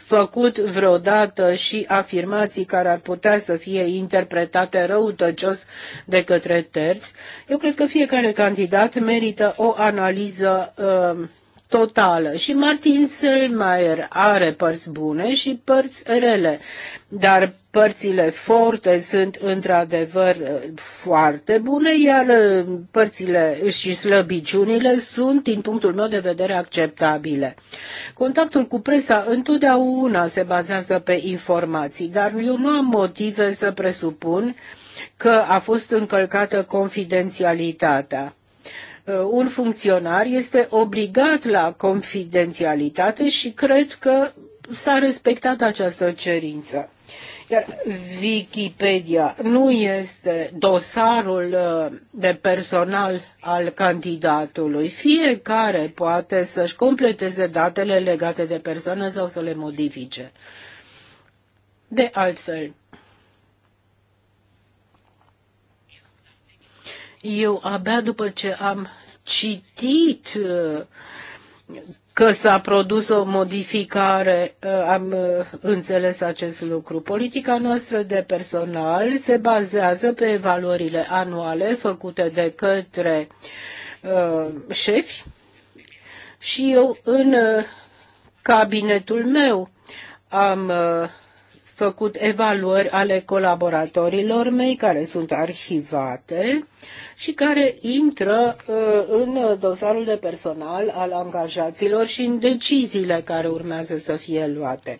făcut vreodată și afirmații care ar putea să fie interpretate răutăcios de către terți. Eu cred că fiecare candidat merită o analiză uh, totală. Și Martin Selmayr are părți bune și părți rele, dar părțile forte sunt într-adevăr foarte bune, iar uh, părțile și slăbiciunile sunt, din punctul meu de vedere, acceptabile. Contactul cu presa întotdeauna se bazează pe informații, dar eu nu am motive să presupun că a fost încălcată confidențialitatea uh, un funcționar este obligat la confidențialitate și cred că s-a respectat această cerință. Wikipedia nu este dosarul uh, de personal al candidatului. Fiecare poate să-și completeze datele legate de persoană sau să le modifice. De altfel, eu abia după ce am citit uh, că s-a produs o modificare, uh, am uh, înțeles acest lucru. Politica noastră de personal se bazează pe evaluările anuale făcute de către uh, șefi și eu în uh, cabinetul meu am uh, făcut evaluări ale colaboratorilor mei care sunt arhivate și care intră uh, în dosarul de personal al angajaților și în deciziile care urmează să fie luate.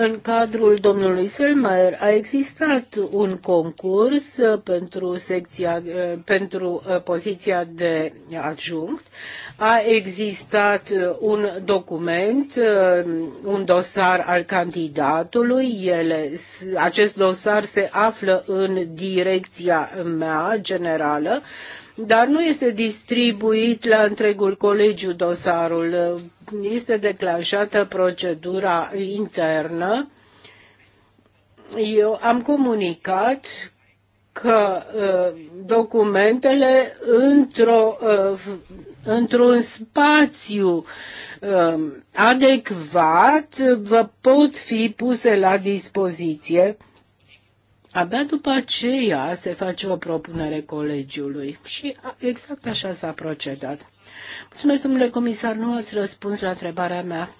În cadrul domnului Selmayr a existat un concurs pentru, secția, pentru uh, poziția de adjunct, a existat un document, uh, un dosar al candidatului, ele, acest dosar se află în direcția mea generală, dar nu este distribuit la întregul colegiu dosarul. Este declanșată procedura internă. Eu am comunicat că uh, documentele într-o, uh, într-un spațiu uh, adecvat vă pot fi puse la dispoziție Abia după aceea se face o propunere colegiului și exact așa s-a procedat. Mulțumesc, domnule comisar, nu ați răspuns la întrebarea mea.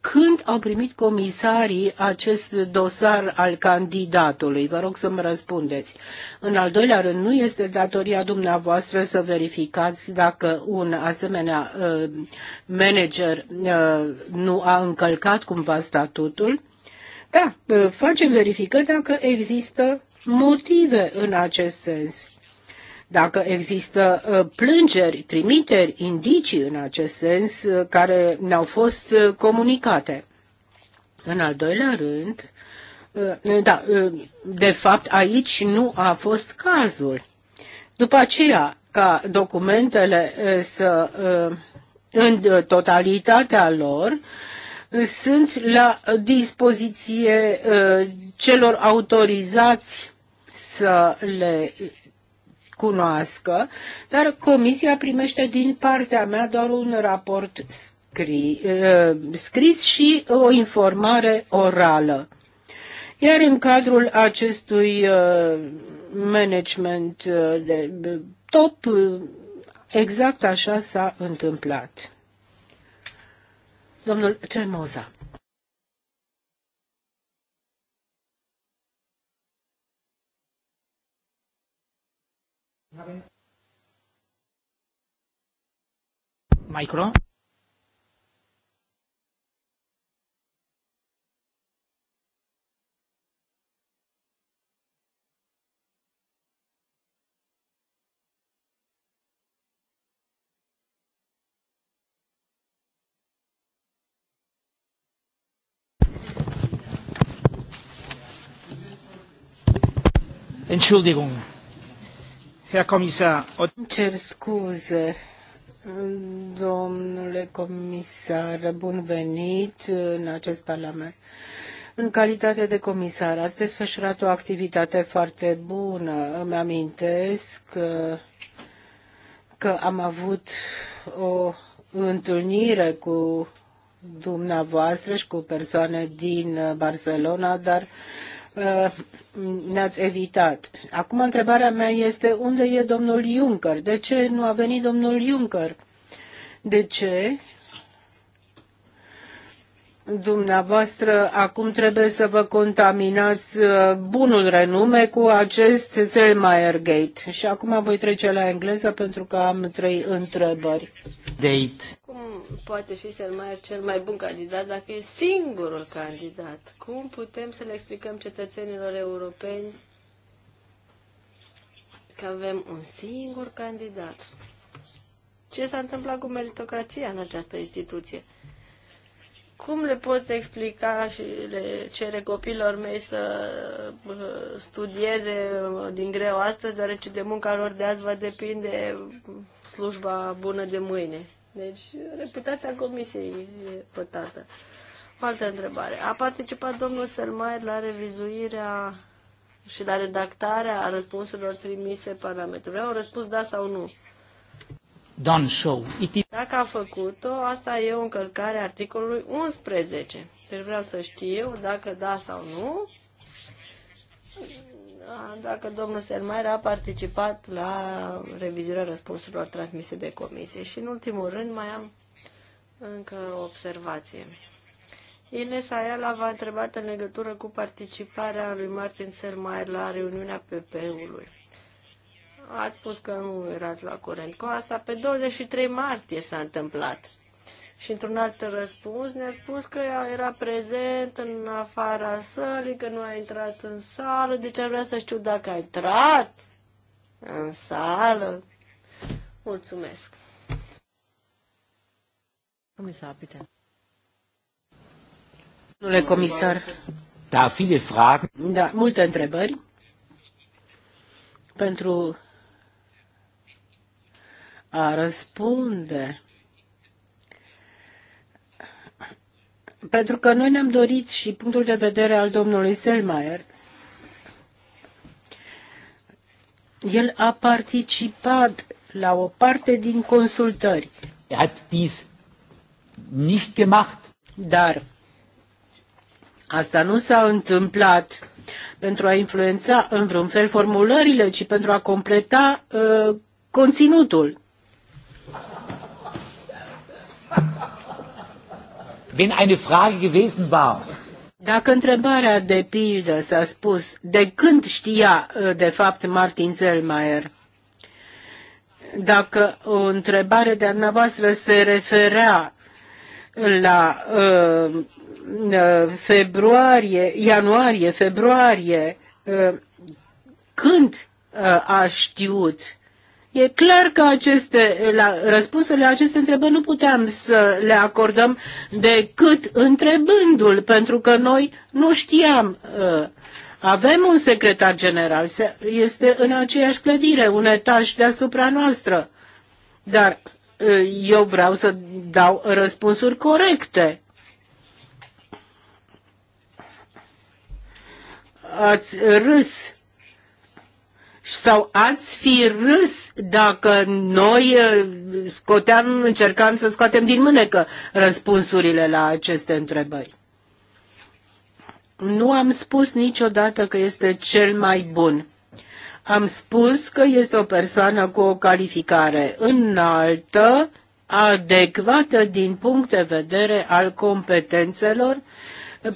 Când au primit comisarii acest dosar al candidatului? Vă rog să-mi răspundeți. În al doilea rând, nu este datoria dumneavoastră să verificați dacă un asemenea uh, manager uh, nu a încălcat cumva statutul? Da, facem verificări dacă există motive în acest sens. Dacă există plângeri, trimiteri, indicii în acest sens care ne-au fost comunicate. În al doilea rând, da, de fapt aici nu a fost cazul. După aceea, ca documentele să în totalitatea lor sunt la dispoziție uh, celor autorizați să le cunoască, dar comisia primește din partea mea doar un raport scris, uh, scris și o informare orală. Iar în cadrul acestui uh, management de top, exact așa s-a întâmplat. Domnule Tremoza. Micro. Entschuldigung. Herr Kommissar. Cer scuze, domnule comisar, bun venit în acest parlament. În calitate de comisar, ați desfășurat o activitate foarte bună. Îmi amintesc că, că am avut o întâlnire cu dumneavoastră și cu persoane din Barcelona, dar uh, Uh, ne-ați evitat. Acum întrebarea mea este unde e domnul Juncker? De ce nu a venit domnul Juncker? De ce dumneavoastră acum trebuie să vă contaminați uh, bunul renume cu acest Selmayr Gate. Și acum voi trece la engleză pentru că am trei întrebări. Date. Cum poate fi cel mai cel mai bun candidat dacă e singurul candidat? Cum putem să le explicăm cetățenilor europeni că avem un singur candidat? Ce s-a întâmplat cu meritocrația în această instituție? Cum le pot explica și le cere copilor mei să uh, studieze din greu astăzi, deoarece de munca lor de azi va depinde slujba bună de mâine? Deci, reputația comisiei e pătată. O altă întrebare. A participat domnul Selmayr la revizuirea și la redactarea răspunsurilor trimise Parlamentului. Au răspuns da sau nu. Don Show. Dacă a făcut-o, asta e o încălcare articolului 11. Deci vreau să știu dacă da sau nu dacă domnul Sermaier a participat la revizuirea răspunsurilor transmise de comisie. Și în ultimul rând mai am încă o observație. Ines Ayala v-a întrebat în legătură cu participarea lui Martin Sermaier la reuniunea PP-ului. Ați spus că nu erați la curent cu asta. Pe 23 martie s-a întâmplat. Și într-un alt răspuns ne-a spus că era prezent în afara sălii, că nu a intrat în sală, deci ar vrea să știu dacă a intrat în sală. Mulțumesc! Domnule comisar. Da, viele Fragen. Da, multe întrebări. Pentru a răspunde pentru că noi ne-am dorit și punctul de vedere al domnului Selmayr. El a participat la o parte din consultări. Er hat dies nicht gemacht. Dar asta nu s-a întâmplat pentru a influența în vreun fel formulările, ci pentru a completa uh, conținutul. Wenn eine Frage gewesen war, dacă întrebarea de pildă s-a spus, de când știa ă, de fapt Martin Zellmayer? Dacă o întrebare de-a dumneavoastră se referea la uh, februarie, ianuarie, februarie, uh, când uh, a știut E clar că aceste, la, răspunsurile la aceste întrebări nu puteam să le acordăm decât întrebându-l, pentru că noi nu știam. Uh, avem un secretar general, este în aceeași clădire, un etaj deasupra noastră. Dar uh, eu vreau să dau răspunsuri corecte. Ați râs sau ați fi râs dacă noi eh, scoteam, încercam să scoatem din mânecă răspunsurile la aceste întrebări. Nu am spus niciodată că este cel mai bun. Am spus că este o persoană cu o calificare înaltă, adecvată din punct de vedere al competențelor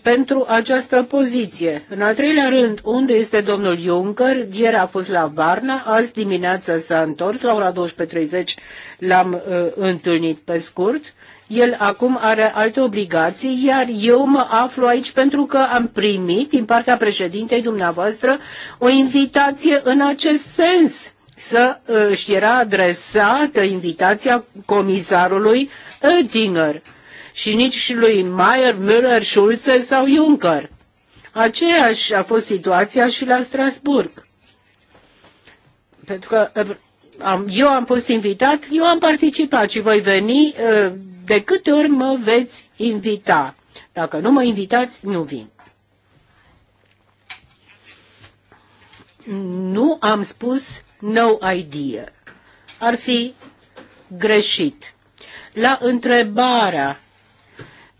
pentru această poziție. În al treilea rând, unde este domnul Juncker? Ieri a fost la Varna, azi dimineața s-a întors, la ora 12.30 l-am uh, întâlnit pe scurt. El acum are alte obligații, iar eu mă aflu aici pentru că am primit din partea președintei dumneavoastră o invitație în acest sens să uh, își era adresată invitația comisarului Oettinger și nici și lui Mayer, Müller, Schulze sau Juncker. Aceeași a fost situația și la Strasburg. Pentru că uh, am, eu am fost invitat, eu am participat și voi veni uh, de câte ori mă veți invita. Dacă nu mă invitați, nu vin. Nu am spus no idea. Ar fi greșit. La întrebarea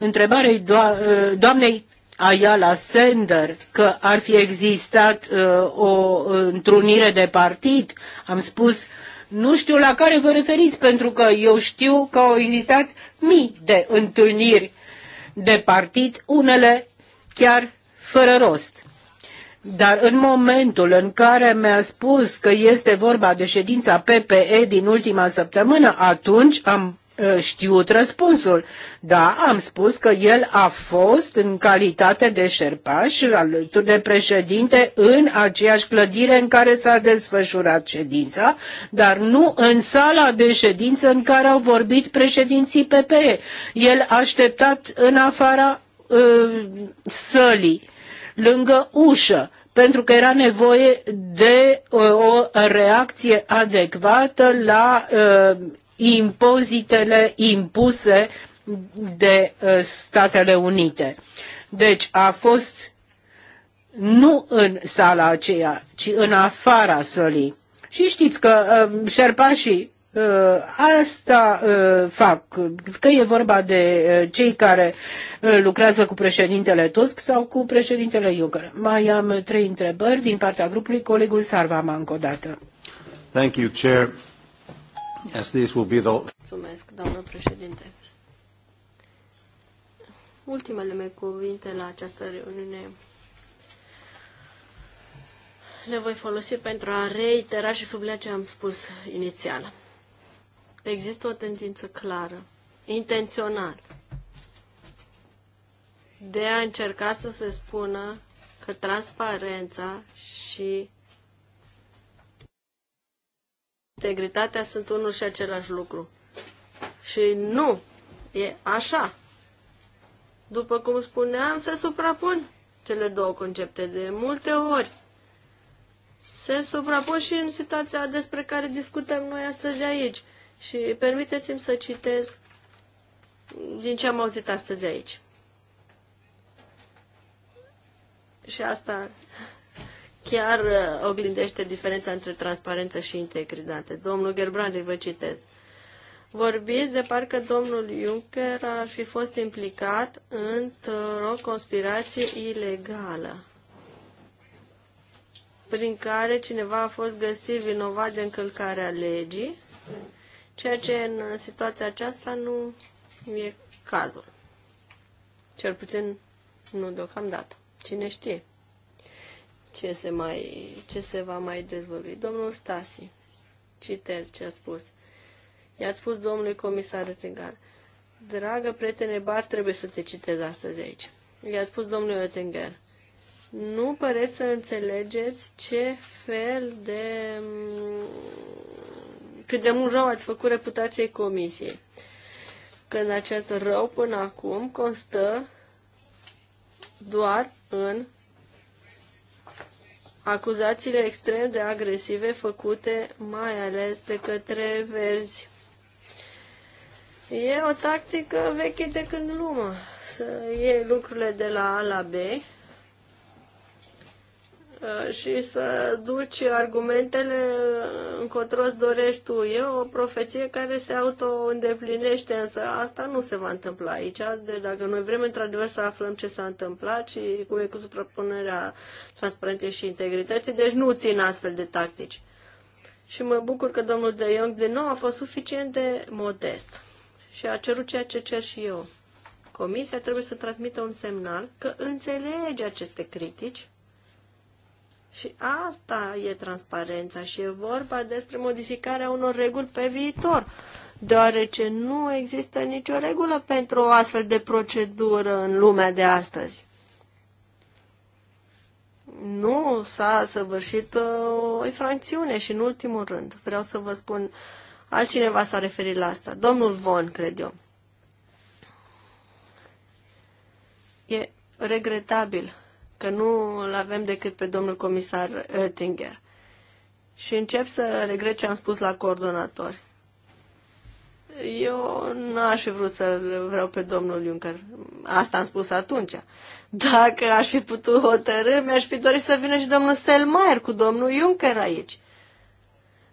întrebarea do- ă, doamnei Ayala Sender că ar fi existat uh, o întrunire de partid, am spus, nu știu la care vă referiți, pentru că eu știu că au existat mii de întâlniri de partid, unele chiar fără rost. Dar în momentul în care mi-a spus că este vorba de ședința PPE din ultima săptămână, atunci am Eh, știut răspunsul. Da, am spus că el a fost în calitate de șerpaș alături de președinte în aceeași clădire în care s-a desfășurat ședința, dar nu în sala de ședință în care au vorbit președinții PPE. El a așteptat în afara uh, sălii, lângă ușă pentru că era nevoie de eh, o reacție adecvată la uh, impozitele impuse de uh, Statele Unite. Deci a fost nu în sala aceea, ci în afara sălii. Și știți că um, șerpașii uh, asta uh, fac, că e vorba de cei care lucrează cu președintele Tusk sau cu președintele Juncker. Mai am trei întrebări din partea grupului, colegul Sarva, încă o dată. Thank you, Chair. As this will be the... Mulțumesc, doamnă președinte. Ultimele mele cuvinte la această reuniune le voi folosi pentru a reitera și sublinia ce am spus inițial. Există o tendință clară, intențională, de a încerca să se spună că transparența și integritatea sunt unul și același lucru. Și nu e așa. După cum spuneam, se suprapun cele două concepte de multe ori. Se suprapun și în situația despre care discutăm noi astăzi aici. Și permiteți-mi să citez din ce am auzit astăzi aici. Și asta chiar uh, oglindește diferența între transparență și integritate. Domnul Gerbrandi, vă citesc. Vorbiți de parcă domnul Juncker ar fi fost implicat într-o conspirație ilegală prin care cineva a fost găsit vinovat de încălcarea legii, ceea ce în situația aceasta nu e cazul. Cel puțin nu deocamdată. Cine știe? ce se, mai, ce se va mai dezvălui. Domnul Stasi, citez ce a spus. I-a spus domnului comisar Oettinger, dragă prietene Bar, trebuie să te citez astăzi aici. I-a spus domnul Oettinger, nu păreți să înțelegeți ce fel de... cât de mult rău ați făcut reputației comisiei. Când acest rău până acum constă doar în acuzațiile extrem de agresive făcute mai ales de către verzi. E o tactică veche de când lumea. Să iei lucrurile de la A la B Uh, și să duci argumentele încotro îți dorești tu. E o profeție care se auto-îndeplinește, însă asta nu se va întâmpla aici. Deci dacă noi vrem într-adevăr să aflăm ce s-a întâmplat și cum e cu suprapunerea transparenței și integrității, deci nu țin astfel de tactici. Și mă bucur că domnul De Jong de nou a fost suficient de modest și a cerut ceea ce cer și eu. Comisia trebuie să transmită un semnal că înțelege aceste critici și asta e transparența și e vorba despre modificarea unor reguli pe viitor, deoarece nu există nicio regulă pentru o astfel de procedură în lumea de astăzi. Nu s-a săvârșit uh, o infracțiune și în ultimul rând, vreau să vă spun, altcineva s-a referit la asta, domnul Von, cred eu. E regretabil că nu îl avem decât pe domnul comisar Oettinger. Și încep să regret ce am spus la coordonatori. Eu nu aș fi vrut să-l vreau pe domnul Juncker. Asta am spus atunci. Dacă aș fi putut hotărâ, mi-aș fi dorit să vină și domnul Selmayr cu domnul Juncker aici.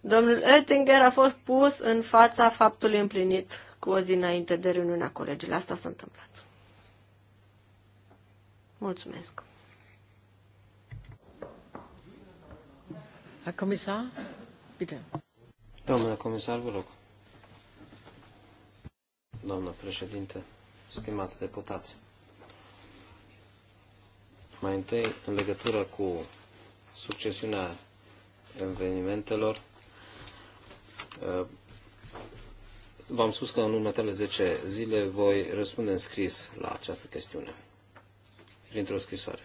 Domnul Oettinger a fost pus în fața faptului împlinit cu o zi înainte de reuniunea colegilor. Asta s-a întâmplat. Mulțumesc. Herr Kommissar, bitte. Doamna comisar, vă rog. Doamna președinte, stimați deputați, mai întâi, în legătură cu succesiunea evenimentelor, eh, v-am spus că în următoarele 10 zile voi răspunde în scris la această chestiune, printr-o scrisoare.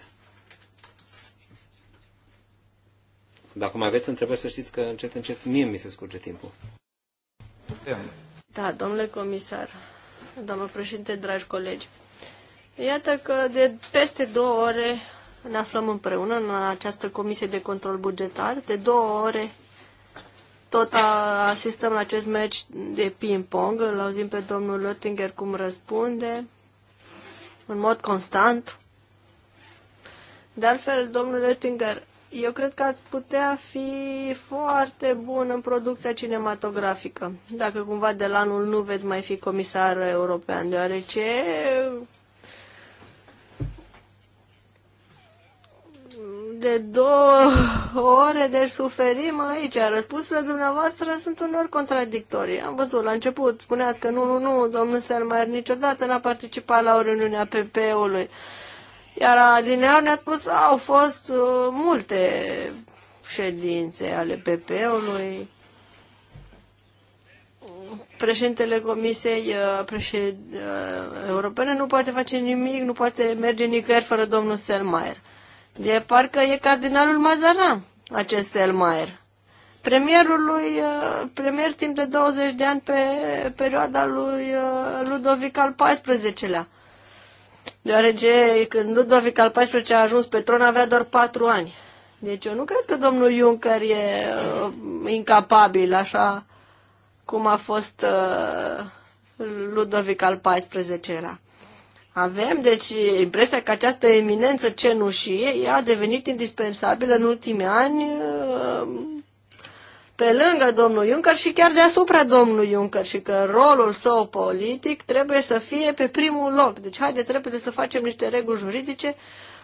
Dacă mai aveți întrebări, să știți că încet, încet mie mi se scurge timpul. Da, domnule comisar, domnul președinte, dragi colegi, iată că de peste două ore ne aflăm împreună în această comisie de control bugetar. De două ore tot a, asistăm la acest meci de ping-pong. Îl auzim pe domnul Lottinger cum răspunde în mod constant. De altfel, domnul Lottinger, eu cred că ați putea fi foarte bun în producția cinematografică, dacă cumva de la anul nu veți mai fi comisar european, deoarece de două ore, de suferim aici. Răspunsurile dumneavoastră sunt uneori contradictorii. Am văzut la început, spuneați că nu, nu, nu, domnul Selmayr niciodată n-a participat la o reuniune a PP-ului. Iar adineaur ne-a spus, au fost uh, multe ședințe ale PP-ului. Președintele Comisiei uh, președ, uh, Europene nu poate face nimic, nu poate merge nicăieri fără domnul Selmayr. De parcă e cardinalul Mazaran, acest Selmayr. Premierul lui, uh, premier timp de 20 de ani pe perioada lui uh, Ludovic al XIV-lea deoarece când Ludovic al xiv a ajuns pe tron avea doar patru ani. Deci eu nu cred că domnul Juncker e uh, incapabil, așa cum a fost uh, Ludovic al XIV-lea. Avem, deci, impresia că această eminență cenușie ea a devenit indispensabilă în ultimii ani uh, pe lângă domnul Juncker și chiar deasupra domnului Juncker și că rolul său politic trebuie să fie pe primul loc. Deci haideți repede să facem niște reguli juridice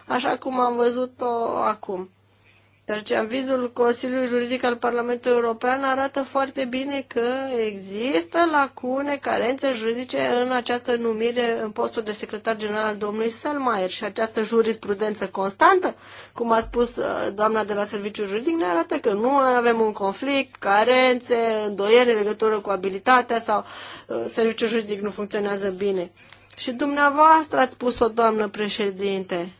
așa cum am văzut-o acum. Deci avizul Consiliului Juridic al Parlamentului European arată foarte bine că există lacune, carențe juridice în această numire în postul de secretar general al domnului Selmayr și această jurisprudență constantă, cum a spus uh, doamna de la Serviciul Juridic, ne arată că nu avem un conflict, carențe, îndoiere în legătură cu abilitatea sau uh, Serviciul Juridic nu funcționează bine. Și dumneavoastră ați spus-o, doamnă președinte,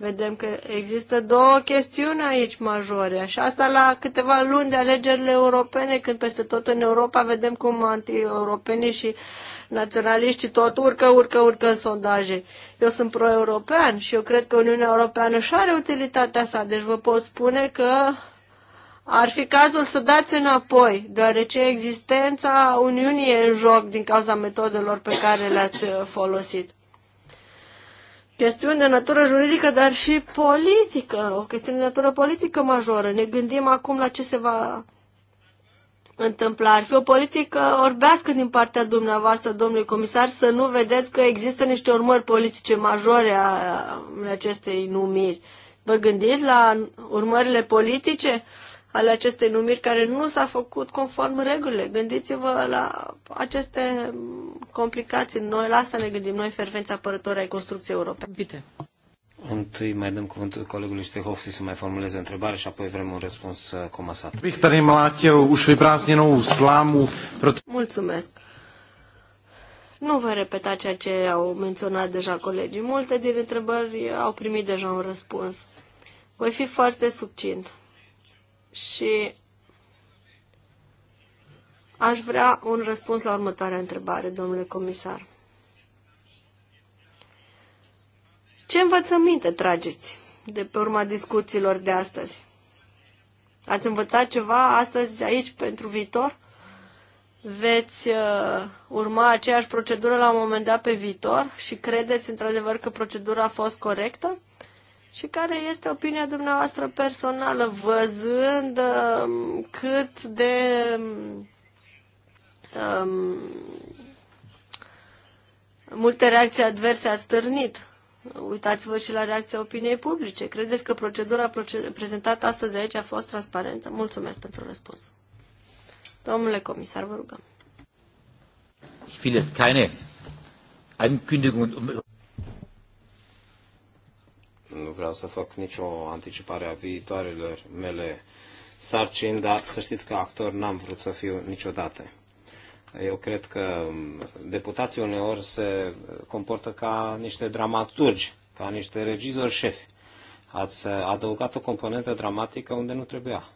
Vedem că există două chestiuni aici majore și asta la câteva luni de alegerile europene, când peste tot în Europa vedem cum anti-europenii și naționaliștii tot urcă, urcă, urcă în sondaje. Eu sunt pro-european și eu cred că Uniunea Europeană și are utilitatea sa, deci vă pot spune că ar fi cazul să dați înapoi, deoarece existența Uniunii e în joc din cauza metodelor pe care le-ați folosit chestiuni de natură juridică, dar și politică, o chestiune de natură politică majoră. Ne gândim acum la ce se va întâmpla. Ar fi o politică orbească din partea dumneavoastră, domnului comisar, să nu vedeți că există niște urmări politice majore ale acestei numiri. Vă gândiți la urmările politice? ale acestei numiri care nu s-a făcut conform regulile. Gândiți-vă la aceste complicații. Noi la asta ne gândim, noi fervenți apărători ai construcției europene. Bine. Întâi mai dăm cuvântul colegului Ștehovski să mai formuleze întrebare și apoi vrem un răspuns uh, comasat. Mulțumesc. Nu voi repeta ceea ce au menționat deja colegii. Multe din întrebări au primit deja un răspuns. Voi fi foarte subțint. Și aș vrea un răspuns la următoarea întrebare, domnule comisar. Ce învățăminte trageți de pe urma discuțiilor de astăzi? Ați învățat ceva astăzi aici pentru viitor? Veți uh, urma aceeași procedură la un moment dat pe viitor și credeți într-adevăr că procedura a fost corectă? Și care este opinia dumneavoastră personală, văzând uh, cât de uh, multe reacții adverse a stârnit? Uitați-vă și la reacția opiniei publice. Credeți că procedura prezentată astăzi aici a fost transparentă? Mulțumesc pentru răspuns. Domnule comisar, vă rugăm. Ich will jetzt keine Ankündigung. Um- nu vreau să fac nicio anticipare a viitoarelor mele sarcini, dar să știți că actor n-am vrut să fiu niciodată. Eu cred că mm, deputații uneori se comportă ca niște dramaturgi, ca niște regizori șefi. Ați adăugat o componentă dramatică unde nu trebuia.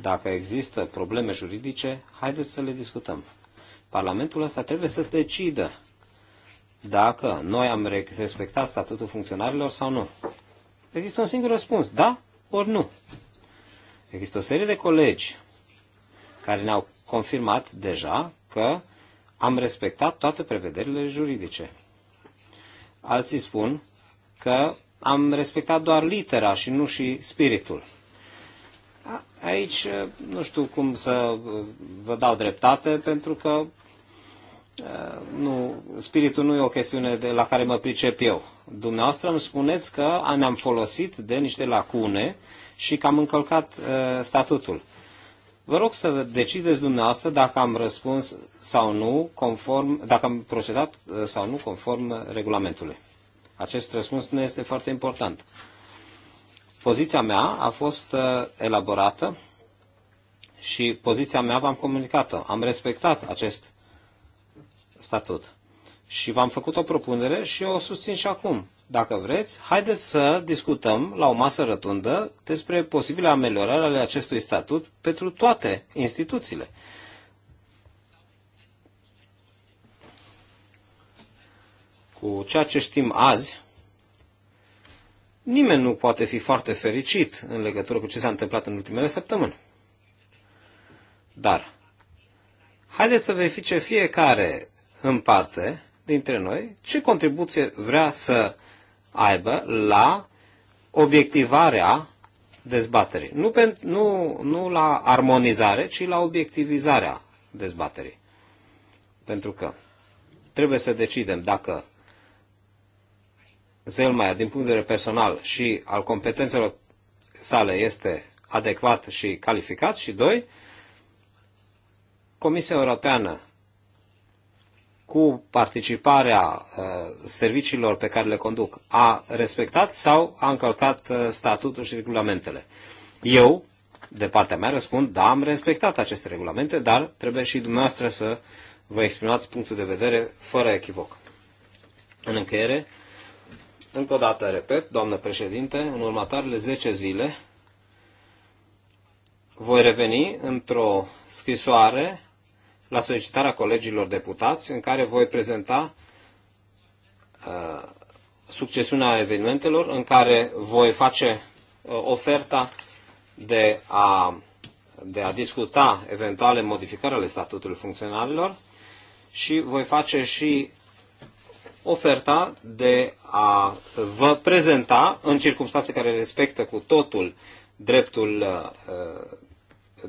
Dacă există probleme juridice, haideți să le discutăm. Parlamentul ăsta trebuie să decidă dacă noi am respectat statutul funcționarilor sau nu. Există un singur răspuns, da ori nu. Există o serie de colegi care ne-au confirmat deja că am respectat toate prevederile juridice. Alții spun că am respectat doar litera și nu și spiritul. Aici nu știu cum să uh, vă dau dreptate, pentru că Uh, nu, spiritul nu e o chestiune de la care mă pricep eu. Dumneavoastră îmi spuneți că ne-am folosit de niște lacune și că am încălcat uh, statutul. Vă rog să decideți dumneavoastră dacă am răspuns sau nu conform, dacă am procedat uh, sau nu conform regulamentului. Acest răspuns ne este foarte important. Poziția mea a fost uh, elaborată și poziția mea v-am comunicat-o. Am respectat acest statut. Și v-am făcut o propunere și o susțin și acum. Dacă vreți, haideți să discutăm la o masă rotundă despre posibile ameliorări ale acestui statut pentru toate instituțiile. Cu ceea ce știm azi, nimeni nu poate fi foarte fericit în legătură cu ce s-a întâmplat în ultimele săptămâni. Dar, haideți să verifice fiecare în parte dintre noi ce contribuție vrea să aibă la obiectivarea dezbaterii. Nu, pe, nu, nu la armonizare, ci la obiectivizarea dezbaterii. Pentru că trebuie să decidem dacă Zelmaier, din punct de vedere personal și al competențelor sale, este adecvat și calificat și, doi, Comisia Europeană cu participarea uh, serviciilor pe care le conduc a respectat sau a încălcat uh, statutul și regulamentele. Eu, de partea mea, răspund, da, am respectat aceste regulamente, dar trebuie și dumneavoastră să vă exprimați punctul de vedere fără echivoc. În încheiere, încă o dată repet, doamnă președinte, în următoarele 10 zile voi reveni într-o scrisoare la solicitarea colegilor deputați, în care voi prezenta uh, succesiunea evenimentelor, în care voi face uh, oferta de a, de a discuta eventuale modificări ale statutului funcționarilor și voi face și oferta de a vă prezenta, în circunstanțe care respectă cu totul dreptul uh,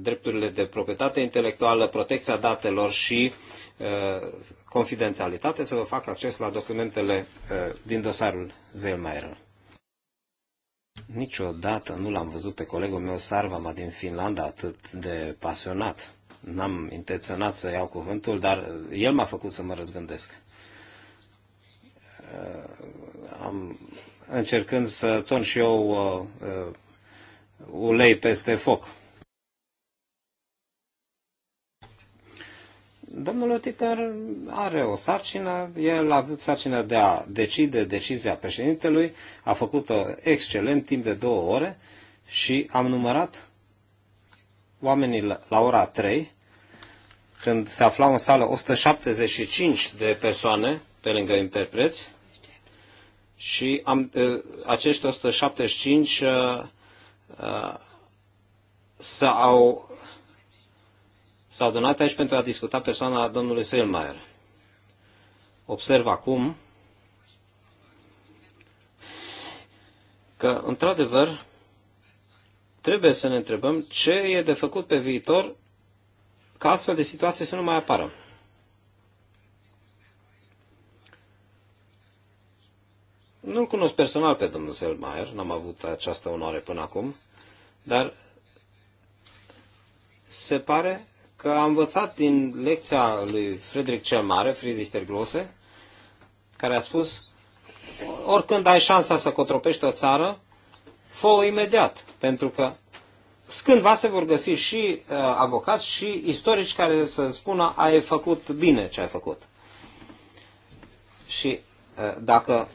drepturile de proprietate intelectuală, protecția datelor și uh, confidențialitate să vă fac acces la documentele uh, din dosarul Zelmeier. Niciodată nu l-am văzut pe colegul meu Sarvama din Finlanda atât de pasionat. N-am intenționat să iau cuvântul, dar el m-a făcut să mă răzgândesc. Uh, am, încercând să torn și eu uh, uh, ulei peste foc. Domnul Oticar are o sarcină, el a avut sarcina de a decide decizia președintelui, a făcut-o excelent timp de două ore și am numărat oamenii la, la ora 3, când se aflau în sală 175 de persoane pe lângă interpreți și am, acești 175 uh, uh, s-au s-au adunat aici pentru a discuta persoana domnului Selmayr. Observ acum că, într-adevăr, trebuie să ne întrebăm ce e de făcut pe viitor ca astfel de situații să nu mai apară. Nu-l cunosc personal pe domnul Selmayr, n-am avut această onoare până acum, dar se pare că am învățat din lecția lui Frederic cel Mare, Friedrich der Glose, care a spus, oricând ai șansa să cotropești o țară, fă imediat, pentru că scândva se vor găsi și uh, avocați și istorici care să spună ai făcut bine ce ai făcut. Și uh, dacă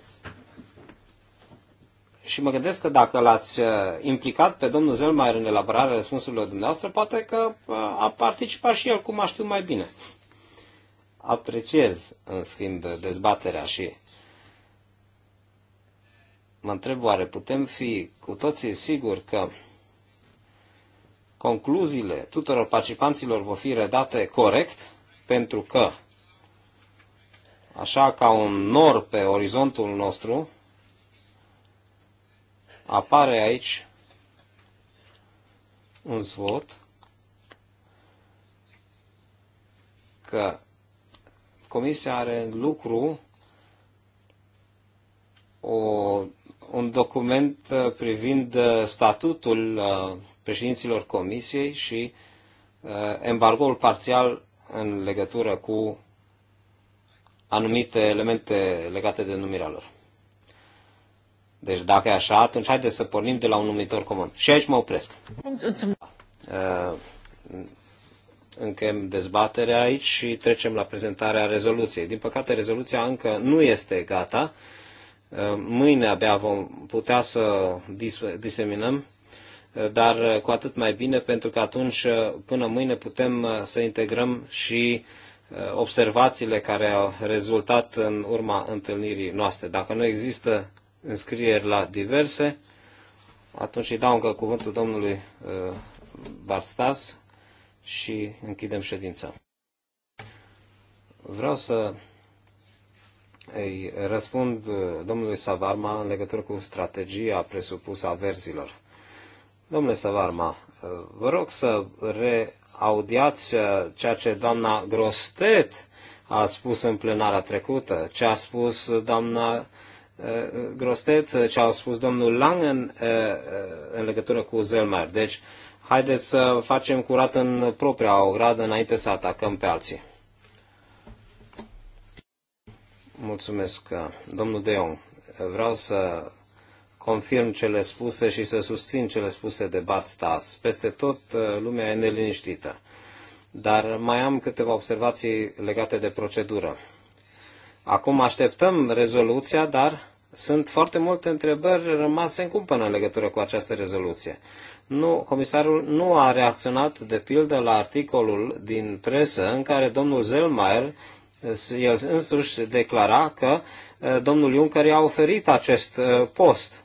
și mă gândesc că dacă l-ați uh, implicat pe domnul Zelmaier în elaborarea răspunsurilor dumneavoastră, poate că uh, a participat și el, cum a știu mai bine. Apreciez, în schimb, dezbaterea și mă întreb oare putem fi cu toții siguri că concluziile tuturor participanților vor fi redate corect, pentru că, așa ca un nor pe orizontul nostru, apare aici un zvot că Comisia are în lucru o, un document uh, privind uh, statutul uh, președinților Comisiei și embargoul parțial în legătură cu anumite elemente legate de numirea lor. Deci dacă e așa, atunci haideți să pornim de la un numitor comun. Și aici mă opresc. Uh, încheiem dezbaterea aici și trecem la prezentarea rezoluției. Din păcate, rezoluția încă nu este gata. Uh, mâine abia vom putea să diseminăm, uh, dar uh, cu atât mai bine, pentru că atunci, până mâine, putem să integrăm și observațiile care au rezultat în urma întâlnirii noastre. Dacă nu există înscrieri la diverse. Atunci îi dau încă cuvântul domnului uh, Barstas și închidem ședința. Vreau să îi răspund uh, domnului Savarma în legătură cu strategia presupusă a verzilor. Domnule Savarma, uh, vă rog să reaudiați ceea ce doamna Grostet a spus în plenara trecută, ce a spus doamna Uh, Grostet, uh, ce a spus domnul Lang în, uh, în legătură cu Zelmer. Deci, haideți să facem curat în propria ogradă înainte să atacăm pe alții. Mulțumesc, domnul Deon. Vreau să confirm cele spuse și să susțin cele spuse de Bart Stas. Peste tot lumea e neliniștită. Dar mai am câteva observații legate de procedură. Acum așteptăm rezoluția, dar sunt foarte multe întrebări rămase în cumpănă în legătură cu această rezoluție. Nu, comisarul nu a reacționat, de pildă, la articolul din presă în care domnul Zelmayr el însuși declara că domnul Juncker i-a oferit acest post.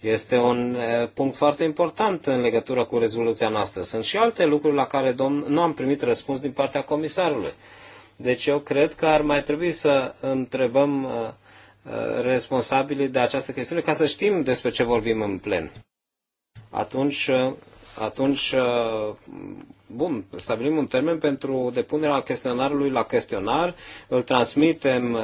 Este un punct foarte important în legătură cu rezoluția noastră. Sunt și alte lucruri la care domn... nu am primit răspuns din partea comisarului. Deci eu cred că ar mai trebui să întrebăm uh, uh, responsabilii de această chestiune ca să știm despre ce vorbim în plen. Atunci, uh, atunci bun, stabilim un termen pentru depunerea chestionarului la chestionar, îl transmitem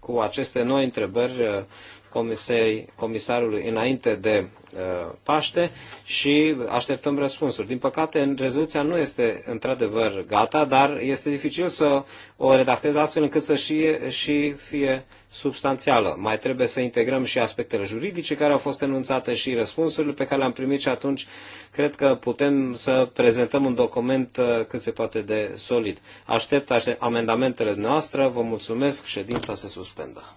cu aceste noi întrebări comisei, comisarului înainte de uh, Paște și așteptăm răspunsuri. Din păcate, rezoluția nu este într-adevăr gata, dar este dificil să o redactez astfel încât să și, și fie substanțială. Mai trebuie să integrăm și aspectele juridice care au fost enunțate și răspunsurile pe care le-am primit și atunci cred că putem să prezentăm un document uh, cât se poate de solid. Aștept amendamentele noastre, vă mulțumesc, ședința se suspendă.